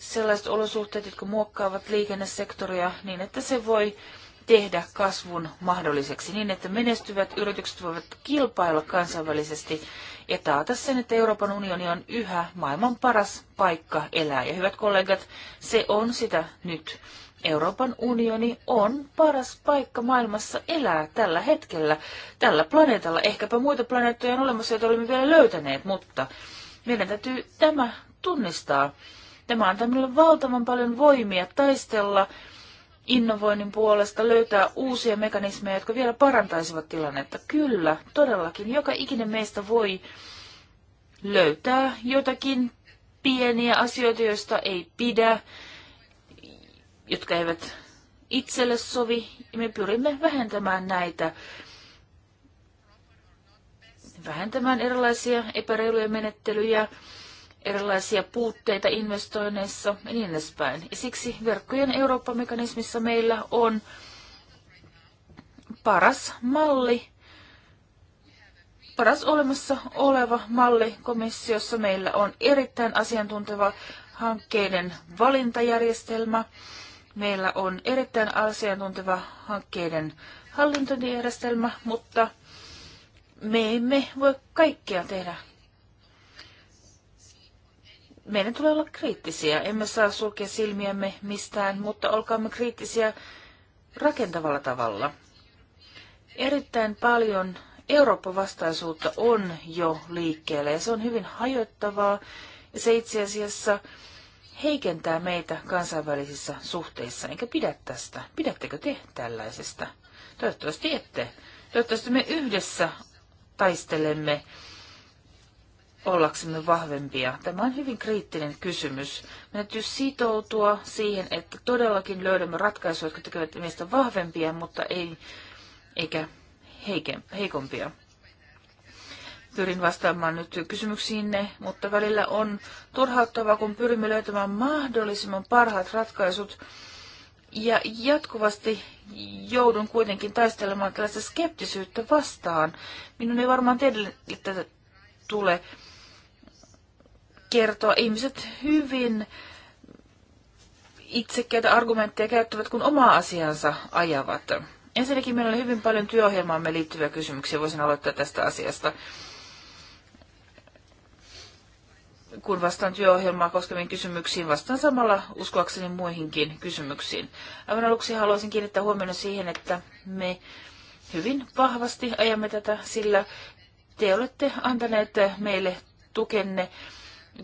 sellaiset olosuhteet, jotka muokkaavat liikennesektoria niin, että se voi tehdä kasvun mahdolliseksi niin, että menestyvät yritykset voivat kilpailla kansainvälisesti ja taata sen, että Euroopan unioni on yhä maailman paras paikka elää. Ja hyvät kollegat, se on sitä nyt. Euroopan unioni on paras paikka maailmassa elää tällä hetkellä, tällä planeetalla. Ehkäpä muita planeettoja on olemassa, joita olemme vielä löytäneet, mutta meidän täytyy tämä tunnistaa. Tämä antaa meille valtavan paljon voimia taistella innovoinnin puolesta, löytää uusia mekanismeja, jotka vielä parantaisivat tilannetta. Kyllä, todellakin. Joka ikinen meistä voi löytää jotakin pieniä asioita, joista ei pidä, jotka eivät itselle sovi. Me pyrimme vähentämään näitä vähentämään erilaisia epäreiluja menettelyjä, erilaisia puutteita investoinneissa ja niin edespäin. Ja siksi verkkojen Eurooppa-mekanismissa meillä on paras malli, paras olemassa oleva malli komissiossa. Meillä on erittäin asiantunteva hankkeiden valintajärjestelmä. Meillä on erittäin asiantunteva hankkeiden hallintojärjestelmä, mutta me emme voi kaikkea tehdä meidän tulee olla kriittisiä. Emme saa sulkea silmiämme mistään, mutta olkaamme kriittisiä rakentavalla tavalla. Erittäin paljon Eurooppa-vastaisuutta on jo liikkeellä ja se on hyvin hajoittavaa ja se itse asiassa heikentää meitä kansainvälisissä suhteissa, enkä pidä tästä. Pidättekö te tällaisesta? Toivottavasti ette. Toivottavasti me yhdessä taistelemme ollaksemme vahvempia? Tämä on hyvin kriittinen kysymys. Meidän täytyy sitoutua siihen, että todellakin löydämme ratkaisuja, jotka tekevät meistä vahvempia, mutta ei, eikä heike, heikompia. Pyrin vastaamaan nyt kysymyksiinne, mutta välillä on turhauttavaa, kun pyrimme löytämään mahdollisimman parhaat ratkaisut. Ja jatkuvasti joudun kuitenkin taistelemaan tällaista skeptisyyttä vastaan. Minun ei varmaan teille tätä tule kertoa. Ihmiset hyvin itsekkäitä argumentteja käyttävät, kun omaa asiansa ajavat. Ensinnäkin meillä oli hyvin paljon työohjelmaamme liittyviä kysymyksiä. Voisin aloittaa tästä asiasta. Kun vastaan työohjelmaa koskeviin kysymyksiin, vastaan samalla uskoakseni muihinkin kysymyksiin. Aivan aluksi haluaisin kiinnittää huomioon siihen, että me hyvin vahvasti ajamme tätä, sillä te olette antaneet meille tukenne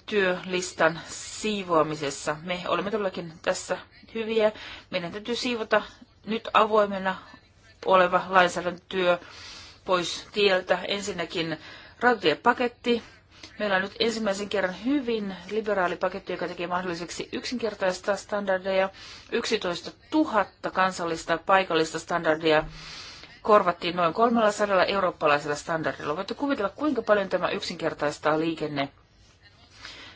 työlistan siivoamisessa. Me olemme todellakin tässä hyviä. Meidän täytyy siivota nyt avoimena oleva lainsäädäntötyö pois tieltä. Ensinnäkin rautatiepaketti. Meillä on nyt ensimmäisen kerran hyvin liberaali paketti, joka tekee mahdolliseksi yksinkertaistaa standardeja. 11 000 kansallista paikallista standardia korvattiin noin 300 eurooppalaisella standardilla. Voitte kuvitella, kuinka paljon tämä yksinkertaistaa liikenne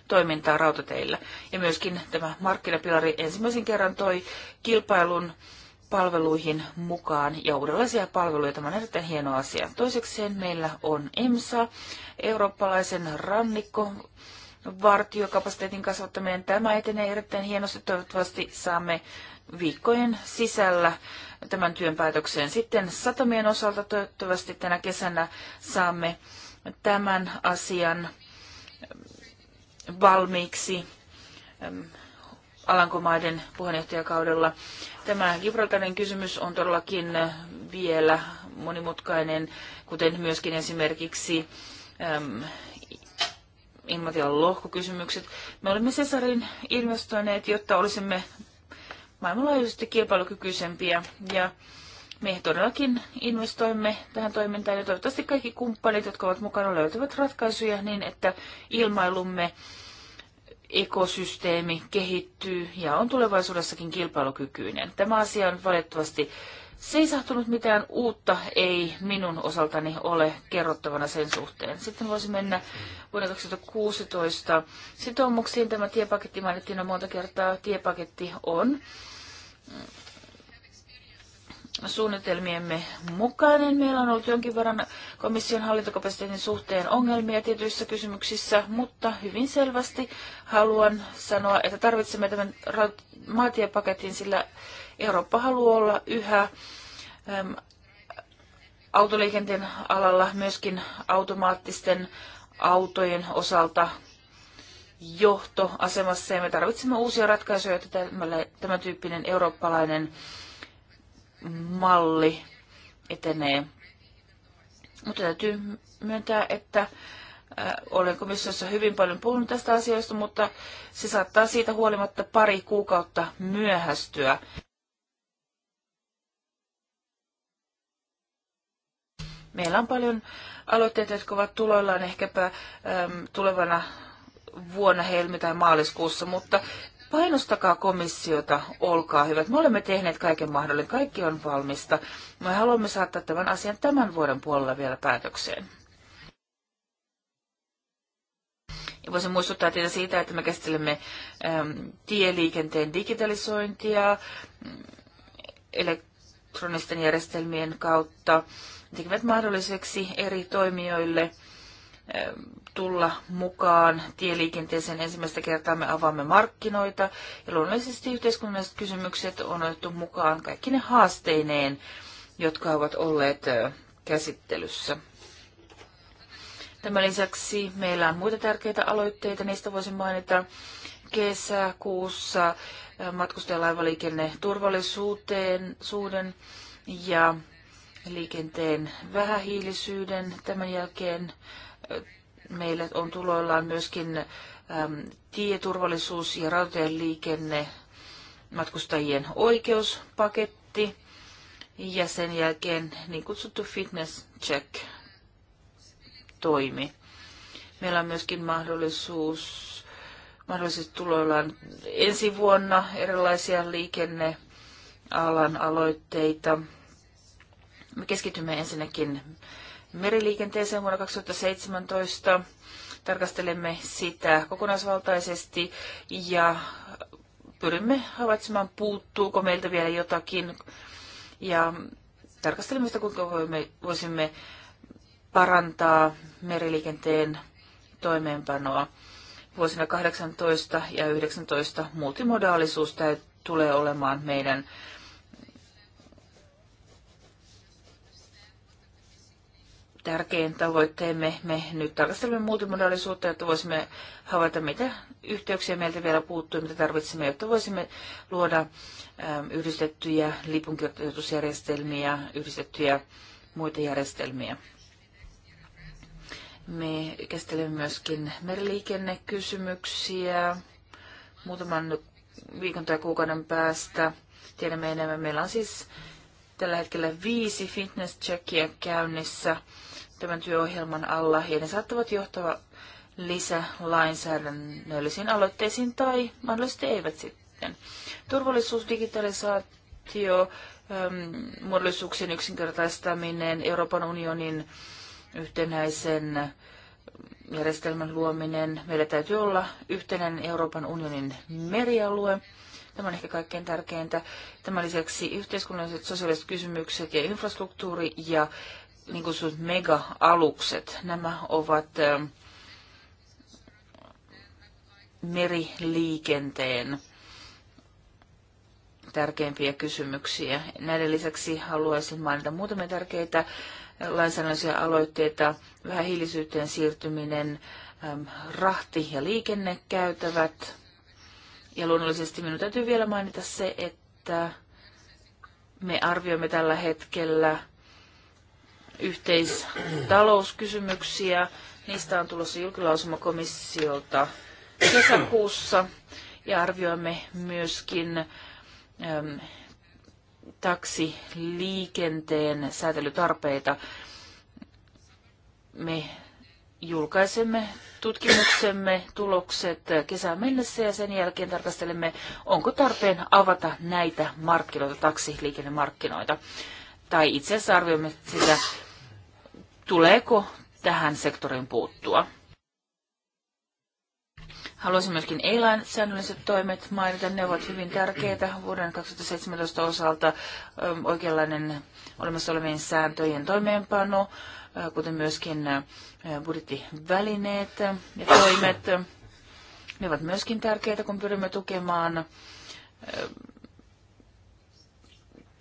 toimintaa rautateillä. Ja myöskin tämä markkinapilari ensimmäisen kerran toi kilpailun palveluihin mukaan ja uudenlaisia palveluja. Tämä on erittäin hieno asia. Toisekseen meillä on EMSA, eurooppalaisen rannikko, vartiokapasiteetin kasvattaminen. Tämä etenee erittäin hienosti. Toivottavasti saamme viikkojen sisällä tämän työn päätökseen. Sitten satamien osalta toivottavasti tänä kesänä saamme tämän asian valmiiksi Alankomaiden puheenjohtajakaudella. Tämä Gibraltarin kysymys on todellakin äh, vielä monimutkainen, kuten myöskin esimerkiksi ilmatilan lohkokysymykset. Me olemme Cesarin investoineet, jotta olisimme maailmanlaajuisesti kilpailukykyisempiä ja me todellakin investoimme tähän toimintaan ja toivottavasti kaikki kumppanit, jotka ovat mukana, löytävät ratkaisuja niin, että ilmailumme ekosysteemi kehittyy ja on tulevaisuudessakin kilpailukykyinen. Tämä asia on valitettavasti seisahtunut, mitään uutta ei minun osaltani ole kerrottavana sen suhteen. Sitten voisi mennä vuoden 2016 sitoumuksiin. Tämä tiepaketti mainittiin jo monta kertaa. Tiepaketti on suunnitelmiemme mukainen. Meillä on ollut jonkin verran komission hallintokapasiteetin suhteen ongelmia tietyissä kysymyksissä, mutta hyvin selvästi haluan sanoa, että tarvitsemme tämän maatiepaketin, sillä Eurooppa haluaa olla yhä äm, autoliikenteen alalla myöskin automaattisten autojen osalta johtoasemassa ja me tarvitsemme uusia ratkaisuja, että tämän tyyppinen eurooppalainen malli etenee. Mutta täytyy myöntää, että äh, olen komissiossa hyvin paljon puhunut tästä asiasta, mutta se saattaa siitä huolimatta pari kuukautta myöhästyä. Meillä on paljon aloitteita, jotka ovat tuloillaan ehkäpä äm, tulevana vuonna helmi- tai maaliskuussa, mutta Painostakaa komissiota, olkaa hyvät. Me olemme tehneet kaiken mahdollinen, kaikki on valmista. Me haluamme saattaa tämän asian tämän vuoden puolella vielä päätökseen. Ja voisin muistuttaa teitä siitä, että me käsittelemme äm, tieliikenteen digitalisointia mm, elektronisten järjestelmien kautta. tekevät mahdolliseksi eri toimijoille äm, tulla mukaan tieliikenteeseen. Ensimmäistä kertaa me avaamme markkinoita ja luonnollisesti yhteiskunnalliset kysymykset on otettu mukaan kaikki ne haasteineen, jotka ovat olleet käsittelyssä. Tämän lisäksi meillä on muita tärkeitä aloitteita, niistä voisin mainita kesäkuussa matkustajalaivaliikenne turvallisuuteen suuden ja liikenteen vähähiilisyyden. Tämän jälkeen Meille on tuloillaan myöskin äm, tieturvallisuus ja rautatieliikenne matkustajien oikeuspaketti ja sen jälkeen niin kutsuttu fitness check toimi. Meillä on myöskin mahdollisuus mahdollisesti tuloillaan ensi vuonna erilaisia liikennealan aloitteita. Me keskitymme ensinnäkin meriliikenteeseen vuonna 2017. Tarkastelemme sitä kokonaisvaltaisesti ja pyrimme havaitsemaan, puuttuuko meiltä vielä jotakin. Ja tarkastelemme sitä, kuinka voimme, voisimme parantaa meriliikenteen toimeenpanoa. Vuosina 18 ja 19 multimodaalisuus tulee olemaan meidän tärkein tavoitteemme. Me nyt tarkastelemme multimodaalisuutta, jotta voisimme havaita, mitä yhteyksiä meiltä vielä puuttuu, mitä tarvitsemme, jotta voisimme luoda ähm, yhdistettyjä lipunkirjoitusjärjestelmiä, yhdistettyjä muita järjestelmiä. Me käsittelemme myöskin meriliikennekysymyksiä muutaman viikon tai kuukauden päästä. Tiedämme enemmän. Meillä on siis tällä hetkellä viisi fitness checkia käynnissä tämän työohjelman alla ja ne saattavat johtaa lisälainsäädännöllisiin aloitteisiin tai mahdollisesti eivät sitten. Turvallisuus, digitalisaatio, muodollisuuksien yksinkertaistaminen, Euroopan unionin yhtenäisen järjestelmän luominen. Meillä täytyy olla yhtenäinen Euroopan unionin merialue. Tämä on ehkä kaikkein tärkeintä. Tämän lisäksi yhteiskunnalliset sosiaaliset kysymykset ja infrastruktuuri ja niin kutsutut mega-alukset. Nämä ovat meriliikenteen tärkeimpiä kysymyksiä. Näiden lisäksi haluaisin mainita muutamia tärkeitä lainsäädännöllisiä aloitteita. Vähähiilisyyteen siirtyminen, rahti- ja liikennekäytävät. Ja luonnollisesti minun täytyy vielä mainita se, että me arvioimme tällä hetkellä yhteistalouskysymyksiä. Niistä on tulossa julkilausumakomissiolta kesäkuussa ja arvioimme myöskin äm, taksiliikenteen säätelytarpeita. Me julkaisemme tutkimuksemme tulokset kesän mennessä ja sen jälkeen tarkastelemme, onko tarpeen avata näitä markkinoita, taksiliikennemarkkinoita. Tai itse asiassa arvioimme sitä, Tuleeko tähän sektoriin puuttua? Haluaisin myöskin eilain säännölliset toimet mainita. Ne ovat hyvin tärkeitä vuoden 2017 osalta. Oikeanlainen olemassa olevien sääntöjen toimeenpano, kuten myöskin budjettivälineet ja toimet. Ne ovat myöskin tärkeitä, kun pyrimme tukemaan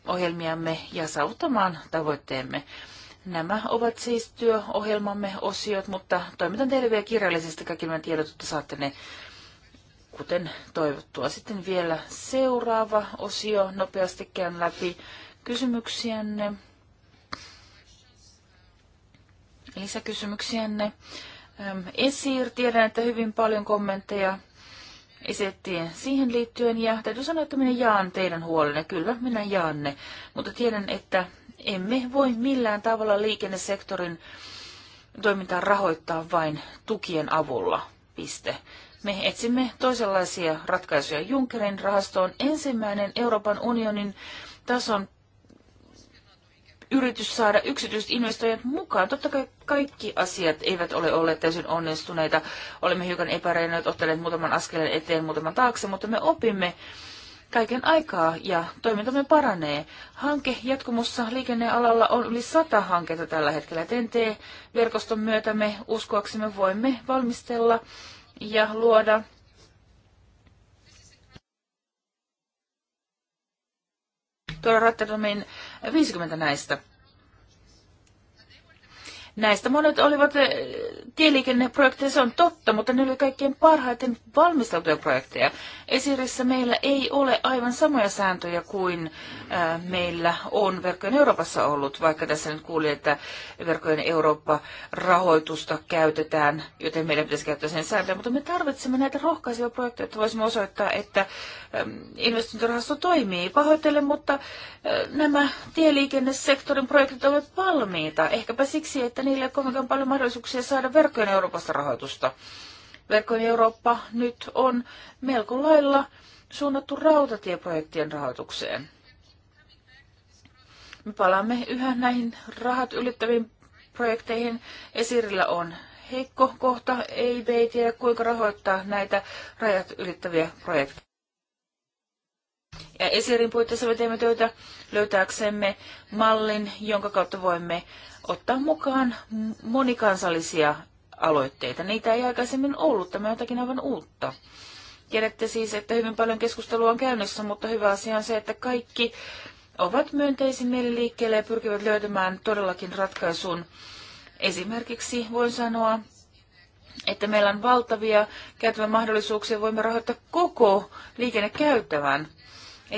ohjelmiamme ja saavuttamaan tavoitteemme. Nämä ovat siis työohjelmamme osiot, mutta toimitan teille vielä kirjallisesti kaikki nämä tiedot, että saatte ne kuten toivottua. Sitten vielä seuraava osio. Nopeasti käyn läpi kysymyksiänne, lisäkysymyksiänne. Esir, tiedän, että hyvin paljon kommentteja esitettiin siihen liittyen ja täytyy sanoa, että minä jaan teidän huolenne. Kyllä, minä jaan ne, mutta tiedän, että emme voi millään tavalla liikennesektorin toimintaa rahoittaa vain tukien avulla. Piste. Me etsimme toisenlaisia ratkaisuja. Junckerin rahasto on ensimmäinen Euroopan unionin tason yritys saada yksityiset investoijat mukaan. Totta kai kaikki asiat eivät ole olleet täysin onnistuneita. Olemme hiukan epäreineet, ottaneet muutaman askeleen eteen, muutaman taakse, mutta me opimme kaiken aikaa ja toimintamme paranee. Hanke jatkumossa liikennealalla on yli sata hanketta tällä hetkellä. TNT-verkoston myötä me uskoaksemme voimme valmistella ja luoda tuoda Rotterdamin 50 näistä. Näistä monet olivat eh, tieliikenneprojekteja, se on totta, mutta ne olivat kaikkein parhaiten valmisteltuja projekteja. Esirissä meillä ei ole aivan samoja sääntöjä kuin eh, meillä on verkkojen Euroopassa ollut, vaikka tässä nyt kuuli, että verkkojen Eurooppa-rahoitusta käytetään, joten meidän pitäisi käyttää sen sääntöjä, mutta me tarvitsemme näitä rohkaisia projekteja, että voisimme osoittaa, että eh, investointirahasto toimii. Pahoittelen, mutta nämä tieliikennesektorin projektit ovat valmiita. Ehkäpä siksi, että niillä ei kovinkaan paljon mahdollisuuksia saada verkkojen Euroopasta rahoitusta. Verkkojen Eurooppa nyt on melko lailla suunnattu rautatieprojektien rahoitukseen. Me palaamme yhä näihin rahat ylittäviin projekteihin. Esirillä on heikko kohta, ei tiedä kuinka rahoittaa näitä rajat ylittäviä projekteja. Ja Esirin puitteissa me teemme töitä löytääksemme mallin, jonka kautta voimme ottaa mukaan monikansallisia aloitteita. Niitä ei aikaisemmin ollut, tämä on jotakin aivan uutta. Tiedätte siis, että hyvin paljon keskustelua on käynnissä, mutta hyvä asia on se, että kaikki ovat myönteisin mieli liikkeelle ja pyrkivät löytämään todellakin ratkaisun. Esimerkiksi voin sanoa, että meillä on valtavia käytävän mahdollisuuksia, voimme rahoittaa koko liikennekäytävän.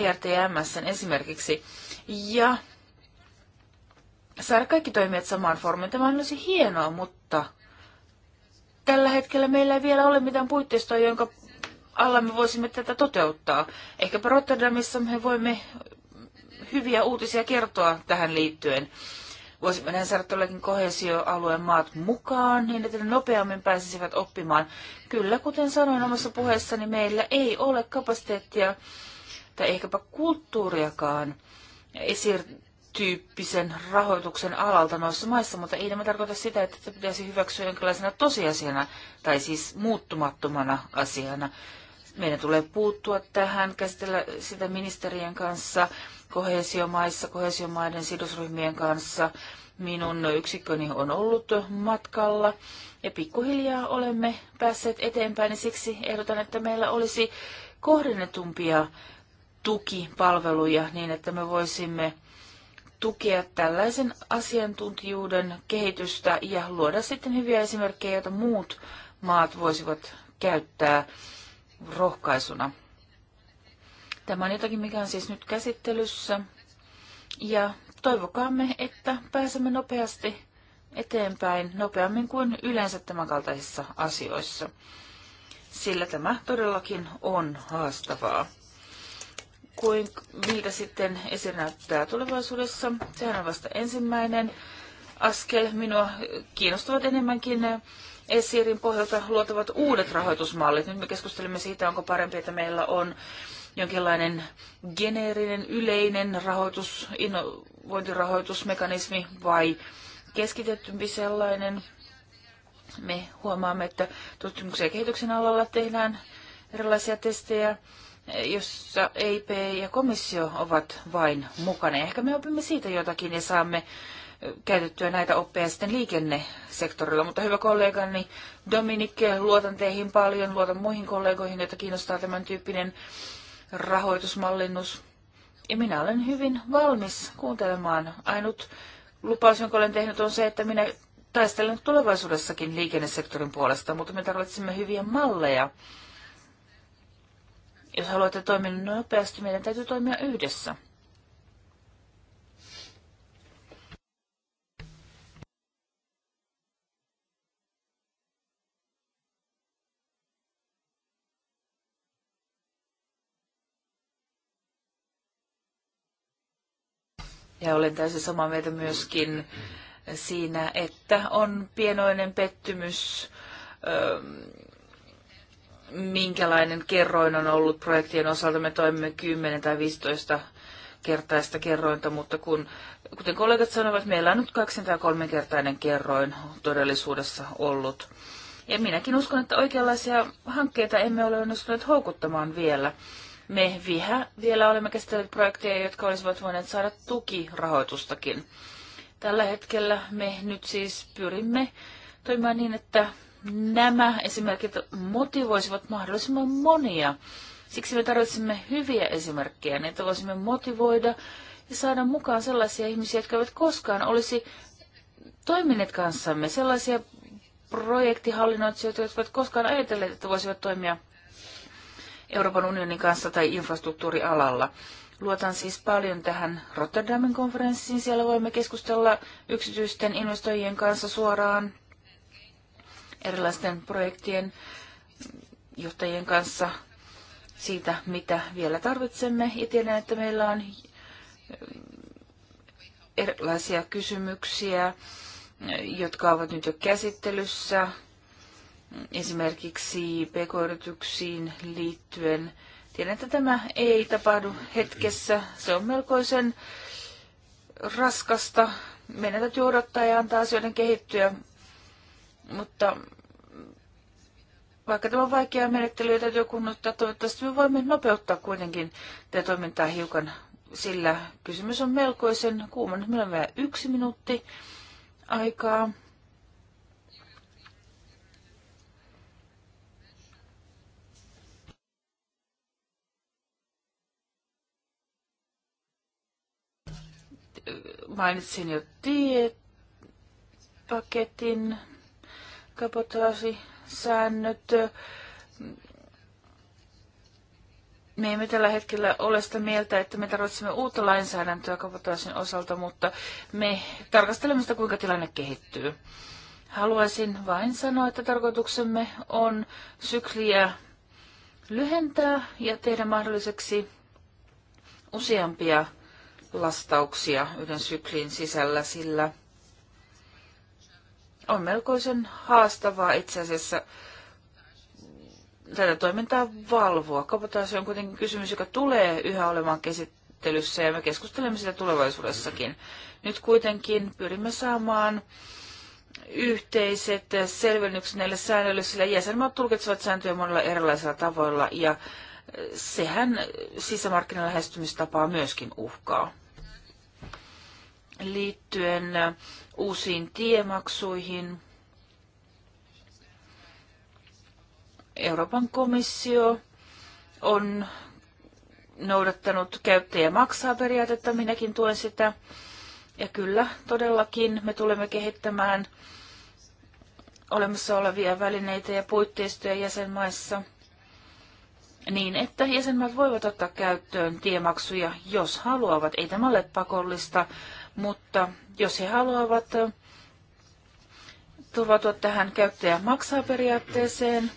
ERTMS esimerkiksi, ja saada kaikki toimijat samaan formiin. Tämä olisi hienoa, mutta tällä hetkellä meillä ei vielä ole mitään puitteistoa, jonka alla me voisimme tätä toteuttaa. Ehkäpä Rotterdamissa me voimme hyviä uutisia kertoa tähän liittyen. Voisimme näin saada tuollakin kohesioalueen maat mukaan, niin että ne nopeammin pääsisivät oppimaan. Kyllä, kuten sanoin omassa puheessani, meillä ei ole kapasiteettia tai ehkäpä kulttuuriakaan esityyppisen rahoituksen alalta noissa maissa, mutta ei tämä tarkoita sitä, että se pitäisi hyväksyä jonkinlaisena tosiasiana tai siis muuttumattomana asiana. Meidän tulee puuttua tähän, käsitellä sitä ministerien kanssa, kohesiomaissa, kohesiomaiden sidosryhmien kanssa. Minun yksikköni on ollut matkalla ja pikkuhiljaa olemme päässeet eteenpäin ja niin siksi ehdotan, että meillä olisi kohdennetumpia tukipalveluja niin, että me voisimme tukea tällaisen asiantuntijuuden kehitystä ja luoda sitten hyviä esimerkkejä, joita muut maat voisivat käyttää rohkaisuna. Tämä on jotakin, mikä on siis nyt käsittelyssä. Ja toivokaamme, että pääsemme nopeasti eteenpäin, nopeammin kuin yleensä tämänkaltaisissa asioissa. Sillä tämä todellakin on haastavaa kuin miltä sitten esir näyttää tulevaisuudessa. Sehän on vasta ensimmäinen askel. Minua kiinnostavat enemmänkin esirin pohjalta luotavat uudet rahoitusmallit. Nyt me keskustelimme siitä, onko parempi, että meillä on jonkinlainen geneerinen, yleinen rahoitus, innovointirahoitusmekanismi vai keskitettympi sellainen. Me huomaamme, että tutkimuksen ja kehityksen alalla tehdään erilaisia testejä jossa EIP ja komissio ovat vain mukana. Ehkä me opimme siitä jotakin ja saamme käytettyä näitä oppeja sitten liikennesektorilla. Mutta hyvä kollegani Dominik, luotan teihin paljon, luotan muihin kollegoihin, joita kiinnostaa tämän tyyppinen rahoitusmallinnus. Ja minä olen hyvin valmis kuuntelemaan. Ainut lupaus, jonka olen tehnyt, on se, että minä taistelen tulevaisuudessakin liikennesektorin puolesta, mutta me tarvitsemme hyviä malleja jos haluatte toimia nopeasti, meidän täytyy toimia yhdessä. Ja olen täysin samaa mieltä myöskin siinä, että on pienoinen pettymys öö, minkälainen kerroin on ollut projektien osalta. Me toimimme 10 tai 15 kertaista kerrointa, mutta kun, kuten kollegat sanovat, meillä on nyt kaksin tai kolmenkertainen kerroin todellisuudessa ollut. Ja minäkin uskon, että oikeanlaisia hankkeita emme ole onnistuneet houkuttamaan vielä. Me vihä vielä olemme käsitelleet projekteja, jotka olisivat voineet saada tukirahoitustakin. Tällä hetkellä me nyt siis pyrimme toimimaan niin, että nämä esimerkit motivoisivat mahdollisimman monia. Siksi me tarvitsemme hyviä esimerkkejä, niin että voisimme motivoida ja saada mukaan sellaisia ihmisiä, jotka eivät koskaan olisi toimineet kanssamme, sellaisia projektihallinnoitsijoita, jotka eivät koskaan ajatelleet, että voisivat toimia Euroopan unionin kanssa tai infrastruktuurialalla. Luotan siis paljon tähän Rotterdamin konferenssiin. Siellä voimme keskustella yksityisten investoijien kanssa suoraan erilaisten projektien johtajien kanssa siitä, mitä vielä tarvitsemme. Ja tiedän, että meillä on eh, erilaisia kysymyksiä, eh, jotka ovat nyt jo käsittelyssä, esimerkiksi pk-yrityksiin liittyen. Tiedän, että tämä ei tapahdu hetkessä. Se on melkoisen raskasta. Meidän täytyy odottaa ja antaa asioiden kehittyä, mutta vaikka tämä on vaikea menettely, täytyy kunnioittaa, toivottavasti me voimme nopeuttaa kuitenkin tätä toimintaa hiukan, sillä kysymys on melkoisen kuuma. Nyt meillä on vielä yksi minuutti aikaa. Mainitsin jo paketin kapotaasisäännöt. Me emme tällä hetkellä ole sitä mieltä, että me tarvitsemme uutta lainsäädäntöä kapotaasin osalta, mutta me tarkastelemme sitä, kuinka tilanne kehittyy. Haluaisin vain sanoa, että tarkoituksemme on sykliä lyhentää ja tehdä mahdolliseksi useampia lastauksia yhden syklin sisällä, sillä on melkoisen haastavaa itse asiassa tätä toimintaa valvoa. Kapotaasi on kuitenkin kysymys, joka tulee yhä olemaan käsittelyssä ja me keskustelemme sitä tulevaisuudessakin. Nyt kuitenkin pyrimme saamaan yhteiset selvennykset näille säännöille, sillä jäsenmaat tulkitsevat sääntöjä monella erilaisilla tavoilla ja sehän sisämarkkinalähestymistapaa myöskin uhkaa liittyen uusiin tiemaksuihin. Euroopan komissio on noudattanut käyttäjä maksaa periaatetta, minäkin tuen sitä. Ja kyllä, todellakin me tulemme kehittämään olemassa olevia välineitä ja puitteistoja jäsenmaissa niin, että jäsenmaat voivat ottaa käyttöön tiemaksuja, jos haluavat. Ei tämä ole pakollista, mutta jos he haluavat äh, turvautua tähän käyttäjä maksaa periaatteeseen,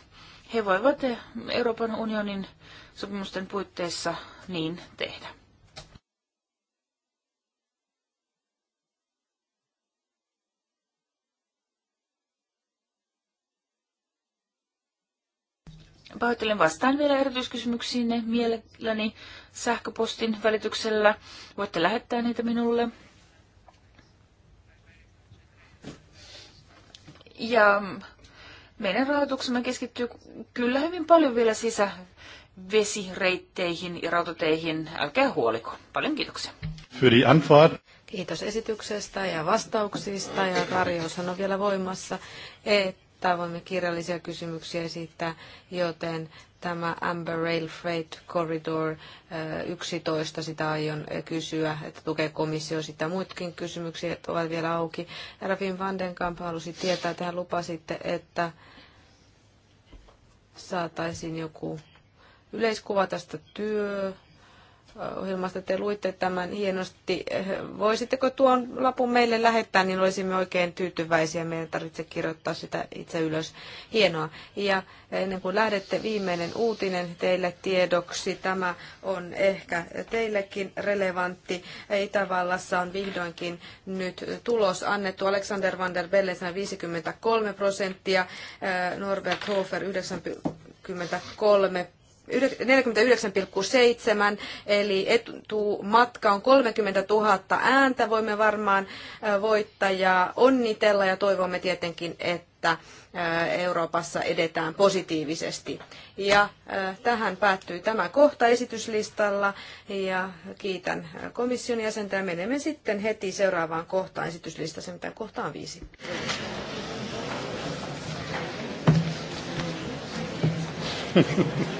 he voivat äh, Euroopan unionin sopimusten puitteissa niin tehdä. Pahoittelen vastaan vielä erityiskysymyksiinne mielelläni sähköpostin välityksellä. Voitte lähettää niitä minulle. Ja meidän rahoituksemme keskittyy kyllä hyvin paljon vielä sisävesireitteihin
ja rautateihin. Älkää huoliko. Paljon kiitoksia.
Für die Antwort.
Kiitos esityksestä ja vastauksista. Ja tarjoushan on vielä voimassa, että voimme kirjallisia kysymyksiä esittää, joten tämä Amber Rail Freight Corridor 11, eh, sitä aion eh, kysyä, että tukee komissio sitä. Muitakin kysymyksiä ovat vielä auki. Rafin Vandenkamp halusi tietää, että hän lupasitte, että saataisiin joku yleiskuva tästä työ ohjelmasta te luitte tämän hienosti. Voisitteko tuon lapun meille lähettää, niin olisimme oikein tyytyväisiä. Meidän tarvitse kirjoittaa sitä itse ylös. Hienoa. Ja ennen kuin lähdette, viimeinen uutinen teille tiedoksi. Tämä on ehkä teillekin relevantti. Itävallassa on vihdoinkin nyt tulos annettu. Alexander van der Bellen 53 prosenttia, Norbert Hofer 93 49,7, eli etumatka on 30 000 ääntä. Voimme varmaan voittajaa onnitella ja toivomme tietenkin, että Euroopassa edetään positiivisesti. Ja tähän päättyy tämä kohta esityslistalla ja kiitän komission jäsentä ja menemme sitten heti seuraavaan kohtaan esityslistassa, mitä kohtaan viisi.
Thank you.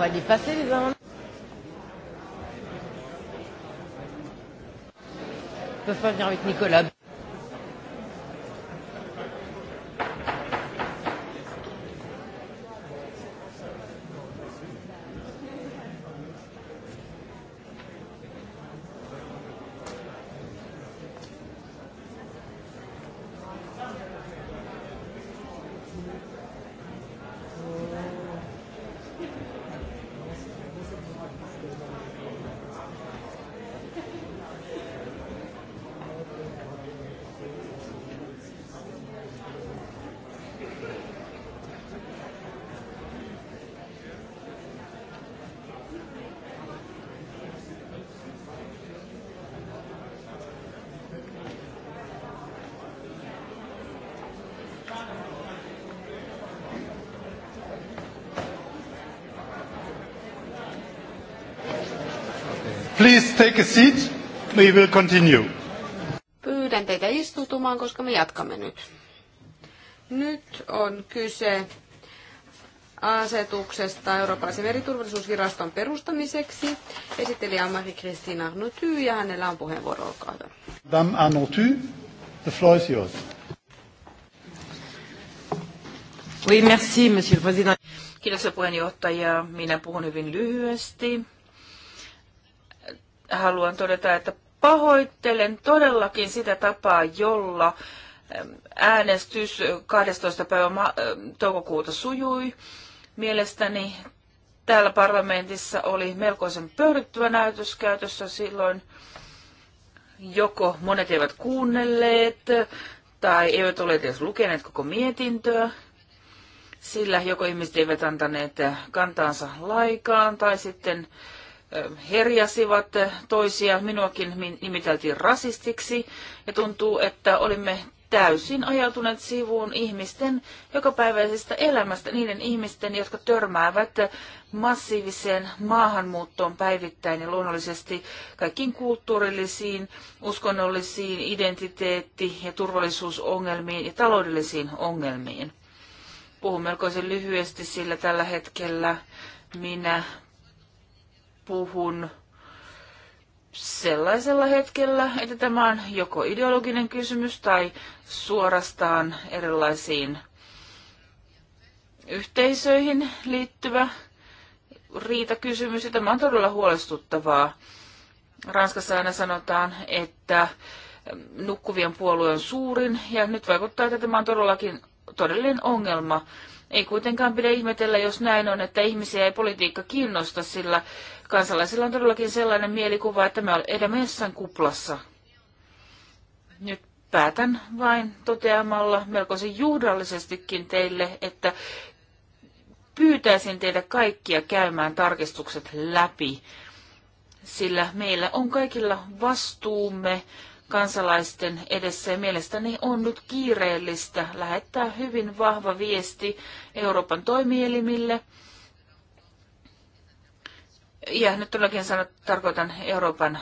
va
dépasser les amendements. Ils peuvent pas venir avec Nicolas.
Please take a seat. We will continue.
Pyydän teitä istutumaan, koska me jatkamme nyt. Nyt on kyse asetuksesta Eurooppalaisen meriturvallisuusviraston perustamiseksi. Esittelijä on Marie-Christine Arnoty ja hänellä on puheenvuoro, olkaa hyvä.
Madame Arnoty, the floor is yours.
Oui, merci, monsieur le président. Kiitos puheenjohtaja. Minä puhun hyvin lyhyesti haluan todeta, että pahoittelen todellakin sitä tapaa, jolla äänestys 12. päivä toukokuuta sujui. Mielestäni täällä parlamentissa oli melkoisen pöydyttävä näytös käytössä silloin. Joko monet eivät kuunnelleet tai eivät ole edes lukeneet koko mietintöä, sillä joko ihmiset eivät antaneet kantaansa laikaan tai sitten herjasivat toisia. Minuakin nimiteltiin rasistiksi ja tuntuu, että olimme täysin ajautuneet sivuun ihmisten jokapäiväisestä elämästä, niiden ihmisten, jotka törmäävät massiiviseen maahanmuuttoon päivittäin ja luonnollisesti kaikkiin kulttuurillisiin, uskonnollisiin, identiteetti- ja turvallisuusongelmiin ja taloudellisiin ongelmiin. Puhun melkoisen lyhyesti, sillä tällä hetkellä minä puhun sellaisella hetkellä, että tämä on joko ideologinen kysymys tai suorastaan erilaisiin yhteisöihin liittyvä riitakysymys. Ja tämä on todella huolestuttavaa. Ranskassa aina sanotaan, että nukkuvien puolue on suurin, ja nyt vaikuttaa, että tämä on todellakin todellinen ongelma. Ei kuitenkaan pidä ihmetellä, jos näin on, että ihmisiä ei politiikka kiinnosta, sillä kansalaisilla on todellakin sellainen mielikuva, että me olemme jossain kuplassa. Nyt päätän vain toteamalla melkoisen juhdallisestikin teille, että pyytäisin teitä kaikkia käymään tarkistukset läpi, sillä meillä on kaikilla vastuumme kansalaisten edessä. Ja mielestäni on nyt kiireellistä lähettää hyvin vahva viesti Euroopan toimielimille. Ja nyt todellakin sanot tarkoitan Euroopan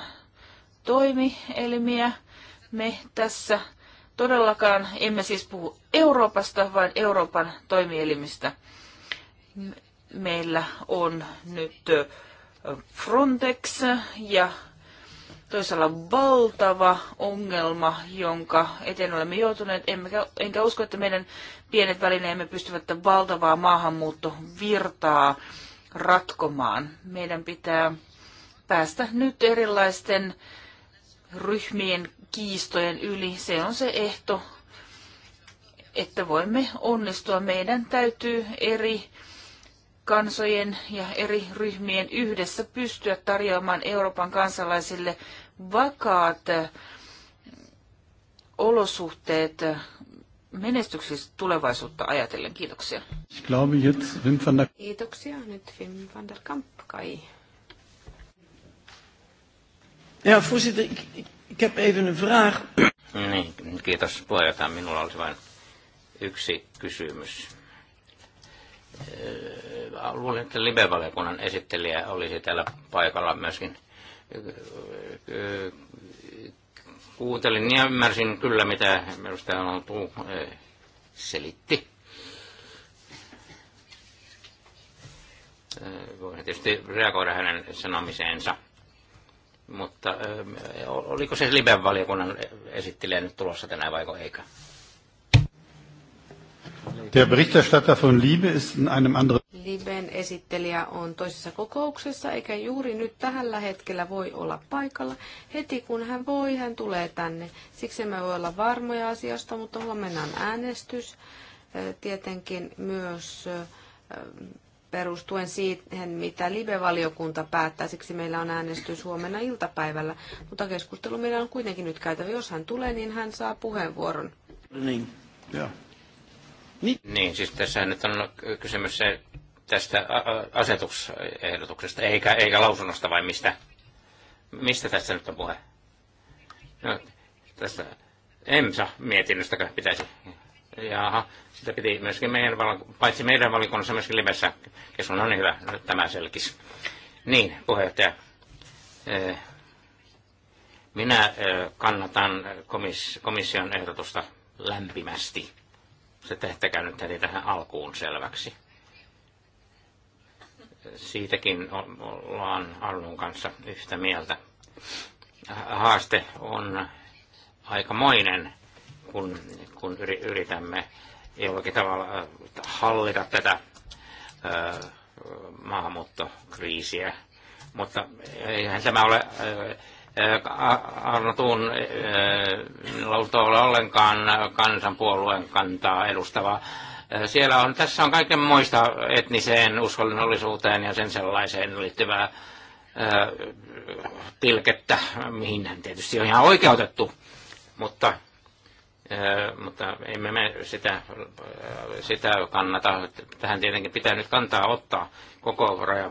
toimielimiä. Me tässä todellakaan emme siis puhu Euroopasta, vaan Euroopan toimielimistä. Meillä on nyt Frontex ja toisaalla valtava ongelma, jonka eteen olemme joutuneet, emmekä, enkä usko, että meidän pienet välineemme pystyvät valtavaa maahanmuuttovirtaa ratkomaan. Meidän pitää päästä nyt erilaisten ryhmien kiistojen yli. Se on se ehto, että voimme onnistua. Meidän täytyy eri kansojen ja eri ryhmien yhdessä pystyä tarjoamaan Euroopan kansalaisille vakaat eh, olosuhteet eh, menestyksistä tulevaisuutta
ajatellen. Kiitoksia. Kiitoksia. Nyt Wim van der Kamp kai. Ja, voorzitter, ik heb even een vraag.
Niin, kiitos puheenjohtaja. Minulla olisi vain yksi kysymys Äh, luulin, että Libe-valiokunnan esittelijä olisi täällä paikalla myöskin. Äh, äh, kuuntelin ja ymmärsin kyllä, mitä on tuu selitti. Voisin tietysti reagoida hänen sanomiseensa. Mutta oliko se Liben valiokunnan esittelijä nyt tulossa tänään vai eikö? Der
Berichterstatter von Liebe ist in einem anderen...
Liben esittelijä on toisessa kokouksessa, eikä juuri nyt tällä hetkellä voi olla paikalla. Heti kun hän voi, hän tulee tänne. Siksi me voi olla varmoja asiasta, mutta huomenna on äänestys. Tietenkin myös perustuen siihen, mitä libe valiokunta päättää. Siksi meillä on äänestys huomenna iltapäivällä. Mutta keskustelu meillä on kuitenkin nyt käytävä. Jos hän tulee, niin hän saa puheenvuoron.
Niin,
Yeah. Niin, siis tässä nyt on kysymys se tästä asetusehdotuksesta, eikä, eikä lausunnosta vai mistä? Mistä tässä nyt on puhe? No, tästä EMSA-mietinnöstäkö pitäisi? Jaha, sitä piti myöskin meidän, paitsi meidän valikunnassa myöskin livessä. Keskustelu on no niin hyvä, nyt no tämä selkis. Niin, puheenjohtaja. Eh, minä eh, kannatan komission ehdotusta lämpimästi se tehtäkää nyt heti tähän alkuun selväksi. Siitäkin ollaan Arnun kanssa yhtä mieltä. Haaste on aikamoinen, kun, kun yritämme jollakin tavalla äh, hallita tätä äh, maahanmuuttokriisiä. Mutta eihän tämä ole äh, Eh, Arnotun Tuun eh, ole ollenkaan kansanpuolueen kantaa edustava. Eh, siellä on, tässä on kaiken muista etniseen uskonnollisuuteen ja sen sellaiseen liittyvää pilkettä, mihin hän tietysti on ihan oikeutettu, mutta, mutta emme me sitä, sitä kannata. Tähän tietenkin pitää nyt kantaa ottaa koko raja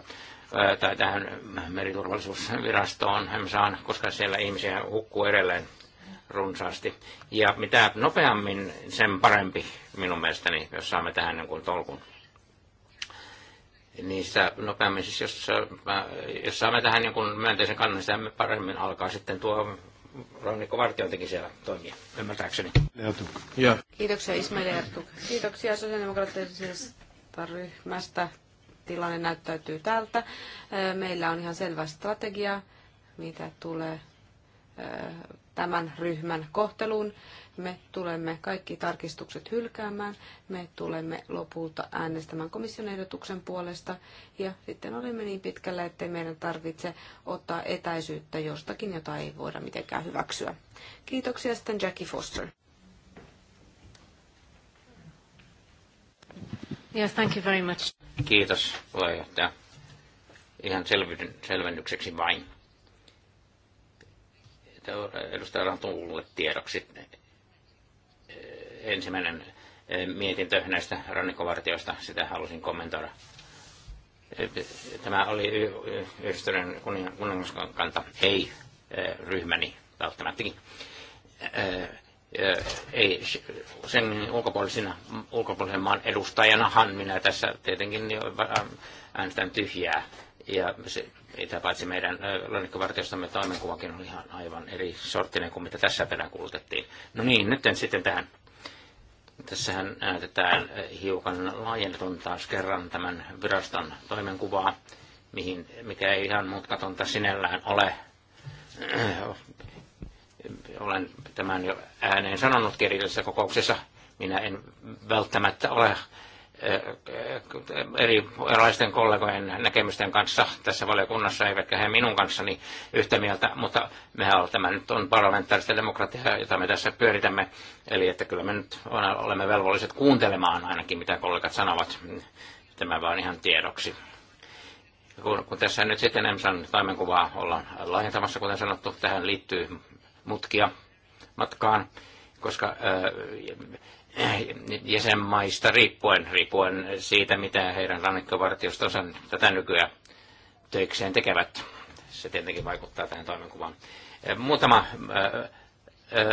tai tähän meriturvallisuusvirastoon saan, koska siellä ihmisiä hukkuu edelleen runsaasti. Ja mitä nopeammin, sen parempi minun mielestäni, jos saamme tähän niin kuin tolkun. Niin nopeammin, siis jos, jos saamme tähän niin kuin myönteisen kannan, niin sitä paremmin alkaa sitten tuo rannikkovartiointikin siellä toimia, ymmärtääkseni.
Kiitoksia Ismail Kiitoksia sosiaalidemokraattisesta ryhmästä tilanne näyttäytyy tältä. Meillä on ihan selvä strategia, mitä tulee tämän ryhmän kohteluun. Me tulemme kaikki tarkistukset hylkäämään. Me tulemme lopulta äänestämään komission ehdotuksen puolesta. Ja sitten olemme niin pitkällä, että meidän tarvitse ottaa etäisyyttä jostakin, jota ei voida mitenkään hyväksyä. Kiitoksia sitten Jackie Foster.
Yes, thank you very much. Kiitos puheenjohtaja. Ihan selvennykseksi vain. Edustaja on tullut tiedoksi ensimmäinen eh, mietintö näistä rannikkovartioista, sitä halusin kommentoida. Eh, tämä oli yhdistyneen kuningaskanta, ei eh, ryhmäni välttämättäkin ei, sen ulkopuolisena, ulkopuolisen maan edustajanahan minä tässä tietenkin äänestän tyhjää. Ja se, paitsi meidän rannikkovartiostamme toimenkuvakin on ihan aivan eri sorttinen kuin mitä tässä perään peräänkuulutettiin. No niin, nyt sitten tähän. Tässähän näytetään hiukan laajennetun taas kerran tämän viraston toimenkuvaa, mihin, mikä ei ihan mutkatonta sinällään ole olen tämän jo ääneen sanonut erillisessä kokouksessa, minä en välttämättä ole eh, erilaisten kollegojen näkemysten kanssa tässä valiokunnassa, eivätkä he minun kanssani yhtä mieltä, mutta mehän tämä nyt on parlamentaarista demokratiaa, jota me tässä pyöritämme, eli että kyllä me nyt olemme velvolliset kuuntelemaan ainakin, mitä kollegat sanovat, tämä vaan ihan tiedoksi. Kun, kun tässä nyt sitten Emsan taimenkuvaa ollaan laajentamassa, kuten sanottu, tähän liittyy mutkia matkaan, koska äh, jäsenmaista riippuen, riippuen siitä, mitä heidän rannikkovartiostonsa tätä nykyään töikseen tekevät. Se tietenkin vaikuttaa tähän toimenkuvaan. Äh, muutama äh,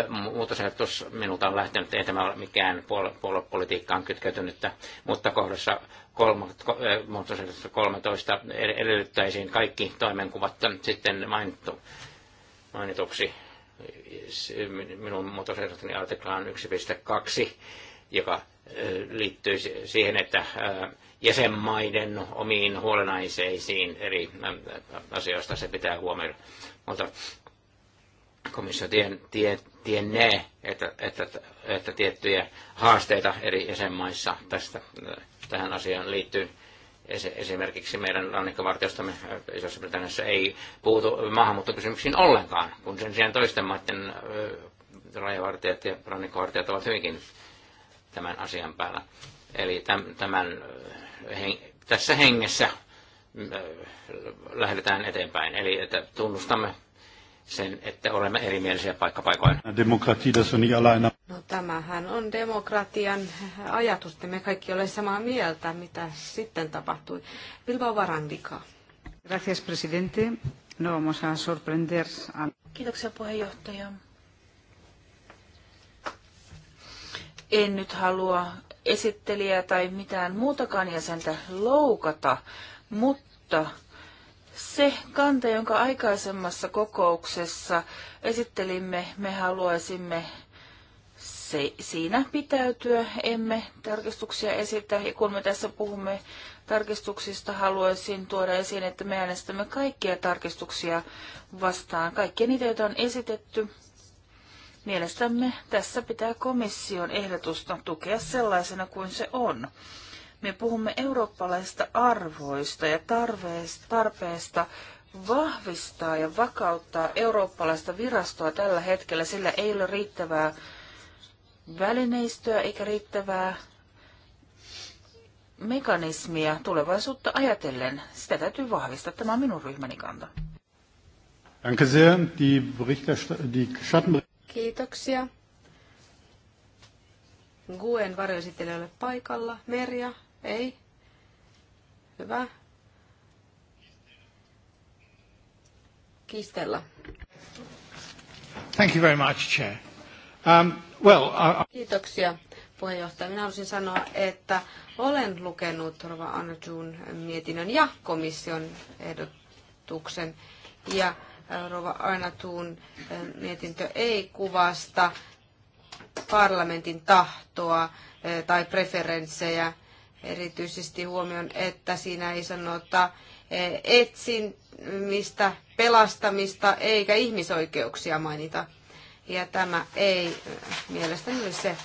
muutosehdotus minulta on lähtenyt, ei tämä ole mikään puoluepolitiikkaan kytkeytynyttä, mutta kohdassa muutos, muutosehdotus 13 edellyttäisiin kaikki toimenkuvat sitten mainittu, mainituksi minun muutosehdotani artiklaan 1.2, joka liittyy siihen, että jäsenmaiden omiin huolenaiseisiin eri asioista se pitää huomioida. Mutta komissio tien, tie, tiennee, että, että, että tiettyjä haasteita eri jäsenmaissa tästä, tähän asiaan liittyy esimerkiksi meidän rannikkovartiostamme äh, isossa britanniassa ei puutu maahanmuuttokysymyksiin ollenkaan, kun sen sijaan toisten maiden äh, rajavartijat ja rannikkovartijat ovat hyvinkin tämän asian päällä. Eli tämän, äh, tässä hengessä lähdetään eteenpäin. Eli että tunnustamme sen, että olemme erimielisiä paikkapaikoin.
Niin
no tämähän on demokratian ajatus, että me kaikki olemme samaa mieltä, mitä sitten tapahtui. Bilbao Varandika. Gracias, presidente. No vamos a sorprender. Kiitoksia puheenjohtaja.
En nyt halua esittelijää tai mitään muutakaan jäsentä loukata, mutta se kanta, jonka aikaisemmassa kokouksessa esittelimme, me haluaisimme se, siinä pitäytyä, emme tarkistuksia esitä. Ja kun me tässä puhumme tarkistuksista, haluaisin tuoda esiin, että me äänestämme kaikkia tarkistuksia vastaan, kaikkia niitä, joita on esitetty. Mielestämme tässä pitää komission ehdotusta tukea sellaisena kuin se on. Me puhumme eurooppalaista arvoista ja tarpeesta vahvistaa ja vakauttaa eurooppalaista virastoa tällä hetkellä, sillä ei ole riittävää välineistöä eikä riittävää mekanismia tulevaisuutta ajatellen. Sitä täytyy vahvistaa. Tämä on minun ryhmäni kanta.
Kiitoksia. Guen varjoesittelijä paikalla. Merja, ei. Hyvä. Kistellä.
Thank you very much, Chair. Um, well, I...
Kiitoksia puheenjohtaja. Minä haluaisin sanoa, että olen lukenut Rova Anjun mietinnön ja komission ehdotuksen. Ja Rova Arnatun mietintö ei kuvasta parlamentin tahtoa tai preferenssejä erityisesti huomioon, että siinä ei sanota e, etsimistä, pelastamista eikä ihmisoikeuksia mainita. Ja tämä ei e, mielestäni ole se,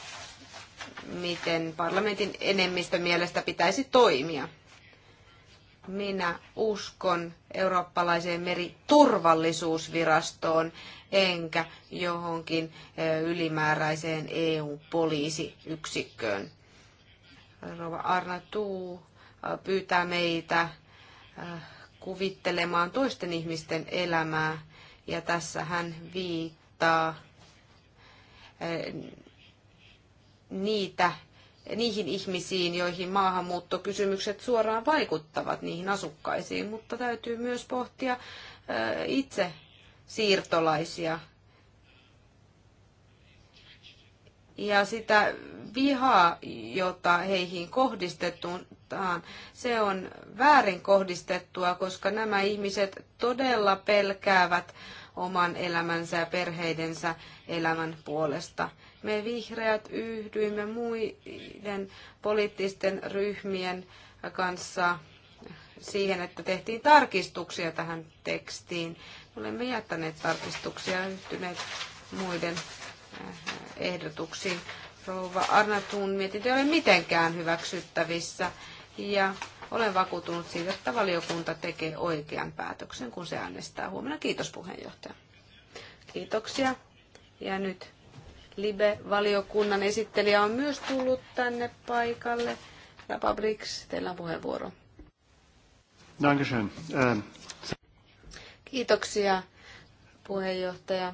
miten parlamentin enemmistö mielestä pitäisi toimia. Minä uskon eurooppalaiseen meriturvallisuusvirastoon, enkä johonkin e, ylimääräiseen EU-poliisiyksikköön. Rova Arnatu äh, pyytää meitä äh, kuvittelemaan toisten ihmisten elämää. Ja tässä hän viittaa äh, niitä, niihin ihmisiin, joihin maahanmuuttokysymykset suoraan vaikuttavat niihin asukkaisiin, mutta täytyy myös pohtia itse siirtolaisia ja sitä vihaa, jota heihin kohdistetaan, se on väärin kohdistettua, koska nämä ihmiset todella pelkäävät oman elämänsä ja perheidensä elämän puolesta. Me vihreät yhdyimme muiden poliittisten ryhmien kanssa siihen, että tehtiin tarkistuksia tähän tekstiin. Olemme jättäneet tarkistuksia yhtyneet muiden ehdotuksiin. Rouva Arnatun mietintö ei ole mitenkään hyväksyttävissä ja olen vakuutunut siitä, että valiokunta tekee oikean päätöksen, kun se äänestää huomenna. Kiitos puheenjohtaja. Kiitoksia. Ja nyt Libe-valiokunnan esittelijä on myös tullut tänne paikalle. Rapabrix, teillä on puheenvuoro.
Dankeschön. Ähm,
Kiitoksia puheenjohtaja.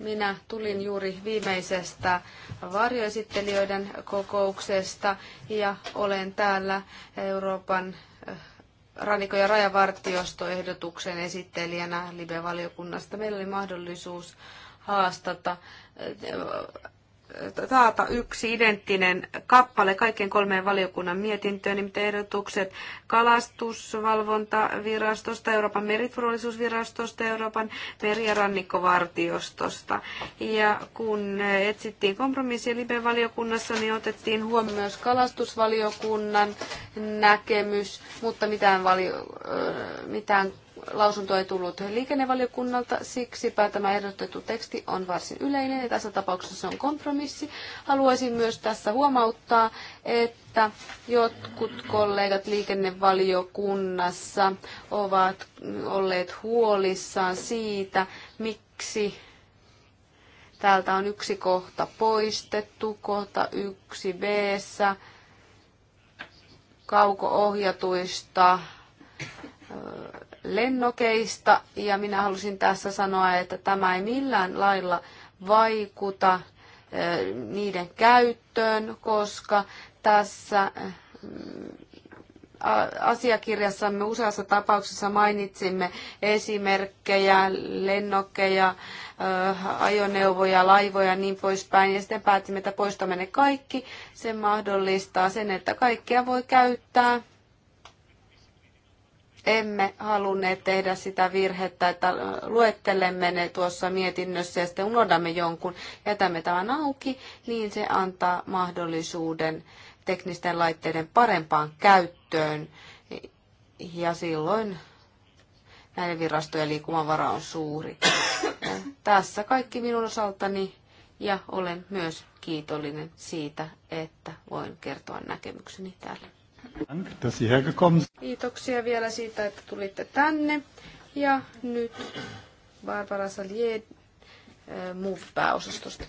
Minä tulin juuri viimeisestä varjoesittelijöiden kokouksesta ja olen täällä Euroopan eh, rannikko- ja rajavartiostoehdotuksen esittelijänä Libe-valiokunnasta. Meillä oli mahdollisuus haastata eh, taata yksi identtinen kappale kaikkien kolmeen valiokunnan mietintöön, nimittäin ehdotukset kalastusvalvontavirastosta, Euroopan meriturvallisuusvirastosta, Euroopan meri- ja rannikkovartiostosta. Ja kun etsittiin kompromissia Libe-valiokunnassa, niin otettiin huomioon myös kalastusvaliokunnan näkemys, mutta mitään, valio, mitään lausunto ei tullut liikennevaliokunnalta, siksipä tämä ehdotettu teksti on varsin yleinen ja tässä tapauksessa se on kompromissi. Haluaisin myös tässä huomauttaa, että jotkut kollegat liikennevaliokunnassa ovat olleet huolissaan siitä, miksi täältä on yksi kohta poistettu, kohta yksi b kauko-ohjatuista lennokeista ja minä halusin tässä sanoa, että tämä ei millään lailla vaikuta niiden käyttöön, koska tässä asiakirjassamme useassa tapauksessa mainitsimme esimerkkejä, lennokkeja, ajoneuvoja, laivoja ja niin poispäin. Ja sitten päätimme, että poistamme ne kaikki. Se mahdollistaa sen, että kaikkea voi käyttää emme halunneet tehdä sitä virhettä, että luettelemme ne tuossa mietinnössä ja sitten unohdamme jonkun, jätämme tämän auki, niin se antaa mahdollisuuden teknisten laitteiden parempaan käyttöön ja silloin näiden virastojen liikkumavara on suuri. Tässä kaikki minun osaltani ja olen myös kiitollinen siitä, että voin kertoa näkemykseni täällä. Kiitoksia vielä siitä, että tulitte tänne. Ja nyt Barbara Salier äh, MOVE-pääosastosta.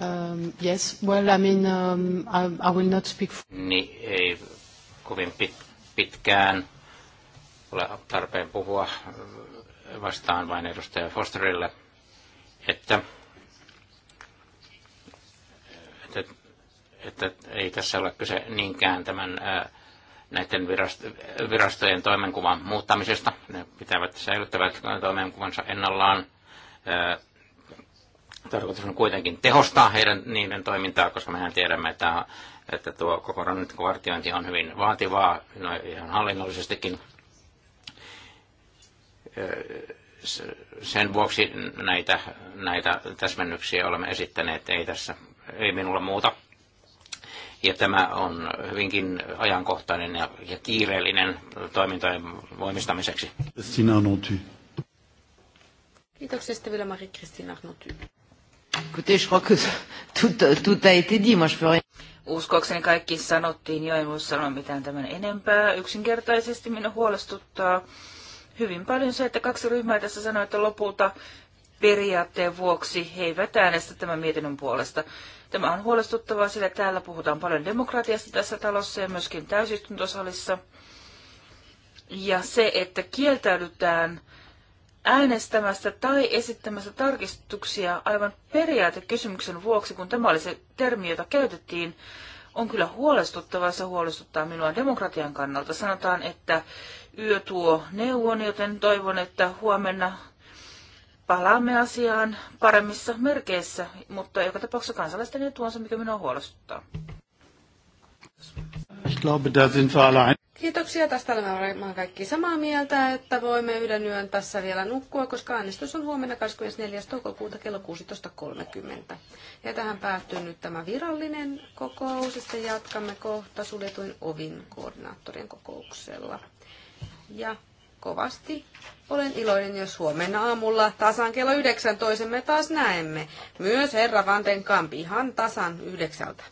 Um, yes, well, I mean, um, I, I will not speak for...
Niin, ei kovin pit, pitkään ole tarpeen puhua äh, vastaan vain edustaja Fosterille, että että ei tässä ole kyse niinkään tämän näiden virastojen toimenkuvan muuttamisesta. Ne pitävät säilyttävät toimenkuvansa ennallaan. Tarkoitus on kuitenkin tehostaa heidän niiden toimintaa, koska mehän tiedämme, että, että tuo koko rannikkovartiointi on hyvin vaativaa, no ihan hallinnollisestikin. Sen vuoksi näitä, näitä täsmennyksiä olemme esittäneet, ei tässä, ei minulla muuta ja tämä on hyvinkin ajankohtainen ja, ja kiireellinen toimintojen voimistamiseksi. Kristina Arnauty.
Kiitoksia vielä Marie-Christine Arnauty.
Écoutez, je crois que
tout, tout a été dit. Moi, je peux rien. Uskoakseni kaikki
sanottiin jo, en voi sanoa
mitään tämän enempää. Yksinkertaisesti minä huolestuttaa hyvin paljon se, että kaksi ryhmää tässä sanoi, että lopulta periaatteen vuoksi he eivät äänestä tämän mietinnön puolesta. Tämä on huolestuttavaa, sillä täällä puhutaan paljon demokratiasta tässä talossa ja myöskin täysistuntosalissa. Ja se, että kieltäydytään äänestämästä tai esittämästä tarkistuksia aivan periaatekysymyksen vuoksi, kun tämä oli se termi, jota käytettiin, on kyllä huolestuttavaa. Se huolestuttaa minua demokratian kannalta. Sanotaan, että yö tuo neuvon, joten toivon, että huomenna palaamme asiaan paremmissa merkeissä, mutta joka
tapauksessa kansalaisten etu on se, mikä minua huolestuttaa. Kiitoksia. Tästä olemme varmaan kaikki samaa mieltä, että voimme yhden yön tässä vielä nukkua, koska äänestys on huomenna 24. toukokuuta kello 16.30. Ja tähän päättyy nyt tämä virallinen kokous. Sitten jatkamme kohta suljetuin ovin koordinaattorien kokouksella. Ja kovasti olen iloinen, jos huomenna aamulla tasan kello 19 me taas näemme. Myös herra Vandenkamp ihan tasan yhdeksältä.